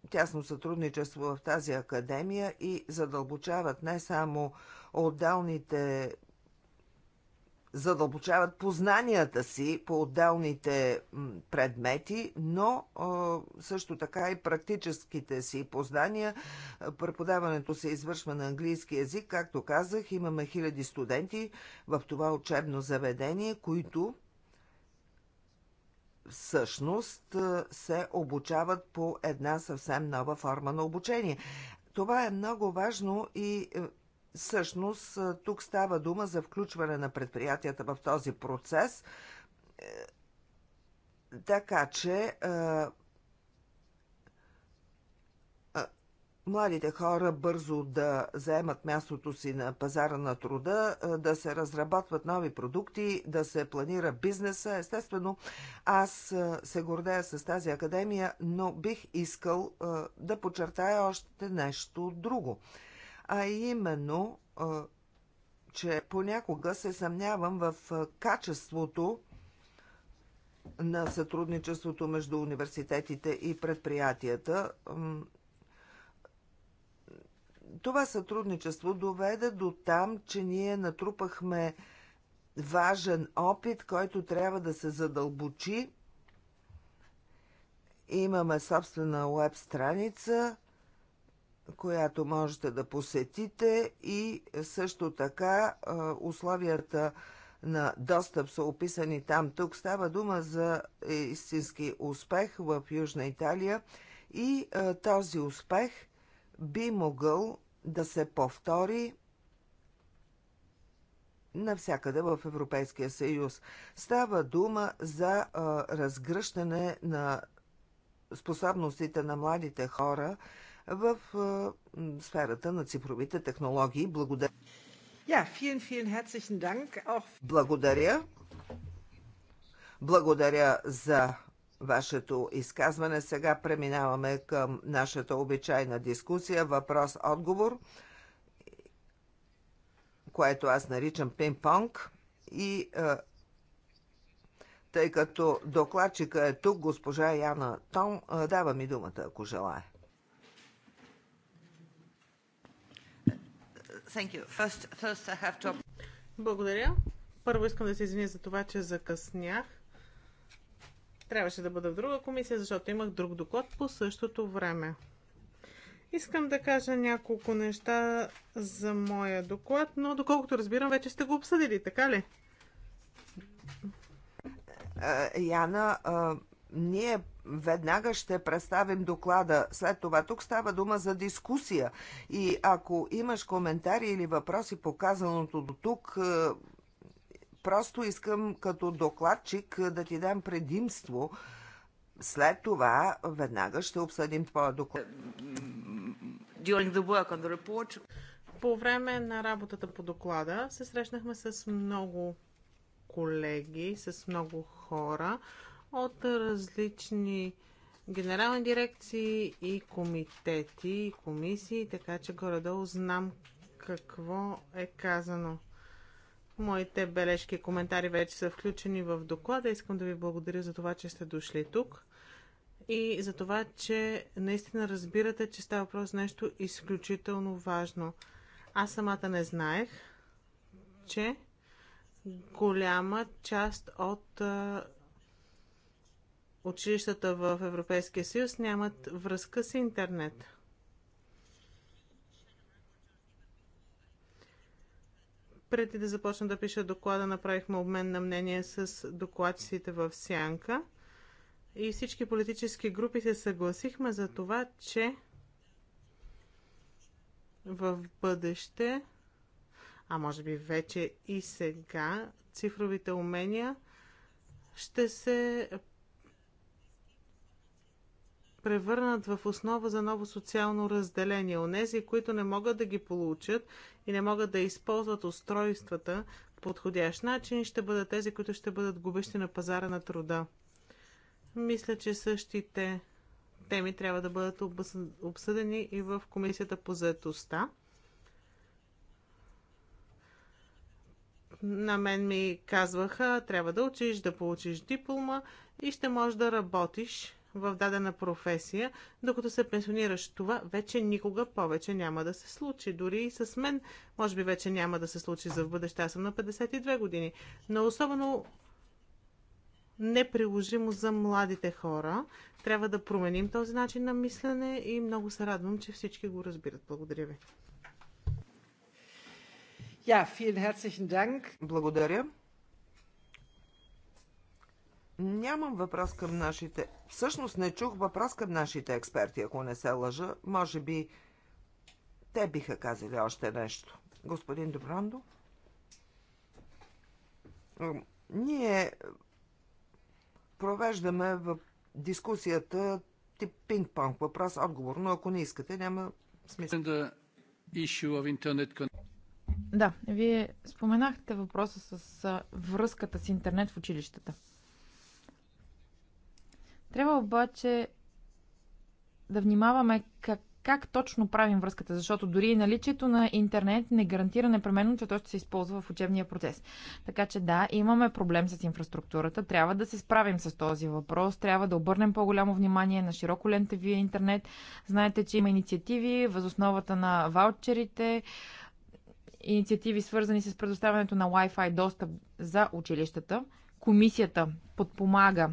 тясно сътрудничество в тази академия и задълбочават не само отделните задълбочават познанията си по отделните предмети, но също така и практическите си познания. Преподаването се извършва на английски язик. Както казах, имаме хиляди студенти в това учебно заведение, които всъщност се обучават по една съвсем нова форма на обучение. Това е много важно и е, Всъщност, тук става дума за включване на предприятията в този процес, е, така че младите хора бързо да заемат мястото си на пазара на труда, да се разработват нови продукти, да се планира бизнеса. Естествено, аз се гордея с тази академия, но бих искал да подчертая още нещо друго – а именно, че понякога се съмнявам в качеството на сътрудничеството между университетите и предприятията. Това сътрудничество доведе до там, че ние натрупахме важен опит, който трябва да се задълбочи. Имаме собствена веб страница която можете да посетите и също така условията на достъп са описани там. Тук става дума за истински успех в Южна Италия и този успех би могъл да се повтори навсякъде в Европейския съюз. Става дума за разгръщане на способностите на младите хора в сферата на цифровите технологии. Благодаря. Ja, vielen, vielen herzlichen Dank auch. Благодаря. Благодаря за вашето изказване. Сега преминаваме към нашата обичайна дискусия. Въпрос-отговор, което аз наричам пинг-понг. И е, тъй като докладчика е тук, госпожа Яна Том, е, дава ми думата, ако желая. Благодаря. Първо искам да се извиня за това, че закъснях. Трябваше да бъда в друга комисия, защото имах друг доклад по същото време. Искам да кажа няколко неща за моя доклад, но доколкото разбирам, вече сте го обсъдили, така ли? Е, Яна, е, ние веднага ще представим доклада. След това тук става дума за дискусия. И ако имаш коментари или въпроси по казаното до тук, е, просто искам като докладчик е, да ти дам предимство. След това веднага ще обсъдим твоя доклад. По време на работата по доклада се срещнахме с много колеги, с много хора, от различни генерални дирекции и комитети и комисии, така че горе-долу знам какво е казано. Моите бележки и коментари вече са включени в доклада. Искам да ви благодаря за това, че сте дошли тук и за това, че наистина разбирате, че става въпрос нещо изключително важно. Аз самата не знаех, че голяма част от училищата в Европейския съюз нямат връзка с интернет. Преди да започна да пиша доклада, направихме обмен на мнение с докладчиците в Сянка и всички политически групи се съгласихме за това, че в бъдеще, а може би вече и сега, цифровите умения ще се превърнат в основа за ново социално разделение. Онези, които не могат да ги получат и не могат да използват устройствата по подходящ начин, ще бъдат тези, които ще бъдат губещи на пазара на труда. Мисля, че същите теми трябва да бъдат обсъдени и в Комисията по заедостта. на мен ми казваха, трябва да учиш, да получиш диплома и ще можеш да работиш в дадена професия, докато се пенсионираш. Това вече никога повече няма да се случи. Дори и с мен, може би вече няма да се случи за в бъдеще. Аз съм на 52 години. Но особено неприложимо за младите хора. Трябва да променим този начин на мислене и много се радвам, че всички го разбират. Благодаря ви. Ja, vielen herzlichen Dank. Благодаря. Нямам въпрос към нашите... Всъщност не чух въпрос към нашите експерти, ако не се лъжа. Може би те биха казали още нещо. Господин Добрандо? Ние провеждаме в дискусията тип пинг-понг въпрос-отговор, но ако не искате, няма смисъл. Да, вие споменахте въпроса с връзката с интернет в училищата. Трябва обаче да внимаваме как, как точно правим връзката, защото дори наличието на интернет не гарантира непременно, че той ще се използва в учебния процес. Така че да, имаме проблем с инфраструктурата, трябва да се справим с този въпрос, трябва да обърнем по-голямо внимание на широко лентевия интернет. Знаете, че има инициативи възосновата на ваучерите, инициативи свързани с предоставянето на Wi-Fi достъп за училищата. Комисията подпомага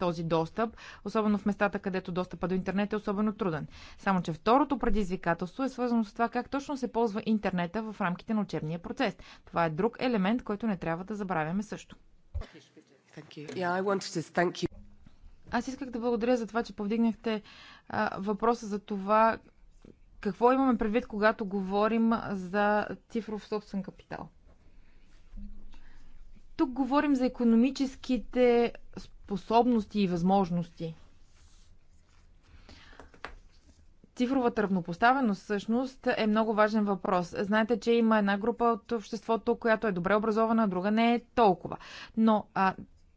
този достъп, особено в местата, където достъпа до интернет е особено труден. Само, че второто предизвикателство е свързано с това как точно се ползва интернета в рамките на учебния процес. Това е друг елемент, който не трябва да забравяме също. Аз исках да благодаря за това, че повдигнахте а, въпроса за това какво имаме предвид, когато говорим за цифров собствен капитал. Тук говорим за економическите способности и възможности. Цифровата равнопоставеност всъщност е много важен въпрос. Знаете, че има една група от обществото, която е добре образована, друга не е толкова. Но а,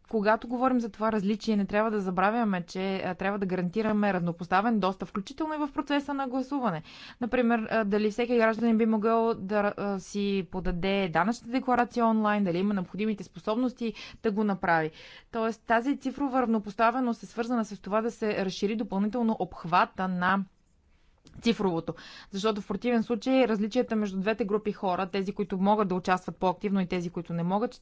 когато говорим за това различие, не трябва да забравяме, че трябва да гарантираме равнопоставен достъп, включително и в процеса на гласуване. Например, дали всеки гражданин би могъл да си подаде данъчната декларация онлайн, дали има необходимите способности да го направи. Тоест, тази цифрова равнопоставеност е свързана с това да се разшири допълнително обхвата на цифровото. Защото в противен случай различията между двете групи хора, тези, които могат да участват по-активно и тези, които не могат,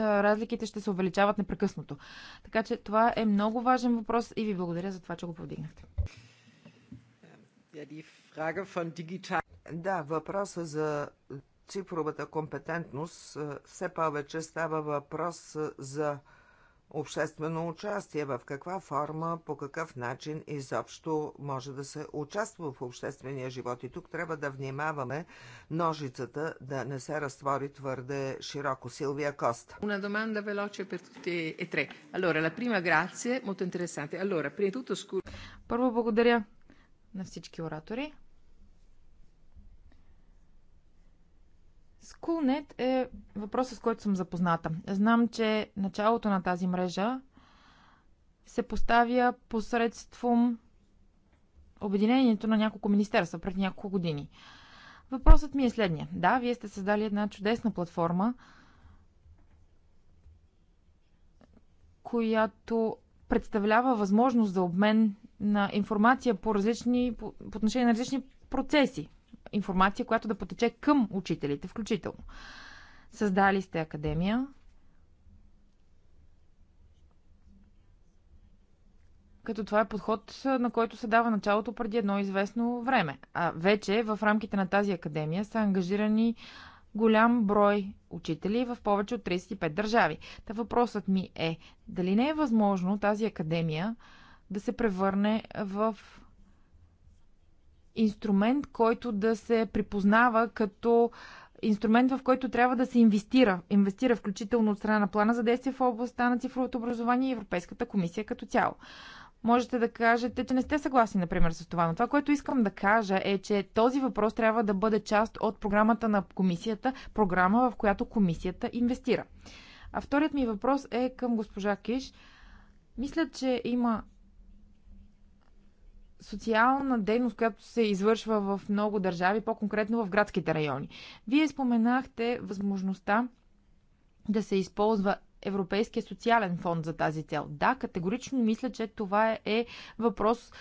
разликите ще се увеличават непрекъснато. Така че това е много важен въпрос и ви благодаря за това, че го повдигнахте. Е, е, е, да, въпроса за цифровата компетентност все повече става въпрос за обществено участие, в каква форма, по какъв начин изобщо може да се участва в обществения живот. И тук трябва да внимаваме ножицата да не се разтвори твърде широко. Силвия Коста. Una domanda veloce per tutte e tre. Allora, la prima grazie, molto interessante. Allora, prima tutto scu... Първо благодаря на всички оратори. Скулнет е въпросът, с който съм запозната. Знам, че началото на тази мрежа се поставя посредством обединението на няколко министерства пред няколко години. Въпросът ми е следния. Да, вие сте създали една чудесна платформа, която представлява възможност за обмен на информация по различни, по, по отношение на различни процеси информация, която да потече към учителите, включително. Създали сте академия. Като това е подход, на който се дава началото преди едно известно време. А вече в рамките на тази академия са ангажирани голям брой учители в повече от 35 държави. Та въпросът ми е, дали не е възможно тази академия да се превърне в инструмент, който да се припознава като инструмент, в който трябва да се инвестира. Инвестира включително от страна на плана за действие в областта на цифровото образование и Европейската комисия като цяло. Можете да кажете, че не сте съгласни, например, с това, но това, което искам да кажа е, че този въпрос трябва да бъде част от програмата на комисията, програма, в която комисията инвестира. А вторият ми въпрос е към госпожа Киш. Мисля, че има социална дейност, която се извършва в много държави, по-конкретно в градските райони. Вие споменахте възможността да се използва Европейския социален фонд за тази цел. Да, категорично мисля, че това е въпрос,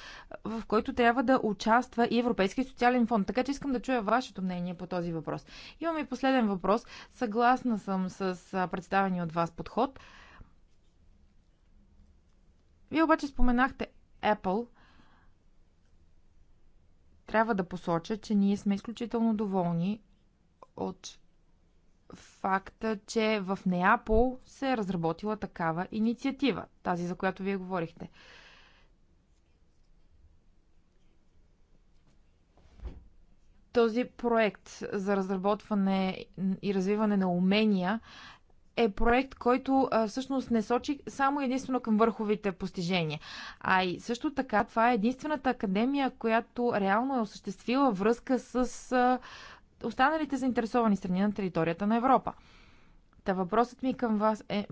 в който трябва да участва и Европейския социален фонд. Така че искам да чуя вашето мнение по този въпрос. Имам и последен въпрос. Съгласна съм с представения от вас подход. Вие обаче споменахте Apple – трябва да посоча, че ние сме изключително доволни от факта, че в Неапол се е разработила такава инициатива, тази за която вие говорихте. Този проект за разработване и развиване на умения е проект, който а, всъщност не сочи само единствено към върховите постижения. А и също така това е единствената академия, която реално е осъществила връзка с а, останалите заинтересовани страни на територията на Европа. Та въпросът ми към вас е,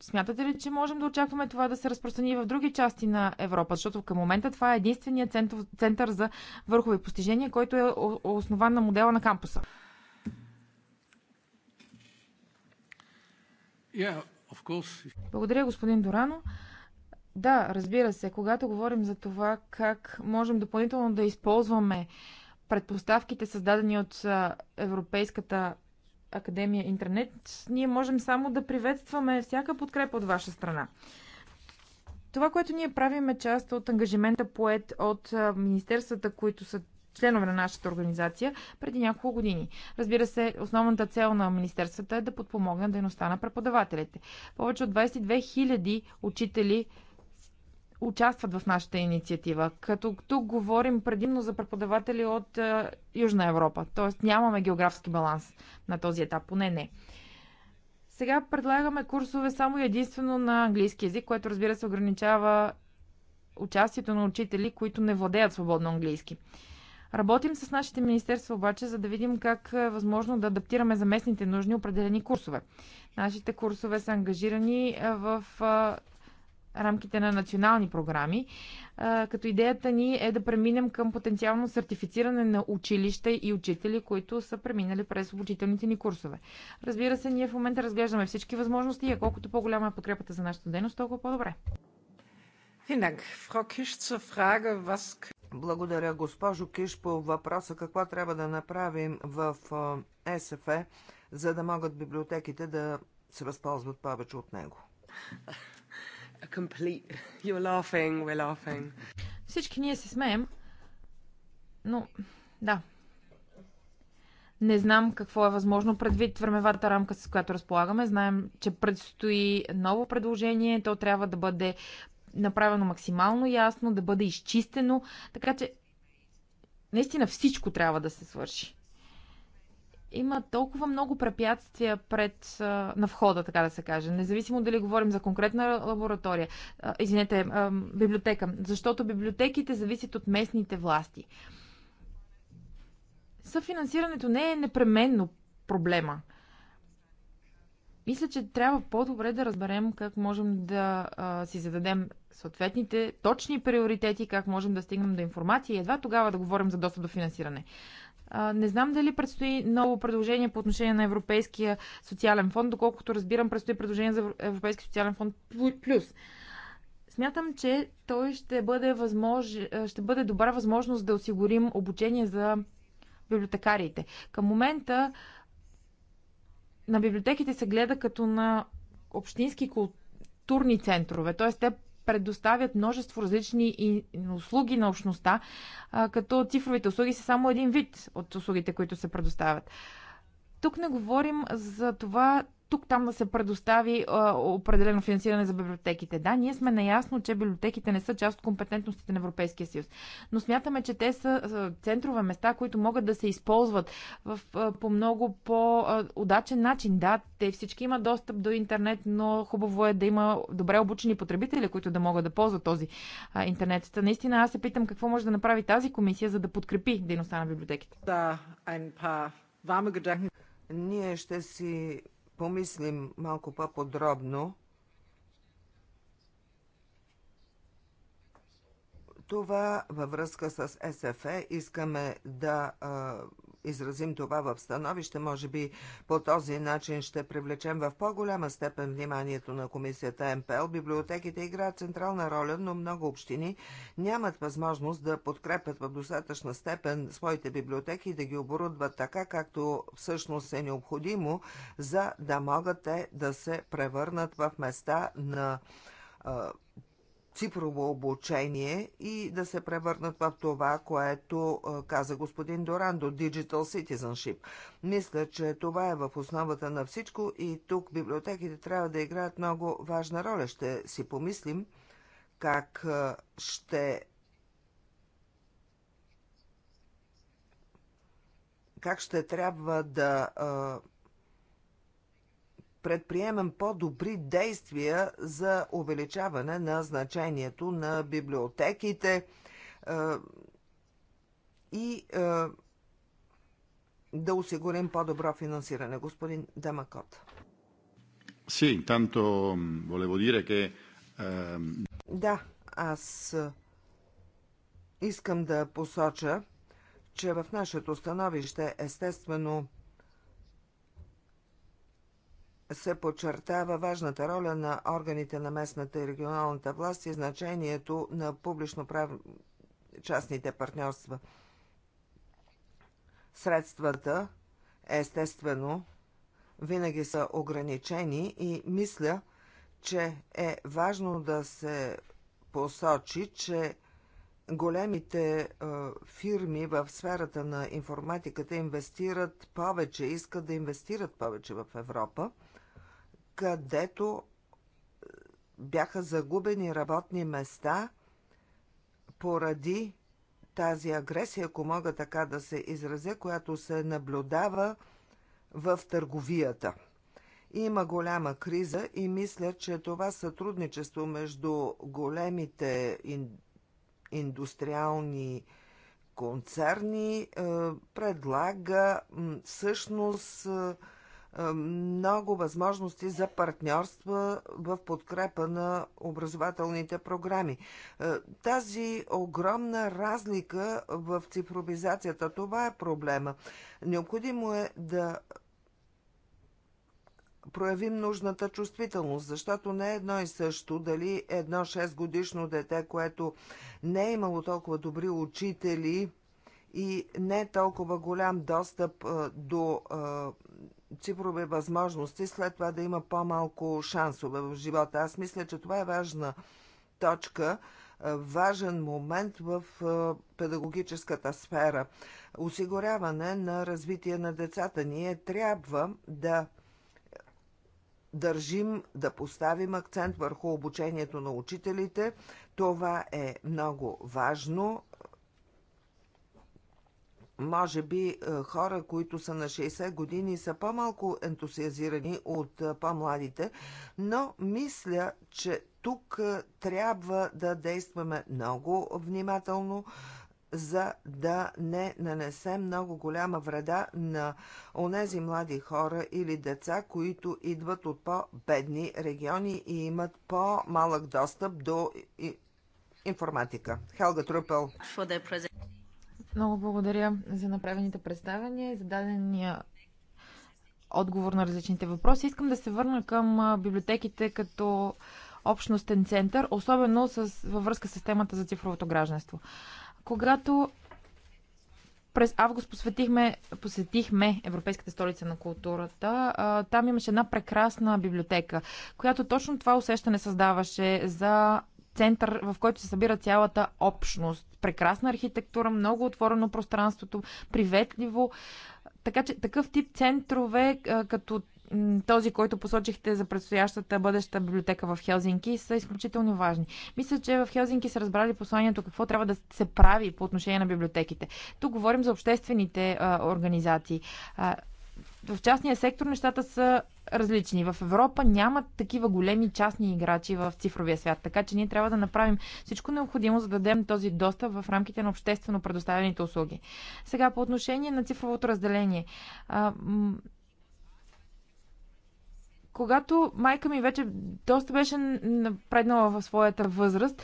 смятате ли, че можем да очакваме това да се разпространи в други части на Европа? Защото към момента това е единственият център, център за върхови постижения, който е основан на модела на кампуса. Благодаря, господин Дорано. Да, разбира се, когато говорим за това как можем допълнително да използваме предпоставките, създадени от Европейската академия интернет, ние можем само да приветстваме всяка подкрепа от ваша страна. Това, което ние правим е част от ангажимента поет от министерствата, които са членове на нашата организация преди няколко години. Разбира се, основната цел на Министерствата е да подпомогна дейността на преподавателите. Повече от 22 000 учители участват в нашата инициатива. Като тук говорим предимно за преподаватели от е, Южна Европа, т.е. нямаме географски баланс на този етап, поне не. Сега предлагаме курсове само и единствено на английски язик, което разбира се ограничава участието на учители, които не владеят свободно английски. Работим с нашите министерства обаче, за да видим как е възможно да адаптираме за местните нужни определени курсове. Нашите курсове са ангажирани е, в е, рамките на национални програми, е, като идеята ни е да преминем към потенциално сертифициране на училища и учители, които са преминали през обучителните ни курсове. Разбира се, ние в момента разглеждаме всички възможности и колкото по-голяма е подкрепата за нашата дейност, толкова по-добре. Благодаря, госпожо Киш, по въпроса какво трябва да направим в СФЕ, за да могат библиотеките да се възползват повече от него. <laughs> Laughing, Всички ние се смеем, но да. Не знам какво е възможно предвид времевата рамка, с която разполагаме. Знаем, че предстои ново предложение. То трябва да бъде направено максимално ясно, да бъде изчистено, така че наистина всичко трябва да се свърши. Има толкова много препятствия пред, на входа, така да се каже. Независимо дали говорим за конкретна лаборатория, извинете, библиотека, защото библиотеките зависят от местните власти. Съфинансирането не е непременно проблема. Мисля, че трябва по-добре да разберем как можем да а, си зададем съответните точни приоритети, как можем да стигнем до информация и едва тогава да говорим за достъп до финансиране. Не знам дали предстои ново предложение по отношение на Европейския социален фонд. Доколкото разбирам, предстои предложение за Европейския социален фонд плюс. Смятам, че той ще бъде, възмож... ще бъде добра възможност да осигурим обучение за библиотекарите. Към момента на библиотеките се гледа като на общински културни центрове, т.е. те предоставят множество различни услуги на общността, като цифровите услуги са само един вид от услугите, които се предоставят. Тук не говорим за това тук-там да се предостави а, определено финансиране за библиотеките. Да, ние сме наясно, че библиотеките не са част от компетентностите на Европейския съюз, но смятаме, че те са центрове, места, които могат да се използват в, а, по много по-удачен начин. Да, те всички имат достъп до интернет, но хубаво е да има добре обучени потребители, които да могат да ползват този а, интернет. Та, наистина аз се питам какво може да направи тази комисия, за да подкрепи дейността на библиотеките. Да, Ние ще си помислим малко по-подробно. Това във връзка с СФЕ искаме да а, изразим това в становище, може би по този начин ще привлечем в по-голяма степен вниманието на комисията МПЛ. Библиотеките играят централна роля, но много общини нямат възможност да подкрепят в достатъчна степен своите библиотеки и да ги оборудват така, както всъщност е необходимо, за да могат те да се превърнат в места на цифрово обучение и да се превърнат в това, което каза господин Дорандо: Digital Citizenship. Мисля, че това е в основата на всичко и тук библиотеките трябва да играят много важна роля. Ще си помислим как ще как ще трябва да предприемем по-добри действия за увеличаване на значението на библиотеките е, и е, да осигурим по-добро финансиране. Господин Демакот. Sì, intanto volevo dire che... Да, аз е, искам да посоча, че в нашето становище естествено се подчертава важната роля на органите на местната и регионалната власт и значението на публично-частните партньорства. Средствата, естествено, винаги са ограничени и мисля, че е важно да се посочи, че големите е, фирми в сферата на информатиката инвестират повече, искат да инвестират повече в Европа където е, бяха загубени работни места поради тази агресия, ако мога така да се изразя, която се наблюдава в търговията. Има голяма криза и мисля, че това сътрудничество между големите индустриални концерни е, предлага всъщност е, много възможности за партньорства в подкрепа на образователните програми. Тази огромна разлика в цифровизацията, това е проблема. Необходимо е да проявим нужната чувствителност, защото не е едно и също дали едно 6 годишно дете, което не е имало толкова добри учители и не е толкова голям достъп до цифрови възможности, след това да има по-малко шансове в живота. Аз мисля, че това е важна точка, е, важен момент в е, педагогическата сфера. Осигуряване на развитие на децата. Ние трябва да държим да поставим акцент върху обучението на учителите. Това е много важно може би е, хора, които са на 60 години, са по-малко ентусиазирани от е, по-младите, но мисля, че тук е, трябва да действаме много внимателно, за да не нанесем много голяма вреда на онези млади хора или деца, които идват от по-бедни региони и имат по-малък достъп до информатика. Хелга Трупел. Много благодаря за направените представения и за дадения отговор на различните въпроси. Искам да се върна към библиотеките като общностен център, особено с, във връзка с темата за цифровото гражданство. Когато през август посветихме, посетихме Европейската столица на културата. Там имаше една прекрасна библиотека, която точно това усещане създаваше за център, в който се събира цялата общност. Прекрасна архитектура, много отворено пространството, приветливо. Така че такъв тип центрове, като този, който посочихте за предстоящата бъдеща библиотека в Хелзинки, са изключително важни. Мисля, че в Хелзинки са разбрали посланието какво трябва да се прави по отношение на библиотеките. Тук говорим за обществените а, организации. А, в частния сектор нещата са различни. В Европа няма такива големи частни играчи в цифровия свят, така че ние трябва да направим всичко необходимо, за да дадем този достъп в рамките на обществено предоставените услуги. Сега по отношение на цифровото разделение. Когато майка ми вече доста беше напреднала в своята възраст,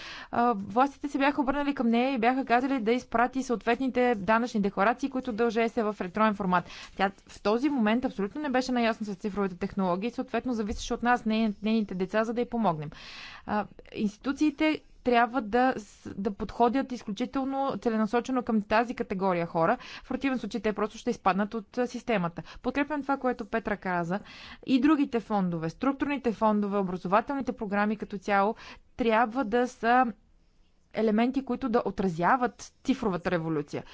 властите се бяха обърнали към нея и бяха казали да изпрати съответните данъчни декларации, които дължа се в електронен формат. Тя в този момент абсолютно не беше наясна с цифровите технологии и съответно зависеше от нас, нейните деца, за да й помогнем. Институциите трябва да, да подходят изключително целенасочено към тази категория хора. В противен случай те просто ще изпаднат от системата. Подкрепям това, което Петра каза. И другите фондове, структурните фондове, образователните програми като цяло, трябва да са елементи, които да отразяват цифровата революция.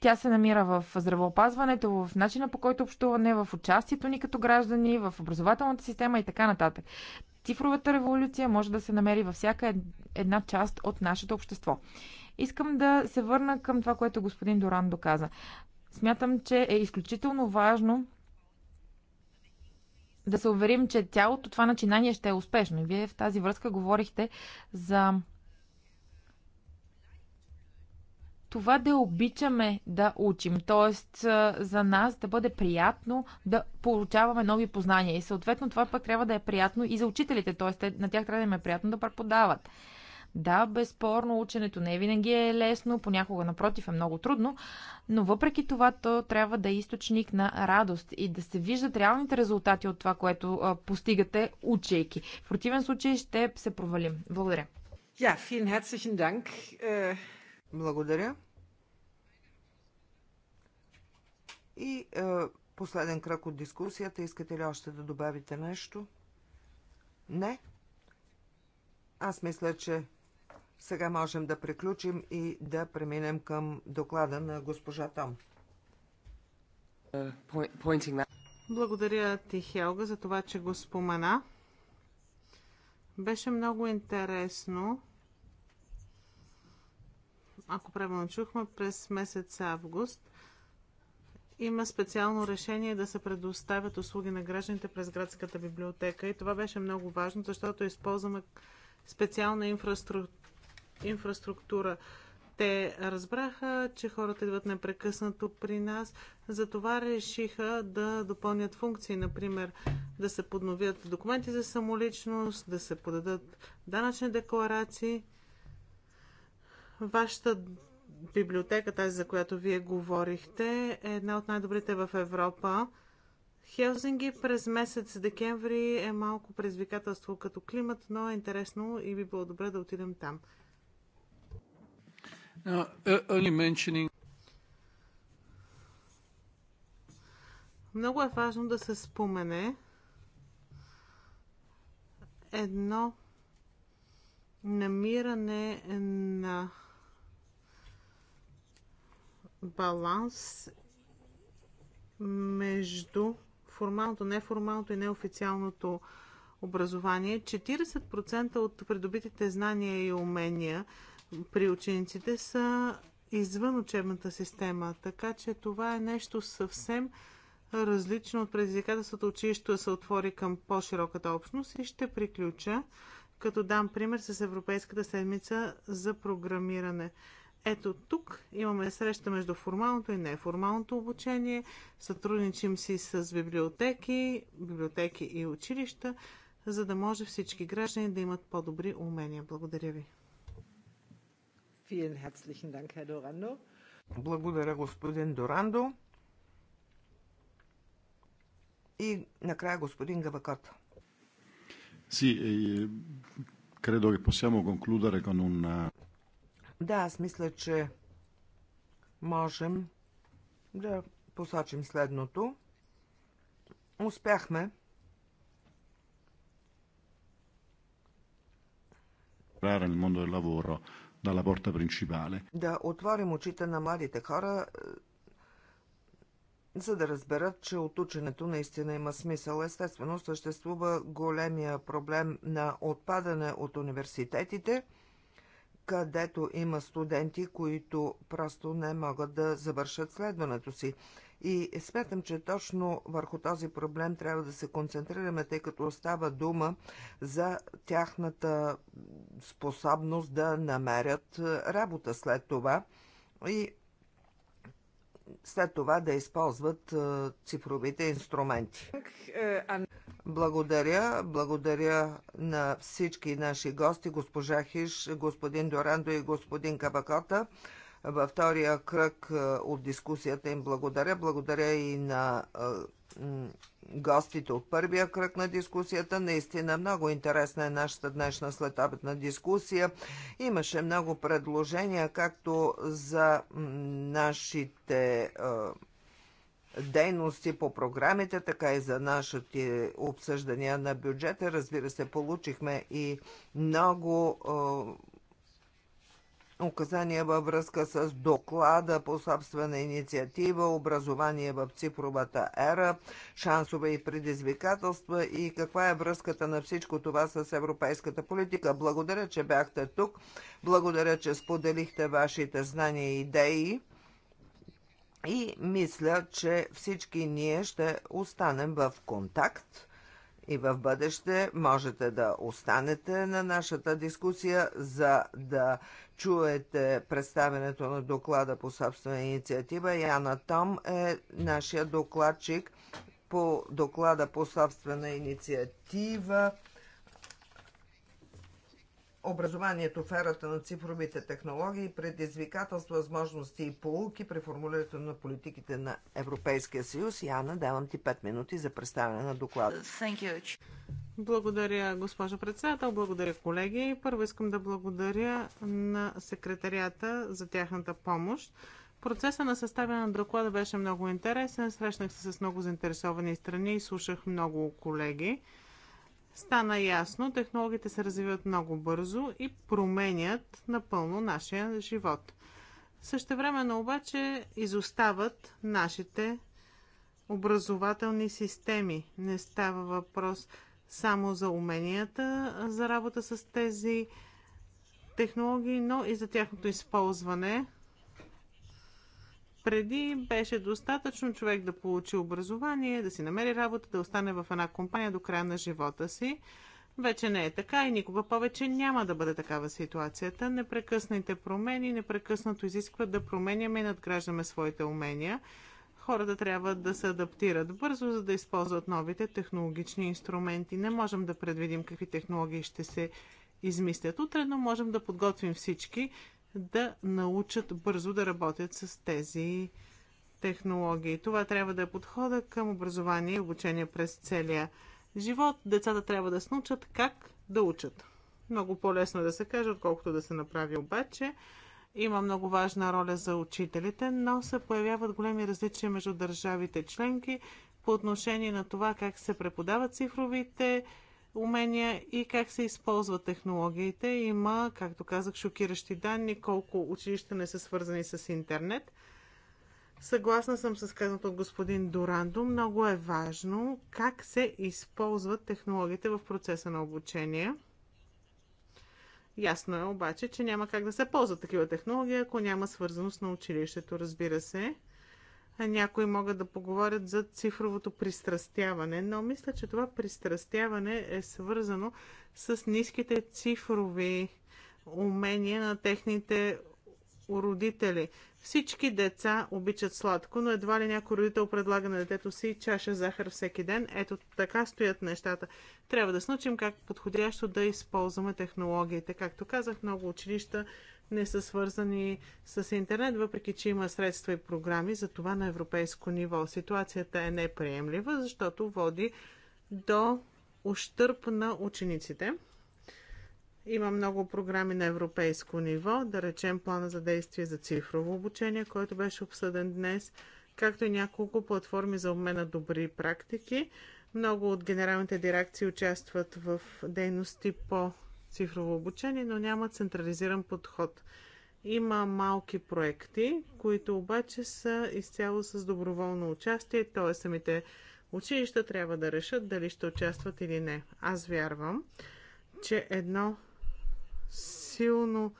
Тя се намира в здравеопазването, в начина по който общуване, в участието ни като граждани, в образователната система и така нататък. Цифровата революция може да се намери във всяка една част от нашето общество. Искам да се върна към това, което господин Доран доказа. Смятам, че е изключително важно да се уверим, че цялото това начинание ще е успешно. И вие в тази връзка говорихте за това да обичаме да учим, т.е. за нас да бъде приятно да получаваме нови познания и съответно това пък трябва да е приятно и за учителите, т.е. на тях трябва да им е приятно да преподават. Да, безспорно, ученето не винаги е лесно, понякога напротив е много трудно, но въпреки това то трябва да е източник на радост и да се виждат реалните резултати от това, което а, постигате, учейки. В противен случай ще се провалим. Благодаря. Ja, vielen herzlichen Dank. Äh, благодаря. И е, последен кръг от дискусията. Искате ли още да добавите нещо? Не? Аз мисля, че сега можем да приключим и да преминем към доклада на госпожа Том. Благодаря ти, Хелга, за това, че го спомена. Беше много интересно ако правилно чухме, през месец август има специално решение да се предоставят услуги на гражданите през градската библиотека. И това беше много важно, защото използваме специална инфраструк... инфраструктура. Те разбраха, че хората идват непрекъснато при нас, затова решиха да допълнят функции, например да се подновят документи за самоличност, да се подадат данъчни декларации – Вашата библиотека, тази за която вие говорихте, е една от най-добрите в Европа. Хелзинги през месец декември е малко предизвикателство като климат, но е интересно и би било добре да отидем там. Uh, uh, Много е важно да се спомене едно намиране на баланс между формалното, неформалното и неофициалното образование. 40% от придобитите знания и умения при учениците са извън учебната система. Така че това е нещо съвсем различно от предизвикателството училището да се отвори към по-широката общност и ще приключа като дам пример с Европейската седмица за програмиране. Ето тук имаме среща между формалното и неформалното обучение. Сътрудничим си с библиотеки, библиотеки и училища, за да може всички граждани да имат по-добри умения. Благодаря ви. Благодаря, господин Дорандо. И накрая господин Гаваката. Sì, eh, credo che possiamo concludere con un... Да, аз мисля, че можем да посочим следното. Успяхме Да отворим очите на младите хора, е, за да разберат, че от ученето наистина има смисъл. Естествено, съществува големия проблем на отпадане от университетите – където има студенти, които просто не могат да завършат следването си. И смятам, че точно върху този проблем трябва да се концентрираме, тъй като остава дума за тяхната способност да намерят е, работа след това и след това да използват е, цифровите инструменти. Е, благодаря. Благодаря на всички наши гости, госпожа Хиш, господин Дорандо и господин Кабакота. Във втория кръг е, от дискусията им благодаря. Благодаря и на е, гостите от първия кръг на дискусията. Наистина много интересна е нашата днешна следобедна дискусия. Имаше много предложения, както за нашите е, дейности по програмите, така и за нашите обсъждания на бюджета. Разбира се, получихме и много указания във връзка с доклада по собствена инициатива, образование в цифровата ера, шансове и предизвикателства и каква е връзката на всичко това с европейската политика. Благодаря, че бяхте тук. Благодаря, че споделихте вашите знания и идеи. И мисля, че всички ние ще останем в контакт и в бъдеще можете да останете на нашата дискусия, за да чуете представенето на доклада по собствена инициатива. Яна Том е нашия докладчик по доклада по собствена инициатива образованието в ерата на цифровите технологии, предизвикателства, възможности и полуки при формулирането на политиките на Европейския съюз. Яна, давам ти 5 минути за представяне на доклада. Благодаря, госпожо председател. Благодаря, колеги. Първо искам да благодаря на секретарията за тяхната помощ. Процесът на съставяне на доклада беше много интересен. Срещнах се с много заинтересовани страни и слушах много колеги стана ясно, технологиите се развиват много бързо и променят напълно нашия живот. Същевременно обаче изостават нашите образователни системи. Не става въпрос само за уменията за работа с тези технологии, но и за тяхното използване преди беше достатъчно човек да получи образование, да си намери работа, да остане в една компания до края на живота си. Вече не е така и никога повече няма да бъде такава ситуацията. Непрекъсните промени непрекъснато изискват да променяме и надграждаме своите умения. Хората трябва да се адаптират бързо, за да използват новите технологични инструменти. Не можем да предвидим какви технологии ще се измислят утре, но можем да подготвим всички да научат бързо да работят с тези технологии. Това трябва да е подхода към образование и обучение през целия живот. Децата трябва да се научат как да учат. Много по-лесно е да се каже, отколкото да се направи обаче. Има много важна роля за учителите, но се появяват големи различия между държавите членки по отношение на това как се преподават цифровите умения и как се използват технологиите. Има, както казах, шокиращи данни, колко училища не са свързани с интернет. Съгласна съм с казаното от господин Дорандо. Много е важно как се използват технологиите в процеса на обучение. Ясно е обаче, че няма как да се ползват такива технологии, ако няма свързаност на училището, разбира се. Някои могат да поговорят за цифровото пристрастяване, но мисля, че това пристрастяване е свързано с ниските цифрови умения на техните родители. Всички деца обичат сладко, но едва ли някой родител предлага на детето си чаша захар всеки ден. Ето така стоят нещата. Трябва да се научим как подходящо да използваме технологиите. Както казах, много училища не са свързани с интернет, въпреки че има средства и програми за това на европейско ниво. Ситуацията е неприемлива, защото води до ущърп на учениците. Има много програми на европейско ниво, да речем плана за действие за цифрово обучение, който беше обсъден днес, както и няколко платформи за обмен на добри практики. Много от генералните дирекции участват в дейности по цифрово обучение, но няма централизиран подход. Има малки проекти, които обаче са изцяло с доброволно участие, т.е. самите училища трябва да решат дали ще участват или не. Аз вярвам, че едно силно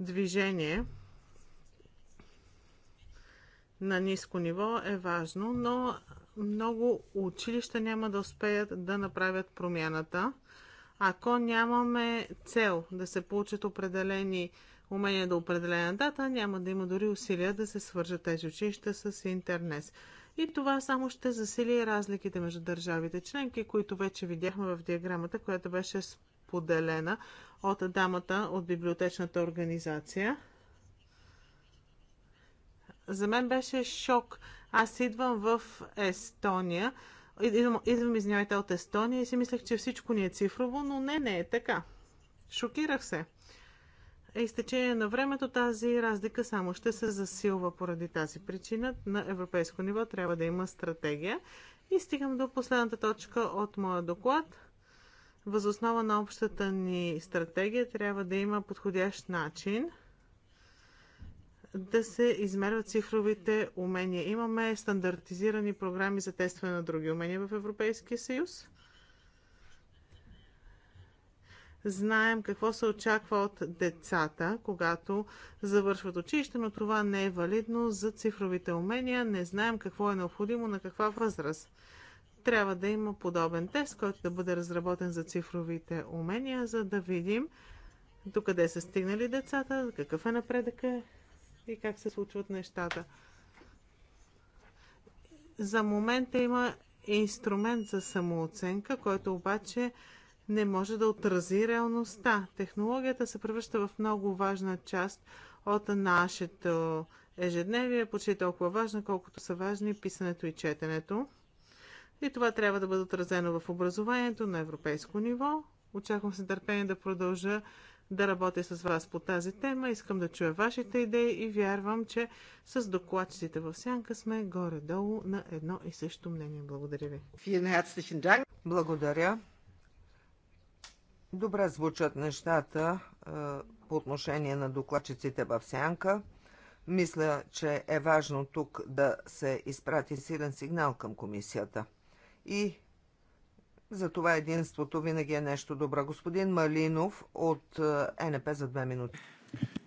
движение на ниско ниво е важно, но много училища няма да успеят да направят промяната. Ако нямаме цел да се получат определени умения до определена дата, няма да има дори усилия да се свържат тези училища с интернет. И това само ще засили разликите между държавите членки, които вече видяхме в диаграмата, която беше споделена от дамата от библиотечната организация. За мен беше шок. Аз идвам в Естония, Идвам, идвам извинявайте, от Естония и си мислех, че всичко ни е цифрово, но не, не е така. Шокирах се. Е, изтечение на времето тази разлика само ще се засилва поради тази причина. На европейско ниво трябва да има стратегия. И стигам до последната точка от моя доклад. Възоснова на общата ни стратегия трябва да има подходящ начин – да се измерват цифровите умения. Имаме стандартизирани програми за тестване на други умения в Европейския съюз. Знаем какво се очаква от децата, когато завършват училище, но това не е валидно за цифровите умения. Не знаем какво е необходимо, на каква възраст. Трябва да има подобен тест, който да бъде разработен за цифровите умения, за да видим докъде са стигнали децата, какъв е напредъка и как се случват нещата. За момента има инструмент за самооценка, който обаче не може да отрази реалността. Технологията се превръща в много важна част от нашето ежедневие, почти толкова важна, колкото са важни писането и четенето. И това трябва да бъде отразено в образованието на европейско ниво. Очаквам се търпение да продължа да работя с вас по тази тема. Искам да чуя вашите идеи и вярвам, че с докладчиците в сянка сме горе-долу на едно и също мнение. Благодаря ви. Благодаря. Добре звучат нещата е, по отношение на докладчиците в сянка. Мисля, че е важно тук да се изпрати силен сигнал към комисията. И затова единството винаги е нещо добро. Господин Малинов от е, НП е за две минути.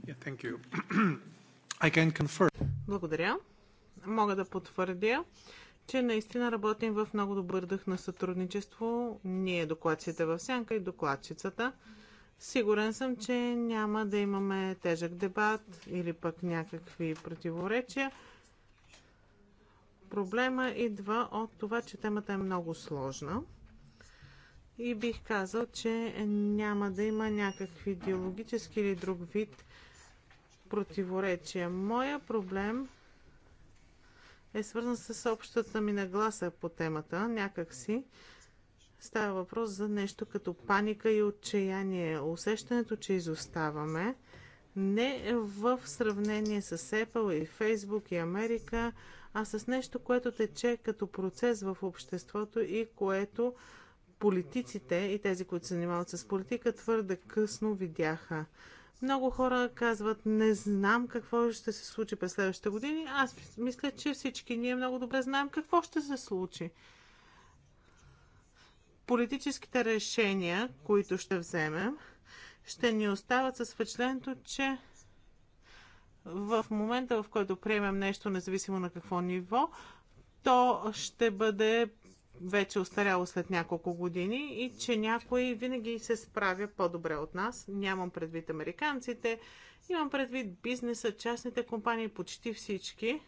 Yeah, <clears throat> Благодаря. Мога да потвърдя, че наистина работим в много добър дъх на сътрудничество. Ние, докладците в сянка и докладчицата. Сигурен съм, че няма да имаме тежък дебат или пък някакви противоречия. Проблема идва от това, че темата е много сложна и бих казал, че няма да има някакви идеологически или друг вид противоречия. Моя проблем е свързан с общата ми нагласа по темата. Някакси става въпрос за нещо като паника и отчаяние. Усещането, че изоставаме не в сравнение с Apple и Facebook и Америка, а с нещо, което тече като процес в обществото и което политиците и тези, които се занимават с политика, твърде късно видяха. Много хора казват, не знам какво ще се случи през следващите години. Аз мисля, че всички ние много добре знаем какво ще се случи. Политическите решения, които ще вземем, ще ни остават с впечатлението, че в момента, в който приемем нещо, независимо на какво ниво, то ще бъде вече остаряло след няколко години и че някой винаги се справя по-добре от нас. Нямам предвид американците, имам предвид бизнеса, частните компании, почти всички.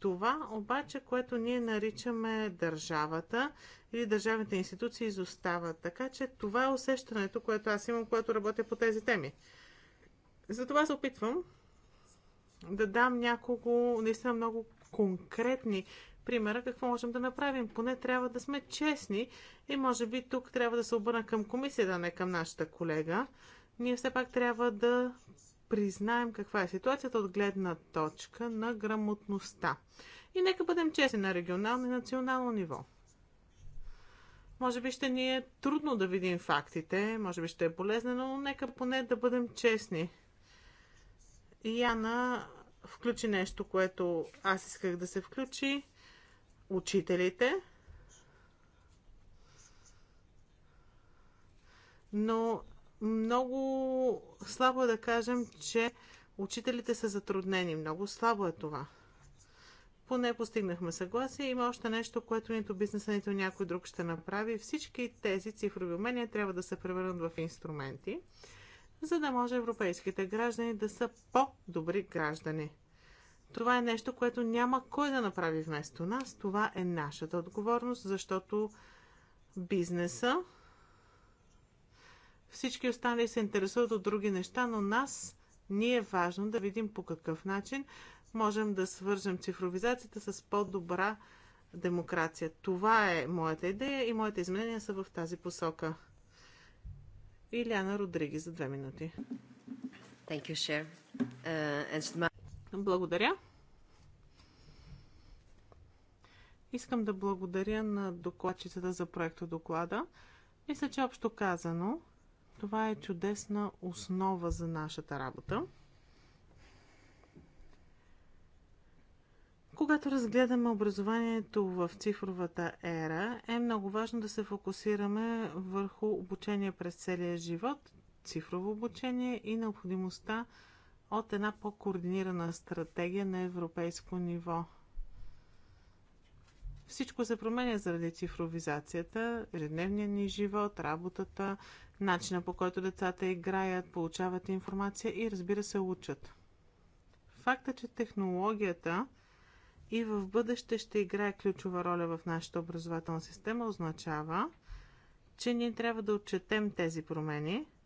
Това обаче, което ние наричаме държавата или държавните институции изостават. Така че това е усещането, което аз имам, което работя по тези теми. Затова се опитвам да дам няколко наистина много конкретни примера какво можем да направим. Поне трябва да сме честни и може би тук трябва да се обърна към комисията, не към нашата колега. Ние все пак трябва да признаем каква е ситуацията от гледна точка на грамотността. И нека бъдем честни на регионално и национално ниво. Може би ще ни е трудно да видим фактите, може би ще е болезнено, но нека поне да бъдем честни. Яна включи нещо, което аз исках да се включи учителите, но много слабо е да кажем, че учителите са затруднени. Много слабо е това. Поне постигнахме съгласие. Има още нещо, което нито бизнеса, нито някой друг ще направи. Всички тези цифрови умения трябва да се превърнат в инструменти, за да може европейските граждани да са по-добри граждани. Това е нещо, което няма кой да направи вместо нас. Това е нашата отговорност, защото бизнеса, всички останали се интересуват от други неща, но нас ни е важно да видим по какъв начин можем да свържем цифровизацията с по-добра демокрация. Това е моята идея и моите изменения са в тази посока. Иляна Родриги за две минути. Thank you, Cher. Uh, and... Благодаря. Искам да благодаря на докладчицата за проекто доклада. Мисля, че общо казано, това е чудесна основа за нашата работа. Когато разгледаме образованието в цифровата ера, е много важно да се фокусираме върху обучение през целия живот, цифрово обучение и необходимостта от една по-координирана стратегия на европейско ниво. Всичко се променя заради цифровизацията, ежедневния ни живот, работата, начина по който децата играят, получават информация и разбира се учат. Факта, че технологията и в бъдеще ще играе ключова роля в нашата образователна система, означава, че ние трябва да отчетем тези промени –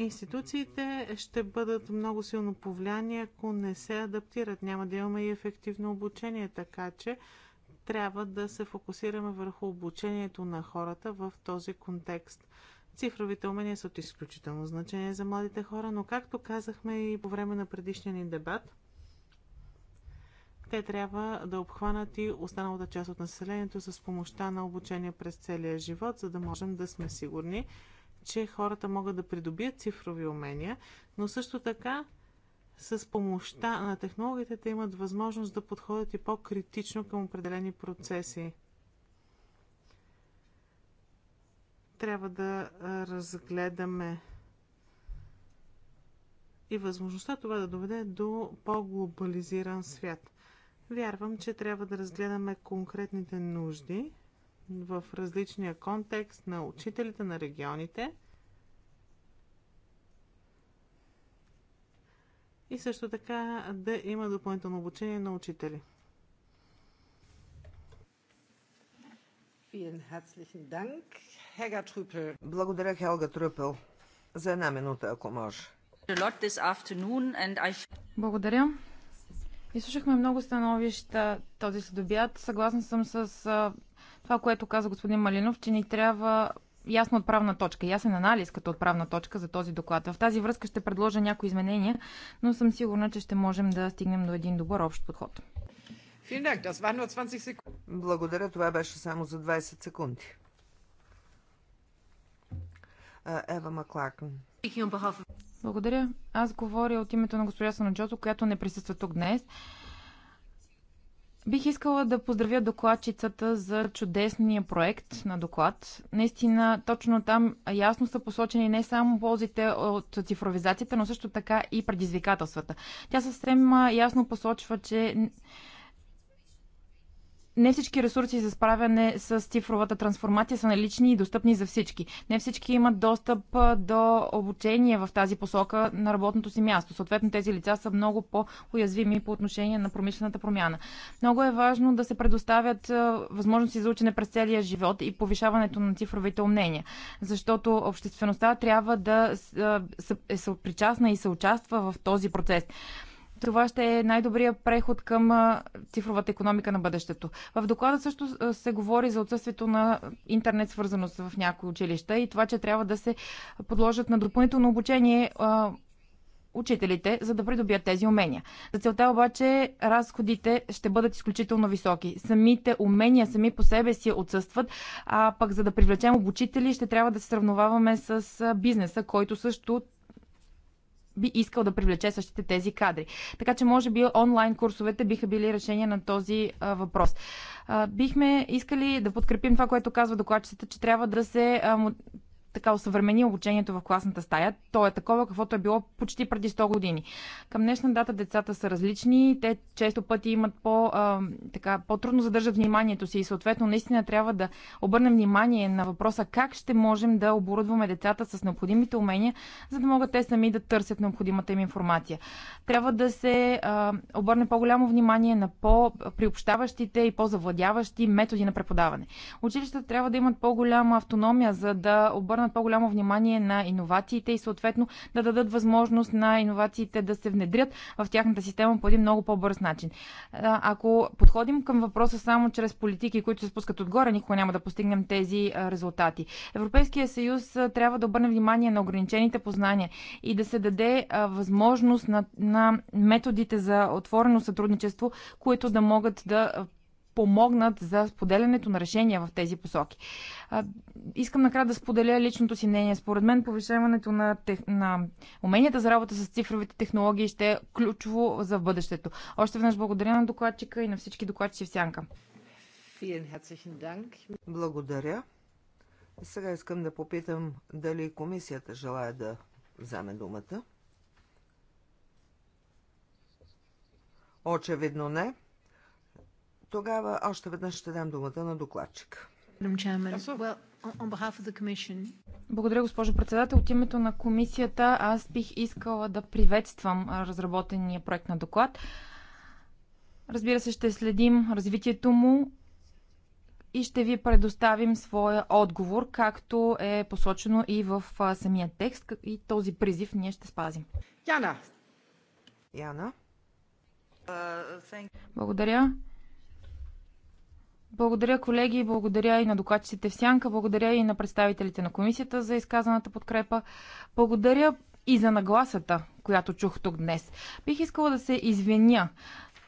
Институциите ще бъдат много силно повлияни, ако не се адаптират. Няма да имаме и ефективно обучение, така че трябва да се фокусираме върху обучението на хората в този контекст. Цифровите умения са от изключително значение за младите хора, но както казахме и по време на предишния ни дебат, те трябва да обхванат и останалата част от населението с помощта на обучение през целия живот, за да можем да сме сигурни, че хората могат да придобият цифрови умения, но също така с помощта на технологията те имат възможност да подходят и по-критично към определени процеси. Трябва да разгледаме и възможността това да доведе до по-глобализиран свят. Вярвам, че трябва да разгледаме конкретните нужди в различния контекст на учителите на регионите. И също така да има допълнително обучение на учители. Благодаря, Хелга Трюпел. За една минута, ако може. Благодаря. Изслушахме много становища този следобият. Съгласна съм с това, което каза господин Малинов, че ни трябва ясно отправна точка, ясен анализ като отправна точка за този доклад. В тази връзка ще предложа някои изменения, но съм сигурна, че ще можем да стигнем до един добър общ подход. Благодаря, това беше само за 20 секунди. Ева Маклакън. Благодаря. Аз говоря от името на госпожа Санаджото, която не присъства тук днес. Бих искала да поздравя докладчицата за чудесния проект на доклад. Наистина, точно там ясно са посочени не само ползите от цифровизацията, но също така и предизвикателствата. Тя съвсем ясно посочва, че не всички ресурси за справяне с цифровата трансформация са налични и достъпни за всички. Не всички имат достъп до обучение в тази посока на работното си място. Съответно, тези лица са много по-уязвими по отношение на промишлената промяна. Много е важно да се предоставят възможности за учене през целия живот и повишаването на цифровите умения, защото обществеността трябва да е съпричастна и се участва в този процес това ще е най-добрият преход към цифровата економика на бъдещето. В доклада също се говори за отсъствието на интернет свързаност в някои училища и това, че трябва да се подложат на допълнително обучение учителите, за да придобият тези умения. За целта обаче разходите ще бъдат изключително високи. Самите умения сами по себе си отсъстват, а пък за да привлечем обучители ще трябва да се сравноваваме с бизнеса, който също би искал да привлече същите тези кадри. Така че може би онлайн курсовете биха били решение на този а, въпрос. А, бихме искали да подкрепим това, което казва докладчицата, че трябва да се а, така осъвремени обучението в класната стая. То е такова, каквото е било почти преди 100 години. Към днешна дата децата са различни, те често пъти имат по, а, така, по-трудно задържат вниманието си и съответно наистина трябва да обърнем внимание на въпроса как ще можем да оборудваме децата с необходимите умения, за да могат те сами да търсят необходимата им информация. Трябва да се а, обърне по-голямо внимание на по-приобщаващите и по-завладяващи методи на преподаване. Училищата трябва да имат по-голяма автономия, за да обърнат обърнат по-голямо внимание на иновациите и съответно да дадат възможност на иновациите да се внедрят в тяхната система по един много по-бърз начин. Ако подходим към въпроса само чрез политики, които се спускат отгоре, никога няма да постигнем тези резултати. Европейския съюз трябва да обърне внимание на ограничените познания и да се даде възможност на, на методите за отворено сътрудничество, които да могат да помогнат за споделянето на решения в тези посоки. Искам накрая да споделя личното си мнение. Според мен повишаването на, тех... на уменията за работа с цифровите технологии ще е ключово за бъдещето. Още веднъж благодаря на докладчика и на всички докладчици в Сянка. Благодаря. Сега искам да попитам дали комисията желая да вземе думата. Очевидно не. Тогава още веднъж ще дам думата на докладчик. Благодаря, госпожо председател. От името на комисията аз бих искала да приветствам разработения проект на доклад. Разбира се, ще следим развитието му и ще ви предоставим своя отговор, както е посочено и в самия текст. И този призив ние ще спазим. Яна. Яна. Благодаря. Благодаря, колеги, благодаря и на докладчиците в Сянка, благодаря и на представителите на комисията за изказаната подкрепа. Благодаря и за нагласата, която чух тук днес. Бих искала да се извиня.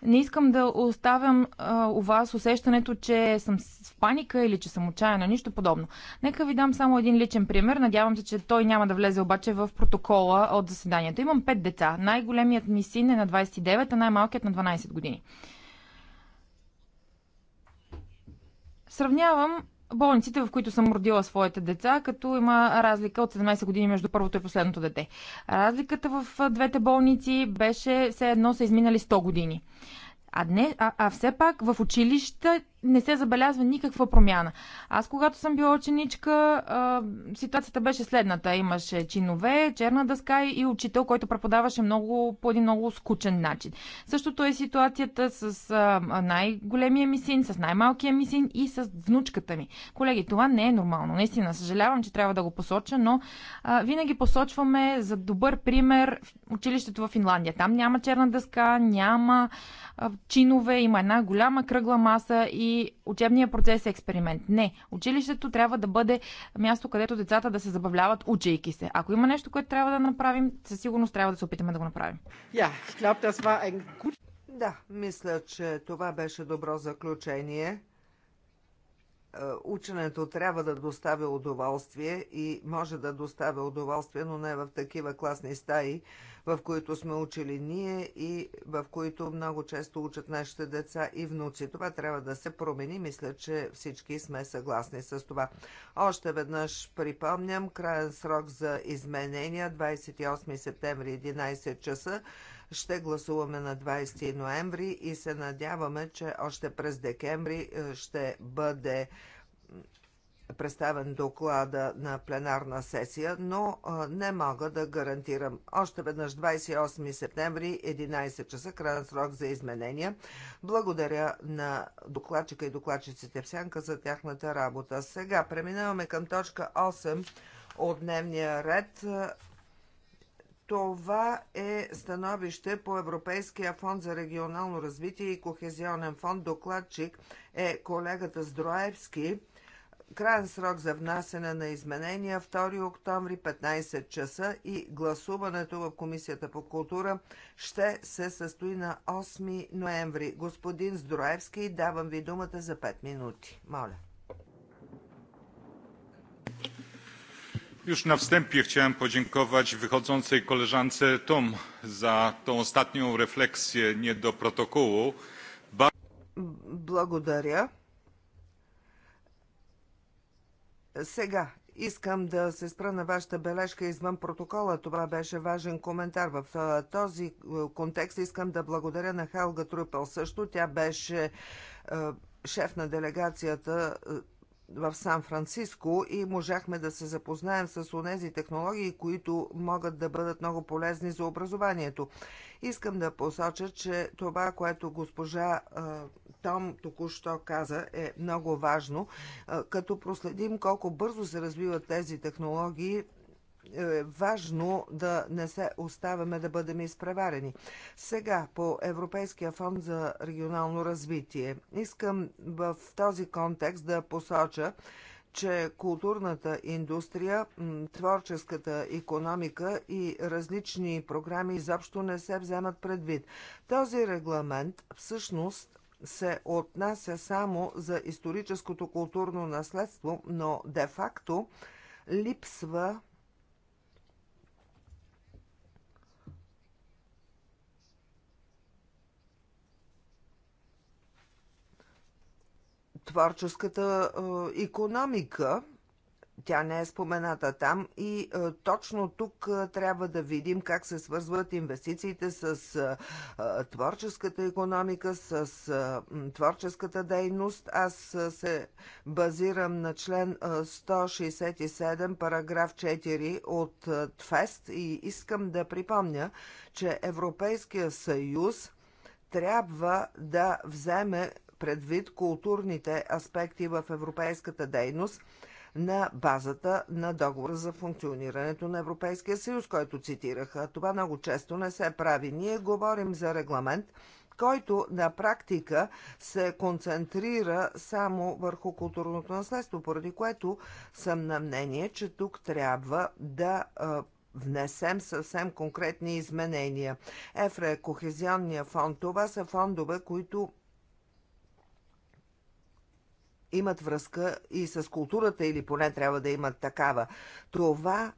Не искам да оставям а, у вас усещането, че съм в паника или че съм отчаяна, нищо подобно. Нека ви дам само един личен пример. Надявам се, че той няма да влезе обаче в протокола от заседанието. Имам пет деца. Най-големият ми син е на 29, а най-малкият на 12 години. Сравнявам болниците, в които съм родила своите деца, като има разлика от 17 години между първото и последното дете. Разликата в двете болници беше все едно са изминали 100 години. А, днес, а, а все пак в училище не се забелязва никаква промяна. Аз, когато съм била ученичка, ситуацията беше следната. Имаше чинове, черна дъска и учител, който преподаваше много, по един много скучен начин. Същото е ситуацията с най-големия ми син, с най-малкия ми син и с внучката ми. Колеги, това не е нормално. Наистина, съжалявам, че трябва да го посоча, но винаги посочваме за добър пример училището в Финландия. Там няма черна дъска, няма чинове, има една голяма кръгла маса и учебния процес е експеримент. Не. Училището трябва да бъде място, където децата да се забавляват, учейки се. Ако има нещо, което трябва да направим, със сигурност трябва да се опитаме да го направим. Да, мисля, че това беше добро заключение. Е, ученето трябва да доставя удоволствие и може да доставя удоволствие, но не в такива класни стаи, в които сме учили ние и в които много често учат нашите деца и внуци. Това трябва да се промени. Мисля, че всички сме съгласни с това. Още веднъж припомням, краен срок за изменения 28 септември 11 часа. Ще гласуваме на 20 ноември и се надяваме, че още през декември е, ще бъде представен доклада на пленарна сесия, но е, не мога да гарантирам. Още веднъж 28 септември, 11 часа, крайен срок за изменения. Благодаря на докладчика и докладчиците в Сянка за тяхната работа. Сега преминаваме към точка 8 от дневния ред това е становище по Европейския фонд за регионално развитие и кохезионен фонд. Докладчик е колегата Здроевски. Крайен срок за внасене на изменения 2 октомври 15 часа и гласуването в Комисията по култура ще се състои на 8 ноември. Господин Здроевски, давам ви думата за 5 минути. Моля. już na wstępie chciałem podziękować wychodzącej koleżance toom za tę ostatnią refleksję nie do protokołu. Благодаря. Сега искам да се спра на вашата бележка извън протокола. Това беше важен коментар. В този контекст искам да благодаря на Хелга Трупел също. Тя беше шеф на делегацията в Сан-Франциско и можахме да се запознаем с онези технологии, които могат да бъдат много полезни за образованието. Искам да посоча, че това, което госпожа Том току-що каза, е много важно, като проследим колко бързо се развиват тези технологии, е важно да не се оставяме да бъдем изпреварени. Сега по Европейския фонд за регионално развитие. Искам в този контекст да посоча, че културната индустрия, творческата економика и различни програми изобщо не се вземат предвид. Този регламент всъщност се отнася само за историческото културно наследство, но де-факто липсва творческата економика. Тя не е спомената там и е, точно тук е, трябва да видим как се свързват инвестициите с е, творческата економика, с е, творческата дейност. Аз е, се базирам на член е, 167, параграф 4 от е, ТФЕСТ и искам да припомня, че Европейския съюз трябва да вземе предвид културните аспекти в европейската дейност на базата на договора за функционирането на Европейския съюз, който цитираха. Това много често не се прави. Ние говорим за регламент, който на практика се концентрира само върху културното наследство, поради което съм на мнение, че тук трябва да внесем съвсем конкретни изменения. ЕФРЕ, Кохезионния фонд, това са фондове, които имат връзка и с културата, или поне трябва да имат такава. Това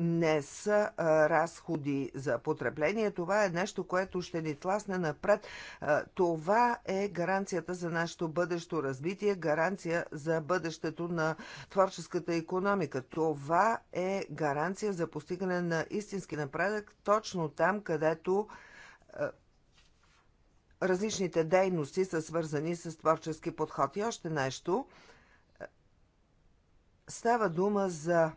не са а, разходи за потребление. Това е нещо, което ще ни тласне напред. А, това е гаранцията за нашето бъдещо развитие, гаранция за бъдещето на творческата економика. Това е гаранция за постигане на истински напредък точно там, където а, различните дейности са свързани с творчески подход. И още нещо. Става дума за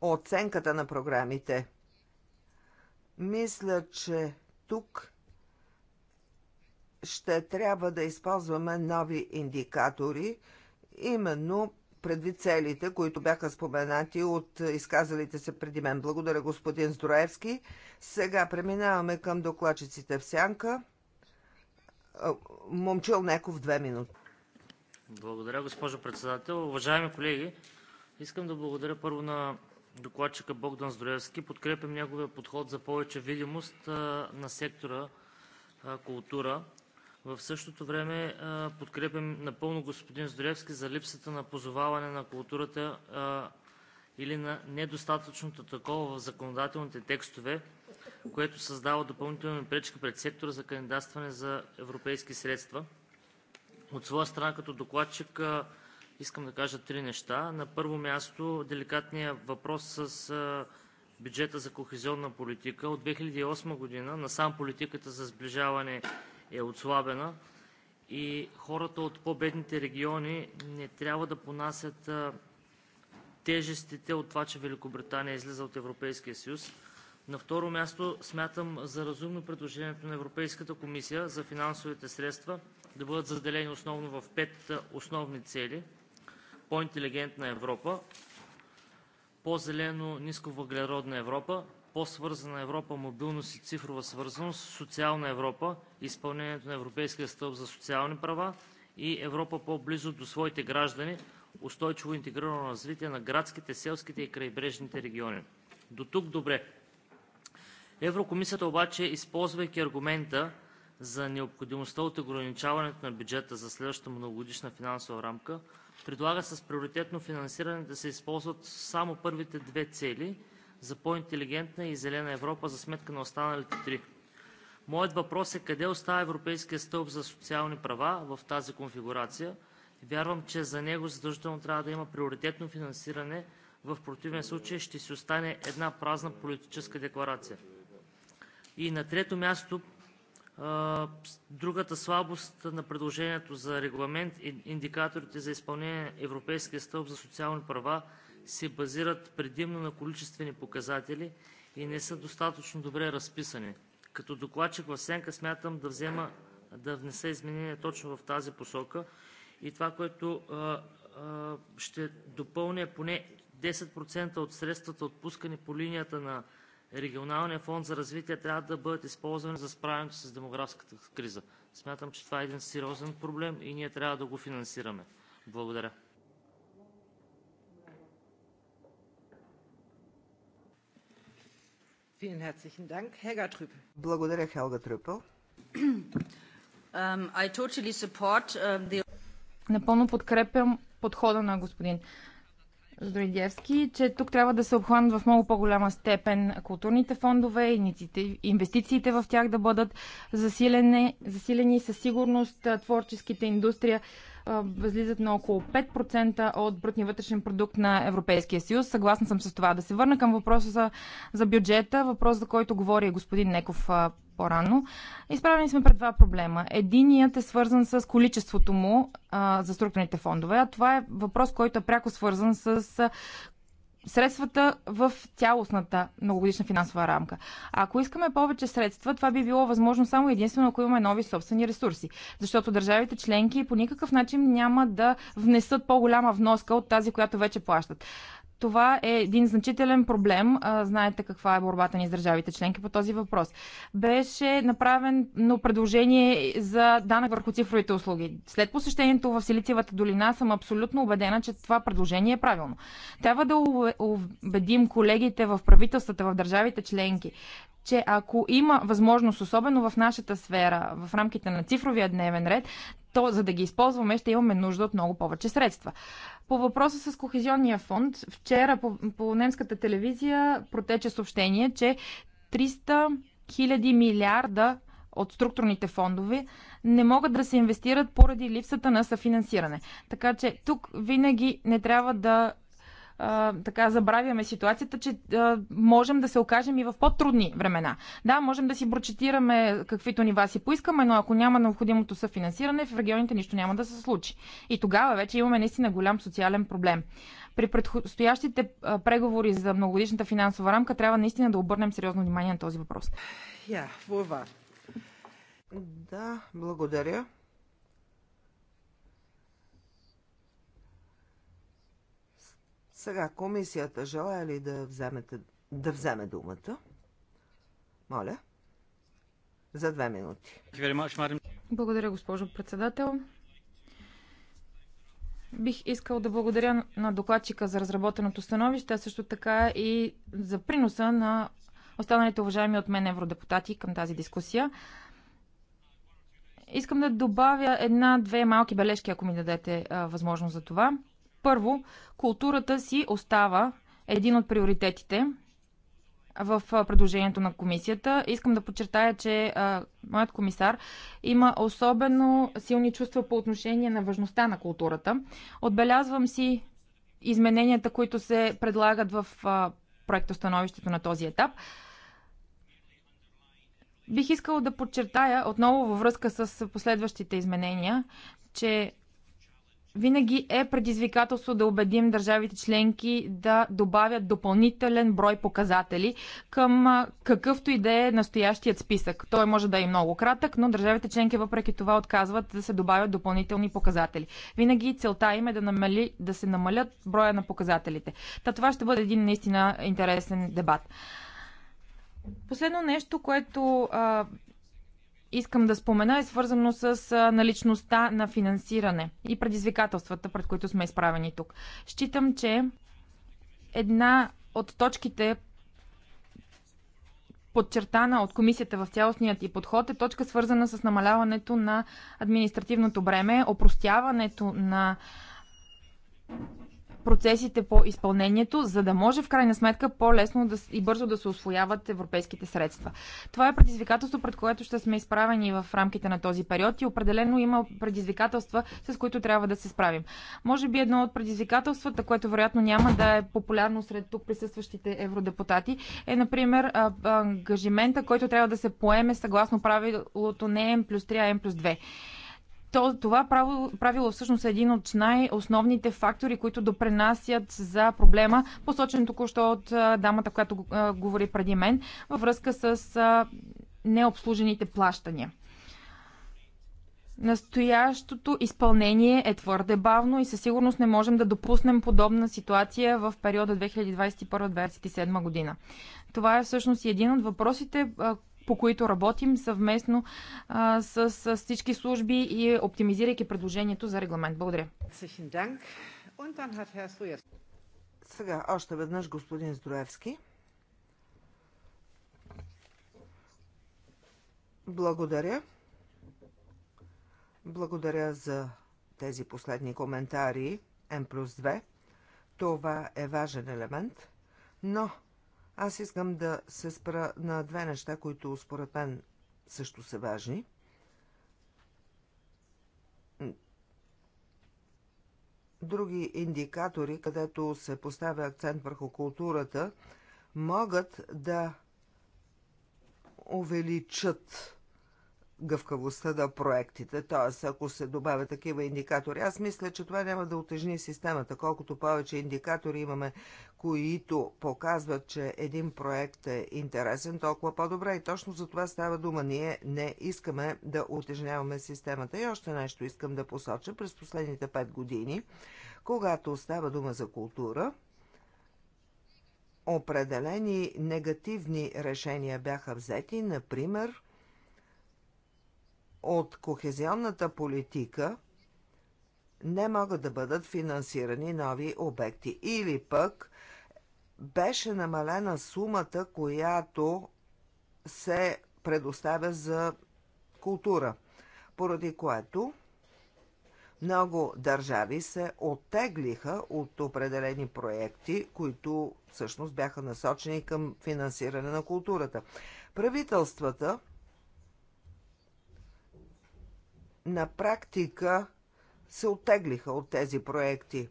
оценката на програмите. Мисля, че тук ще трябва да използваме нови индикатори, именно предвид целите, които бяха споменати от изказалите се преди мен. Благодаря, господин Здроевски. Сега преминаваме към докладчиците в сянка. Момчил Неков, две минути. Благодаря, госпожо председател. Уважаеми колеги, искам да благодаря първо на докладчика Богдан Здроевски. Подкрепям неговия подход за повече видимост на сектора култура в същото време подкрепям напълно господин Здоревски за липсата на позоваване на културата или на недостатъчното такова в законодателните текстове, което създава допълнителни пречки пред сектора за кандидатстване за европейски средства. От своя страна като докладчик искам да кажа три неща. На първо място, деликатният въпрос с бюджета за кохезионна политика. От 2008 г. насам политиката за сближаване е отслабена и хората от по-бедните региони не трябва да понасят тежестите от това, че Великобритания е излиза от Европейския съюз. На второ място, смятам за разумно предложението на Европейската комисия за финансовите средства да бъдат заделени основно в пет основни цели. По-интелигентна Европа, по-зелено нисковъглеродна Европа, по-свързана Европа, мобилност и цифрова свързаност, социална Европа, изпълнението на Европейския стълб за социални права и Европа по-близо до своите граждани, устойчиво интегрирано развитие на градските, селските и крайбрежните региони. До тук добре. Еврокомисията обаче, използвайки аргумента за необходимостта от ограничаването на бюджета за следващата многогодишна финансова рамка, предлага с приоритетно финансиране да се използват само първите две цели – за по-интелигентна и зелена Европа за сметка на останалите три. Моят въпрос е: къде остава европейският стълб за социални права в тази конфигурация? Вярвам, че за него задължително трябва да има приоритетно финансиране, в противен случай ще си остане една празна политическа декларация. И на трето място, другата слабост на предложението за регламент и индикаторите за изпълнение на Европейския стълб за социални права се базират предимно на количествени показатели и не са достатъчно добре разписани. Като докладчик в сянка смятам да взема да внеса изменения точно в тази посока и това, което ще допълня, поне 10% от средствата, отпускани по линията на Регионалния фонд за развитие, трябва да бъдат използвани за справянето с демографската криза. Смятам, че това е един сериозен проблем и ние трябва да го финансираме. Благодаря. Благодаря, Хелга Трюпел. Um, totally um, the... Напълно подкрепям подхода на господин Здроидевски, че тук трябва да се обхванат в много по-голяма степен културните фондове, инвестициите в тях да бъдат засилени, засилени със сигурност творческите индустрия възлизат на около 5% от брутния вътрешен продукт на Европейския съюз. Съгласна съм с това. Да се върна към въпроса за, за бюджета, въпрос за който говори господин Неков по-рано. Изправени сме пред два проблема. Единият е свързан с количеството му а, за структурните фондове, а това е въпрос, който е пряко свързан с средствата в цялостната многогодишна финансова рамка. А ако искаме повече средства, това би било възможно само единствено ако имаме нови собствени ресурси. Защото държавите членки по никакъв начин няма да внесат по-голяма вноска от тази, която вече плащат. Това е един значителен проблем. Знаете каква е борбата ни с държавите членки по този въпрос. Беше направено предложение за данък върху цифровите услуги. След посещението в Силициевата долина съм абсолютно убедена, че това предложение е правилно. Трябва да убедим колегите в правителствата, в държавите членки, че ако има възможност, особено в нашата сфера, в рамките на цифровия дневен ред, то за да ги използваме ще имаме нужда от много повече средства. По въпроса с Кохезионния фонд, вчера по, по немската телевизия протече съобщение, че 300 хиляди милиарда от структурните фондове не могат да се инвестират поради липсата на съфинансиране. Така че тук винаги не трябва да а, така забравяме ситуацията, че а, можем да се окажем и в по-трудни времена. Да, можем да си брочетираме каквито нива си поискаме, но ако няма необходимото съфинансиране, в регионите нищо няма да се случи. И тогава вече имаме наистина голям социален проблем. При предстоящите преговори за многогодишната финансова рамка трябва наистина да обърнем сериозно внимание на този въпрос. yeah, Да, благодаря. Сега комисията желая ли да, вземете, да вземе думата? Моля. За две минути. Благодаря, госпожо председател. Бих искал да благодаря на докладчика за разработеното становище, а също така и за приноса на останалите уважаеми от мен евродепутати към тази дискусия. Искам да добавя една-две малки бележки, ако ми дадете а, възможност за това. Първо, културата си остава един от приоритетите в предложението на комисията. Искам да подчертая, че а, моят комисар има особено силни чувства по отношение на важността на културата. Отбелязвам си измененията, които се предлагат в а, становището на този етап. Бих искала да подчертая отново във връзка с последващите изменения, че винаги е предизвикателство да убедим държавите членки да добавят допълнителен брой показатели към какъвто и да е настоящият списък. Той може да е много кратък, но държавите членки въпреки това отказват да се добавят допълнителни показатели. Винаги целта им е да, намали, да се намалят броя на показателите. Та това ще бъде един наистина интересен дебат. Последно нещо, което а, искам да спомена е свързано с наличността на финансиране и предизвикателствата, пред които сме изправени тук. Считам, че една от точките, подчертана от комисията в цялостният и подход е точка свързана с намаляването на административното бреме, опростяването на процесите по изпълнението, за да може в крайна сметка по-лесно да, и бързо да се освояват европейските средства. Това е предизвикателство, пред което ще сме изправени в рамките на този период и определено има предизвикателства, с които трябва да се справим. Може би едно от предизвикателствата, което вероятно няма да е популярно сред тук присъстващите евродепутати, е, например, ангажимента, който трябва да се поеме съгласно правилото не N плюс 3, а N плюс 2. То, това правило, правило всъщност е един от най-основните фактори, които допренасят за проблема, посочен току-що от дамата, която а, говори преди мен, във връзка с а, необслужените плащания. Настоящото изпълнение е твърде бавно и със сигурност не можем да допуснем подобна ситуация в периода 2021-2027 година. Това е всъщност един от въпросите, по които работим съвместно а, с, с всички служби и оптимизирайки предложението за регламент. Благодаря. Сега още веднъж господин Здроевски. Благодаря. Благодаря за тези последни коментари. М плюс 2. Това е важен елемент, но аз искам да се спра на две неща, които според мен също са важни. Други индикатори, където се поставя акцент върху културата, могат да увеличат гъвкавостта на проектите. Т.е. ако се добавят такива индикатори, аз мисля, че това няма да отежни системата. Колкото повече индикатори имаме, които показват, че един проект е интересен, толкова по-добре. И точно за това става дума. Ние не искаме да отежняваме системата. И още нещо искам да посоча. През последните пет години, когато става дума за култура, определени негативни решения бяха взети, например – от кохезионната политика не могат да бъдат финансирани нови обекти. Или пък беше намалена сумата, която се предоставя за култура, поради което много държави се оттеглиха от определени проекти, които всъщност бяха насочени към финансиране на културата. Правителствата на практика се оттеглиха от тези проекти.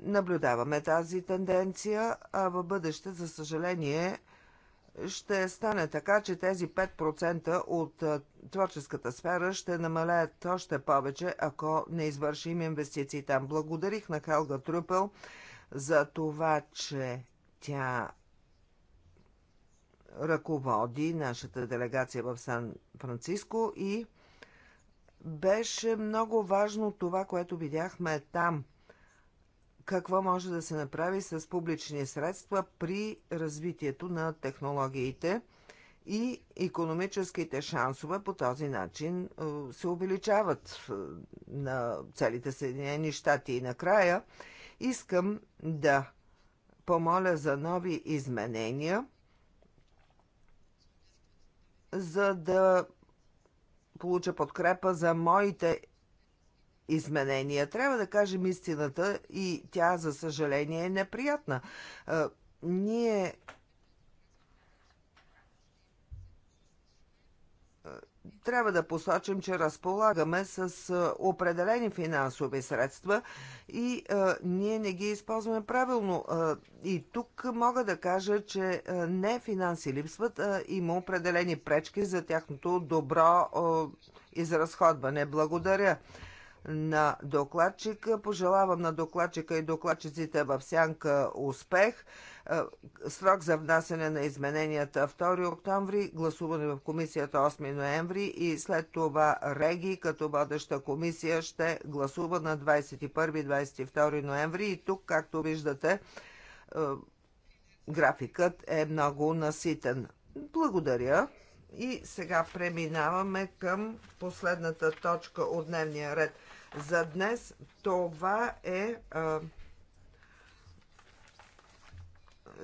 Наблюдаваме тази тенденция, а в бъдеще, за съжаление, ще стане така, че тези 5% от творческата сфера ще намалеят още повече, ако не извършим инвестиции там. Благодарих на Хелга Трюпел за това, че тя ръководи нашата делегация в Сан Франциско и беше много важно това, което видяхме там. Какво може да се направи с публични средства при развитието на технологиите и економическите шансове по този начин е, се увеличават е, на целите Съединени щати. И накрая искам да помоля за нови изменения – за да получа подкрепа за моите изменения. Трябва да кажем истината и тя, за съжаление, е неприятна. Е, ние трябва да посочим, че разполагаме с определени финансови средства и а, ние не ги използваме правилно. А, и тук мога да кажа, че а, не финанси липсват, а има определени пречки за тяхното добро а, изразходване. Благодаря на докладчика. Пожелавам на докладчика и докладчиците в сянка успех. Е, срок за внасяне на измененията 2 октомври, гласуване в комисията 8 ноември и след това Реги като водеща комисия ще гласува на 21-22 ноември и тук, както виждате, е, графикът е много наситен. Благодаря. И сега преминаваме към последната точка от дневния ред – за днес. Това е а,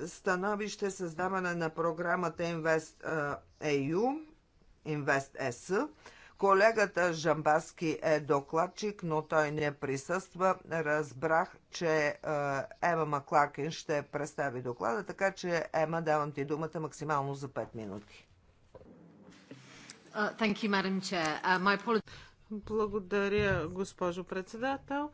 становище създаване на програмата Invest EU, Invest S. Колегата Жамбаски е докладчик, но той не присъства. Разбрах, че Ема Маклакин ще представи доклада, така че Ема, давам ти думата максимално за 5 минути. Uh, you, uh, my... Благодаря, госпожо председател.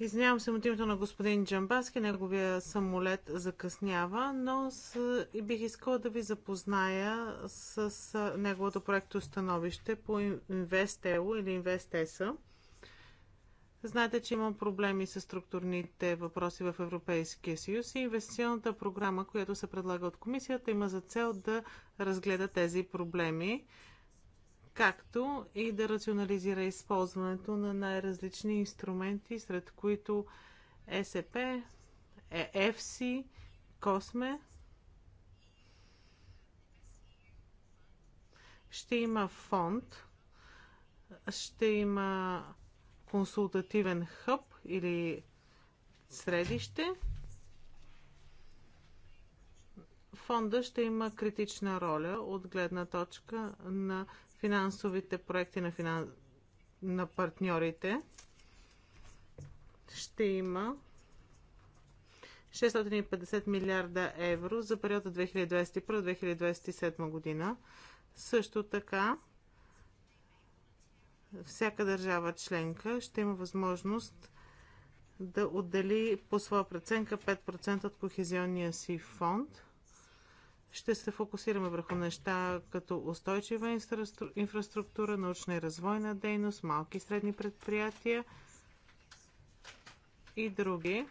Извинявам се от името на господин Джамбаски, неговия самолет закъснява, но с... и бих искала да ви запозная с, с неговото проекто становище по Инвестео или Инвестеса. Знаете, че има проблеми с структурните въпроси в Европейския съюз и инвестиционната програма, която се предлага от комисията, има за цел да разгледа тези проблеми както и да рационализира използването на най-различни инструменти, сред които SAP, EFC, е Косме. Ще има фонд, ще има консултативен хъб или средище. Фонда ще има критична роля от гледна точка на финансовите проекти на, финан... на партньорите ще има 650 милиарда евро за периода 2021-2027 година. Също така, всяка държава членка ще има възможност да отдели по своя преценка 5% от кохезионния си фонд – ще се фокусираме върху неща като устойчива инфраструктура, научна и развойна дейност, малки и средни предприятия и други.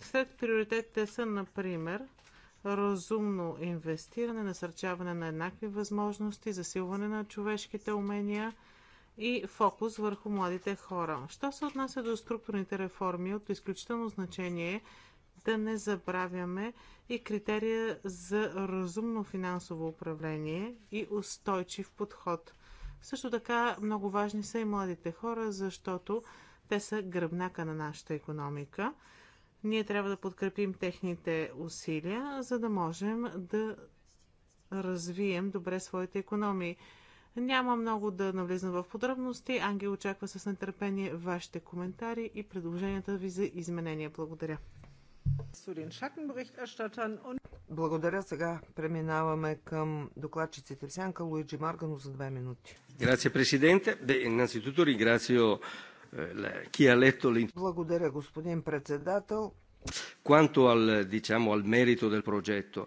Сред приоритетите са, например, разумно инвестиране, насърчаване на еднакви възможности, засилване на човешките умения – и фокус върху младите хора. Що се отнася до структурните реформи, от изключително значение е да не забравяме и критерия за разумно финансово управление и устойчив подход. Също така много важни са и младите хора, защото те са гръбнака на нашата економика. Ние трябва да подкрепим техните усилия, за да можем да развием добре своите економии. Няма много да навлизам в подробности. Ангел очаква с нетърпение вашите коментари и предложенията ви за изменения. Благодаря. Благодаря. Сега преминаваме към докладчиците в сянка Луиджи Маргано за две минути. Грация, е, Благодаря, господин председател. Quanto al, diciamo, al merito del progetto.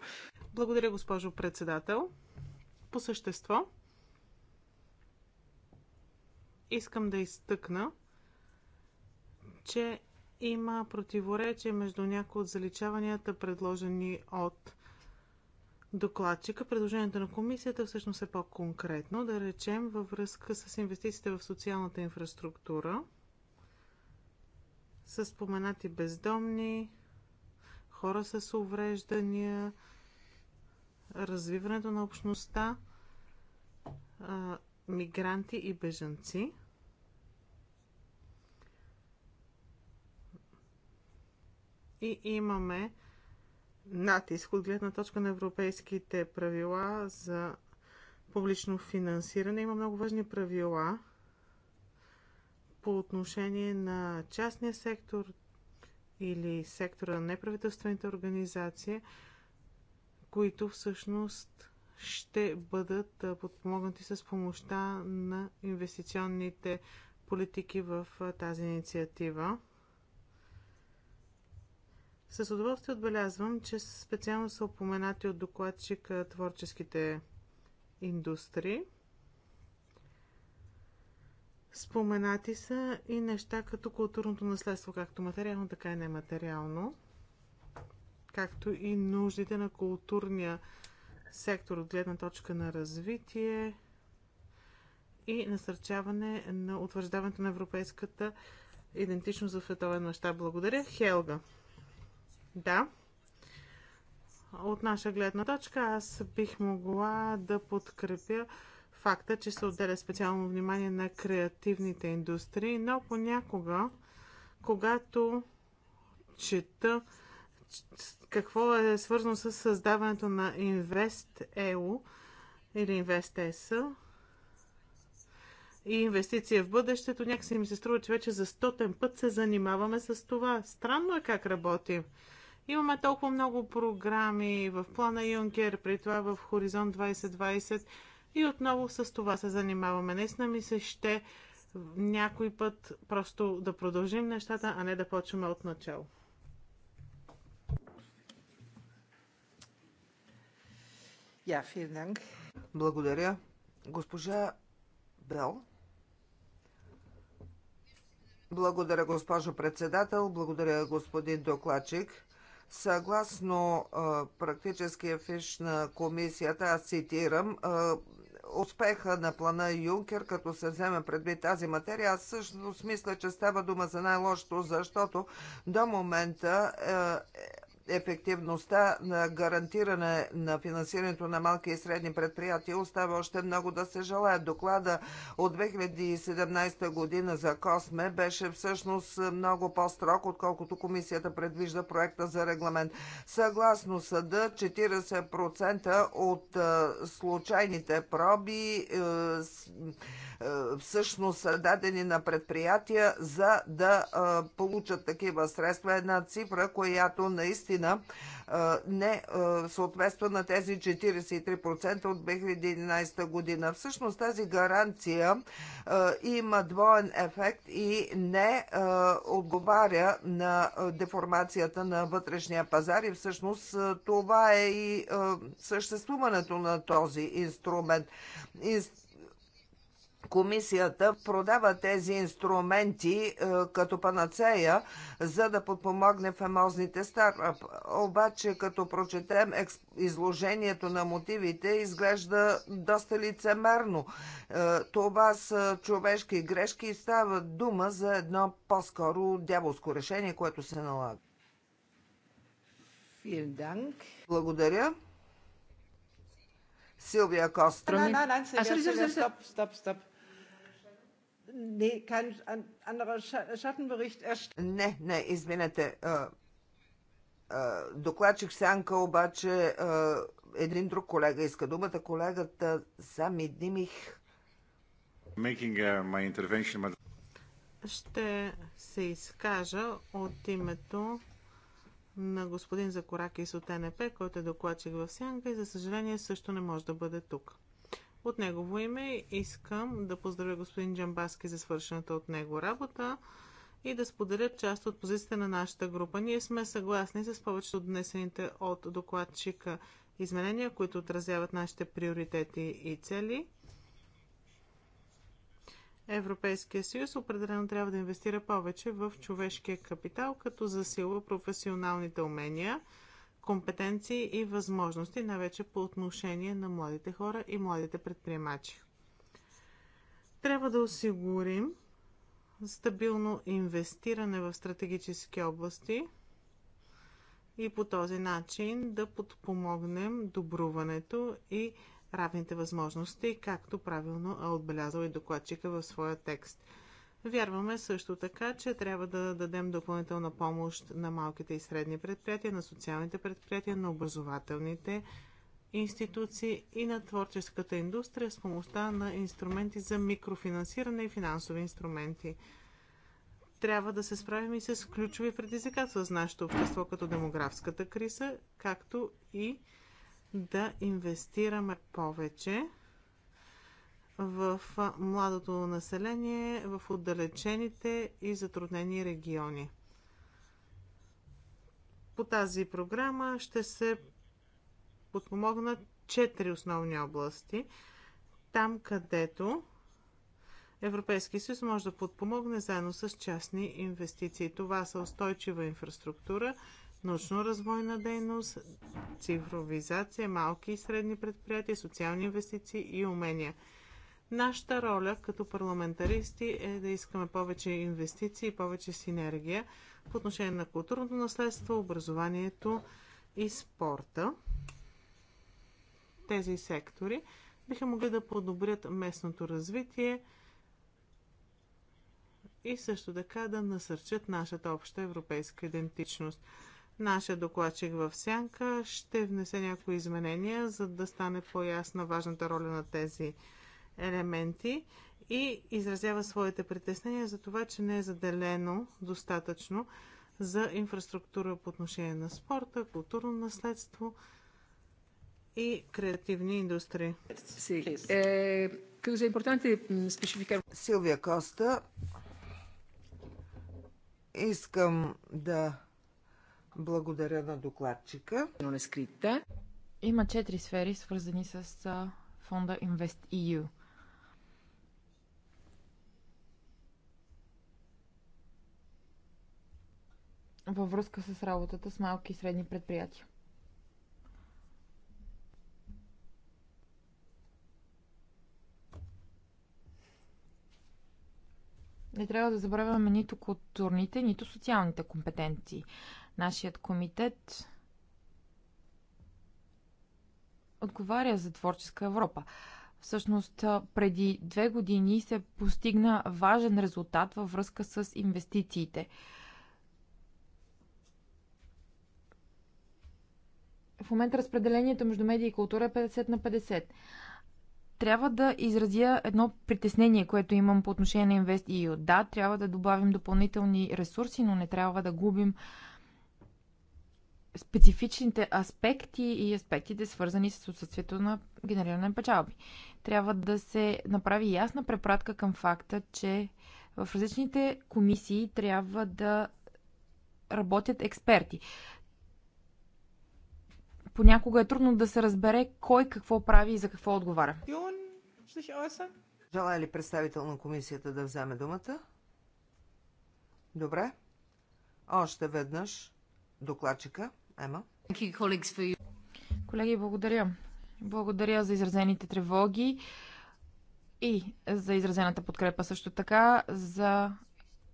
Благодаря, госпожо председател. По същество, искам да изтъкна, че има противоречие между някои от заличаванията, предложени от докладчика. Предложението на комисията всъщност е по-конкретно, да речем във връзка с инвестициите в социалната инфраструктура, с споменати бездомни, хора с увреждания, развиването на общността, мигранти и бежанци. И имаме натиск от гледна точка на европейските правила за публично финансиране. Има много важни правила по отношение на частния сектор или сектора на неправителствените организации, които всъщност ще бъдат подпомогнати с помощта на инвестиционните политики в тази инициатива. С удоволствие отбелязвам, че специално са упоменати от докладчика творческите индустрии. Споменати са и неща като културното наследство, както материално, така и нематериално, както и нуждите на културния сектор от гледна точка на развитие и насърчаване на утвърждаването на европейската идентичност в световен мащаб. Благодаря. Хелга. Да. От наша гледна точка аз бих могла да подкрепя факта, че се отделя специално внимание на креативните индустрии, но понякога, когато чета какво е свързано с създаването на InvestEU или InvestES и инвестиция в бъдещето. Някакси ми се струва, че вече за стотен път се занимаваме с това. Странно е как работим. Имаме толкова много програми в плана Юнкер, при това в Хоризонт 2020 и отново с това се занимаваме. Наистина ми се ще някой път просто да продължим нещата, а не да почваме от начало. Ja, vielen Dank. Благодаря. Госпожа Бел. Благодаря, госпожо председател. Благодаря, господин докладчик. Съгласно а, практическия фиш на комисията, аз цитирам, а, успеха на плана Юнкер, като се вземе предвид тази материя, аз всъщност мисля, че става дума за най-лошото, защото до момента а, ефективността на гарантиране на финансирането на малки и средни предприятия остава още много да се желая. Доклада от 2017 година за Косме беше всъщност много по-строг, отколкото комисията предвижда проекта за регламент. Съгласно съда, 40% от случайните проби е, всъщност дадени на предприятия, за да е, получат такива средства. Една цифра, която наистина е, не съответства на тези 43% от 2011 година. Всъщност тази гаранция има двоен ефект и не отговаря на деформацията на вътрешния пазар и всъщност това е и съществуването на този Инструмент комисията продава тези инструменти е, като панацея, за да подпомогне фамозните стартъп. Обаче, като прочетем изложението на мотивите, изглежда доста лицемерно. Е, това са човешки грешки и става дума за едно по-скоро дяволско решение, което се налага. Благодаря. Силвия Костра. Стоп, стоп, стоп. Nee, kein anderer Schattenbericht. Не, не, извинете. Докладчик Сянка обаче един друг колега иска думата. Колегата Сами Димих. Ще се изкажа от името на господин Закоракис от НП, който е докладчик в Сянка и за съжаление също не може да бъде тук. От негово име искам да поздравя господин Джамбаски за свършената от него работа и да споделя част от позицията на нашата група. Ние сме съгласни с повечето от днесените от докладчика изменения, които отразяват нашите приоритети и цели. Европейския съюз определено трябва да инвестира повече в човешкия капитал, като засилва професионалните умения – компетенции и възможности, най-вече по отношение на младите хора и младите предприемачи. Трябва да осигурим стабилно инвестиране в стратегически области и по този начин да подпомогнем добруването и равните възможности, както правилно е отбелязал и докладчика в своя текст – Вярваме също така, че трябва да дадем допълнителна помощ на малките и средни предприятия, на социалните предприятия, на образователните институции и на творческата индустрия с помощта на инструменти за микрофинансиране и финансови инструменти. Трябва да се справим и с ключови предизвикателства с нашето общество, като демографската криза, както и да инвестираме повече в младото население, в отдалечените и затруднени региони. По тази програма ще се подпомогнат четири основни области. Там, където Европейския съюз може да подпомогне заедно с частни инвестиции. Това са устойчива инфраструктура, научно-развойна дейност, цифровизация, малки и средни предприятия, социални инвестиции и умения – Нашата роля като парламентаристи е да искаме повече инвестиции, повече синергия по отношение на културното наследство, образованието и спорта. Тези сектори биха могли да подобрят местното развитие и също така да насърчат нашата обща европейска идентичност. Нашия докладчик в Сянка ще внесе някои изменения, за да стане по-ясна важната роля на тези елементи и изразява своите притеснения за това, че не е заделено достатъчно за инфраструктура по отношение на спорта, културно наследство и креативни индустрии. Е, Силвия Коста, искам да благодаря на докладчика. Има четири сфери, свързани с фонда InvestEU. във връзка с работата с малки и средни предприятия. Не трябва да забравяме нито културните, нито социалните компетенции. Нашият комитет отговаря за творческа Европа. Всъщност, преди две години се постигна важен резултат във връзка с инвестициите. в момента разпределението между медии и култура е 50 на 50. Трябва да изразя едно притеснение, което имам по отношение на InvestEU. Да, трябва да добавим допълнителни ресурси, но не трябва да губим специфичните аспекти и аспектите, свързани с отсъствието на генериране на печалби. Трябва да се направи ясна препратка към факта, че в различните комисии трябва да работят експерти. Понякога е трудно да се разбере кой какво прави и за какво отговаря. Желая ли представител на комисията да вземе думата? Добре. Още веднъж докладчика Ема. Колеги, благодаря. Благодаря за изразените тревоги и за изразената подкрепа също така за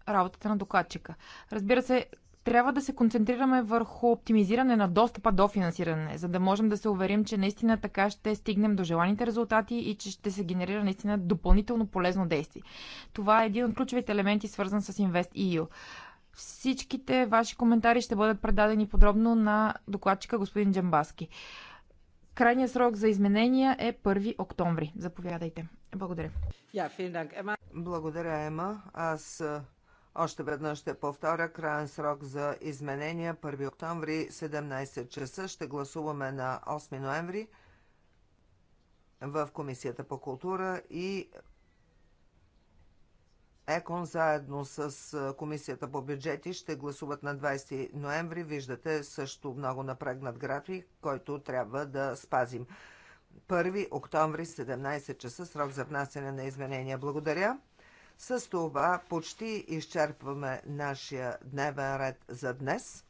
работата на докладчика. Разбира се, трябва да се концентрираме върху оптимизиране на достъпа до финансиране, за да можем да се уверим, че наистина така ще стигнем до желаните резултати и че ще се генерира наистина допълнително полезно действие. Това е един от ключовите елементи, свързан с InvestEU. Всичките ваши коментари ще бъдат предадени подробно на докладчика господин Джамбаски. Крайният срок за изменения е 1 октомври. Заповядайте. Благодаря. Благодаря, Ема. Аз още веднъж ще повторя краен срок за изменения 1 октомври 17 часа. Ще гласуваме на 8 ноември в Комисията по култура и ЕКОН заедно с Комисията по бюджети ще гласуват на 20 ноември. Виждате също много напрегнат график, който трябва да спазим. 1 октомври 17 часа срок за внасяне на изменения. Благодаря. С това почти изчерпваме нашия дневен ред за днес.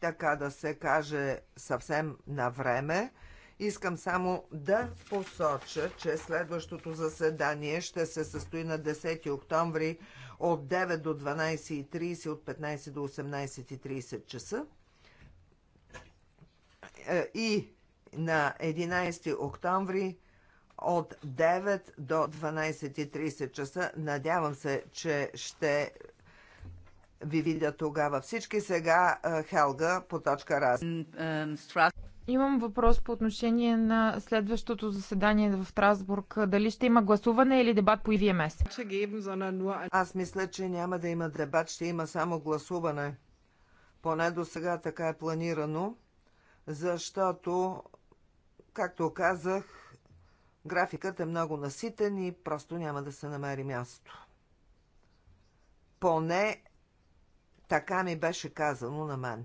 Така да се каже съвсем на време. Искам само да посоча, че следващото заседание ще се състои на 10 октомври от 9 до 12.30, от 15 до 18.30 часа. Е, и на 11 октомври от 9 до 12.30 часа. Надявам се, че ще ви видя тогава всички. Сега е, Хелга по точка раз. Имам въпрос по отношение на следващото заседание в Страсбург. Дали ще има гласуване или дебат по ИВМС? Аз мисля, че няма да има дебат, ще има само гласуване. Поне до сега така е планирано, защото, както казах, Графикът е много наситен и просто няма да се намери място. Поне така ми беше казано на мен.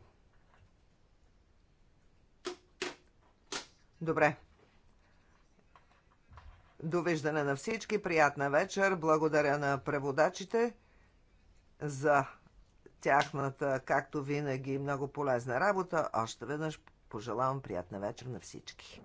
Добре. Довиждане на всички, приятна вечер, благодаря на преводачите за тяхната, както винаги, много полезна работа. Още веднъж пожелавам приятна вечер на всички.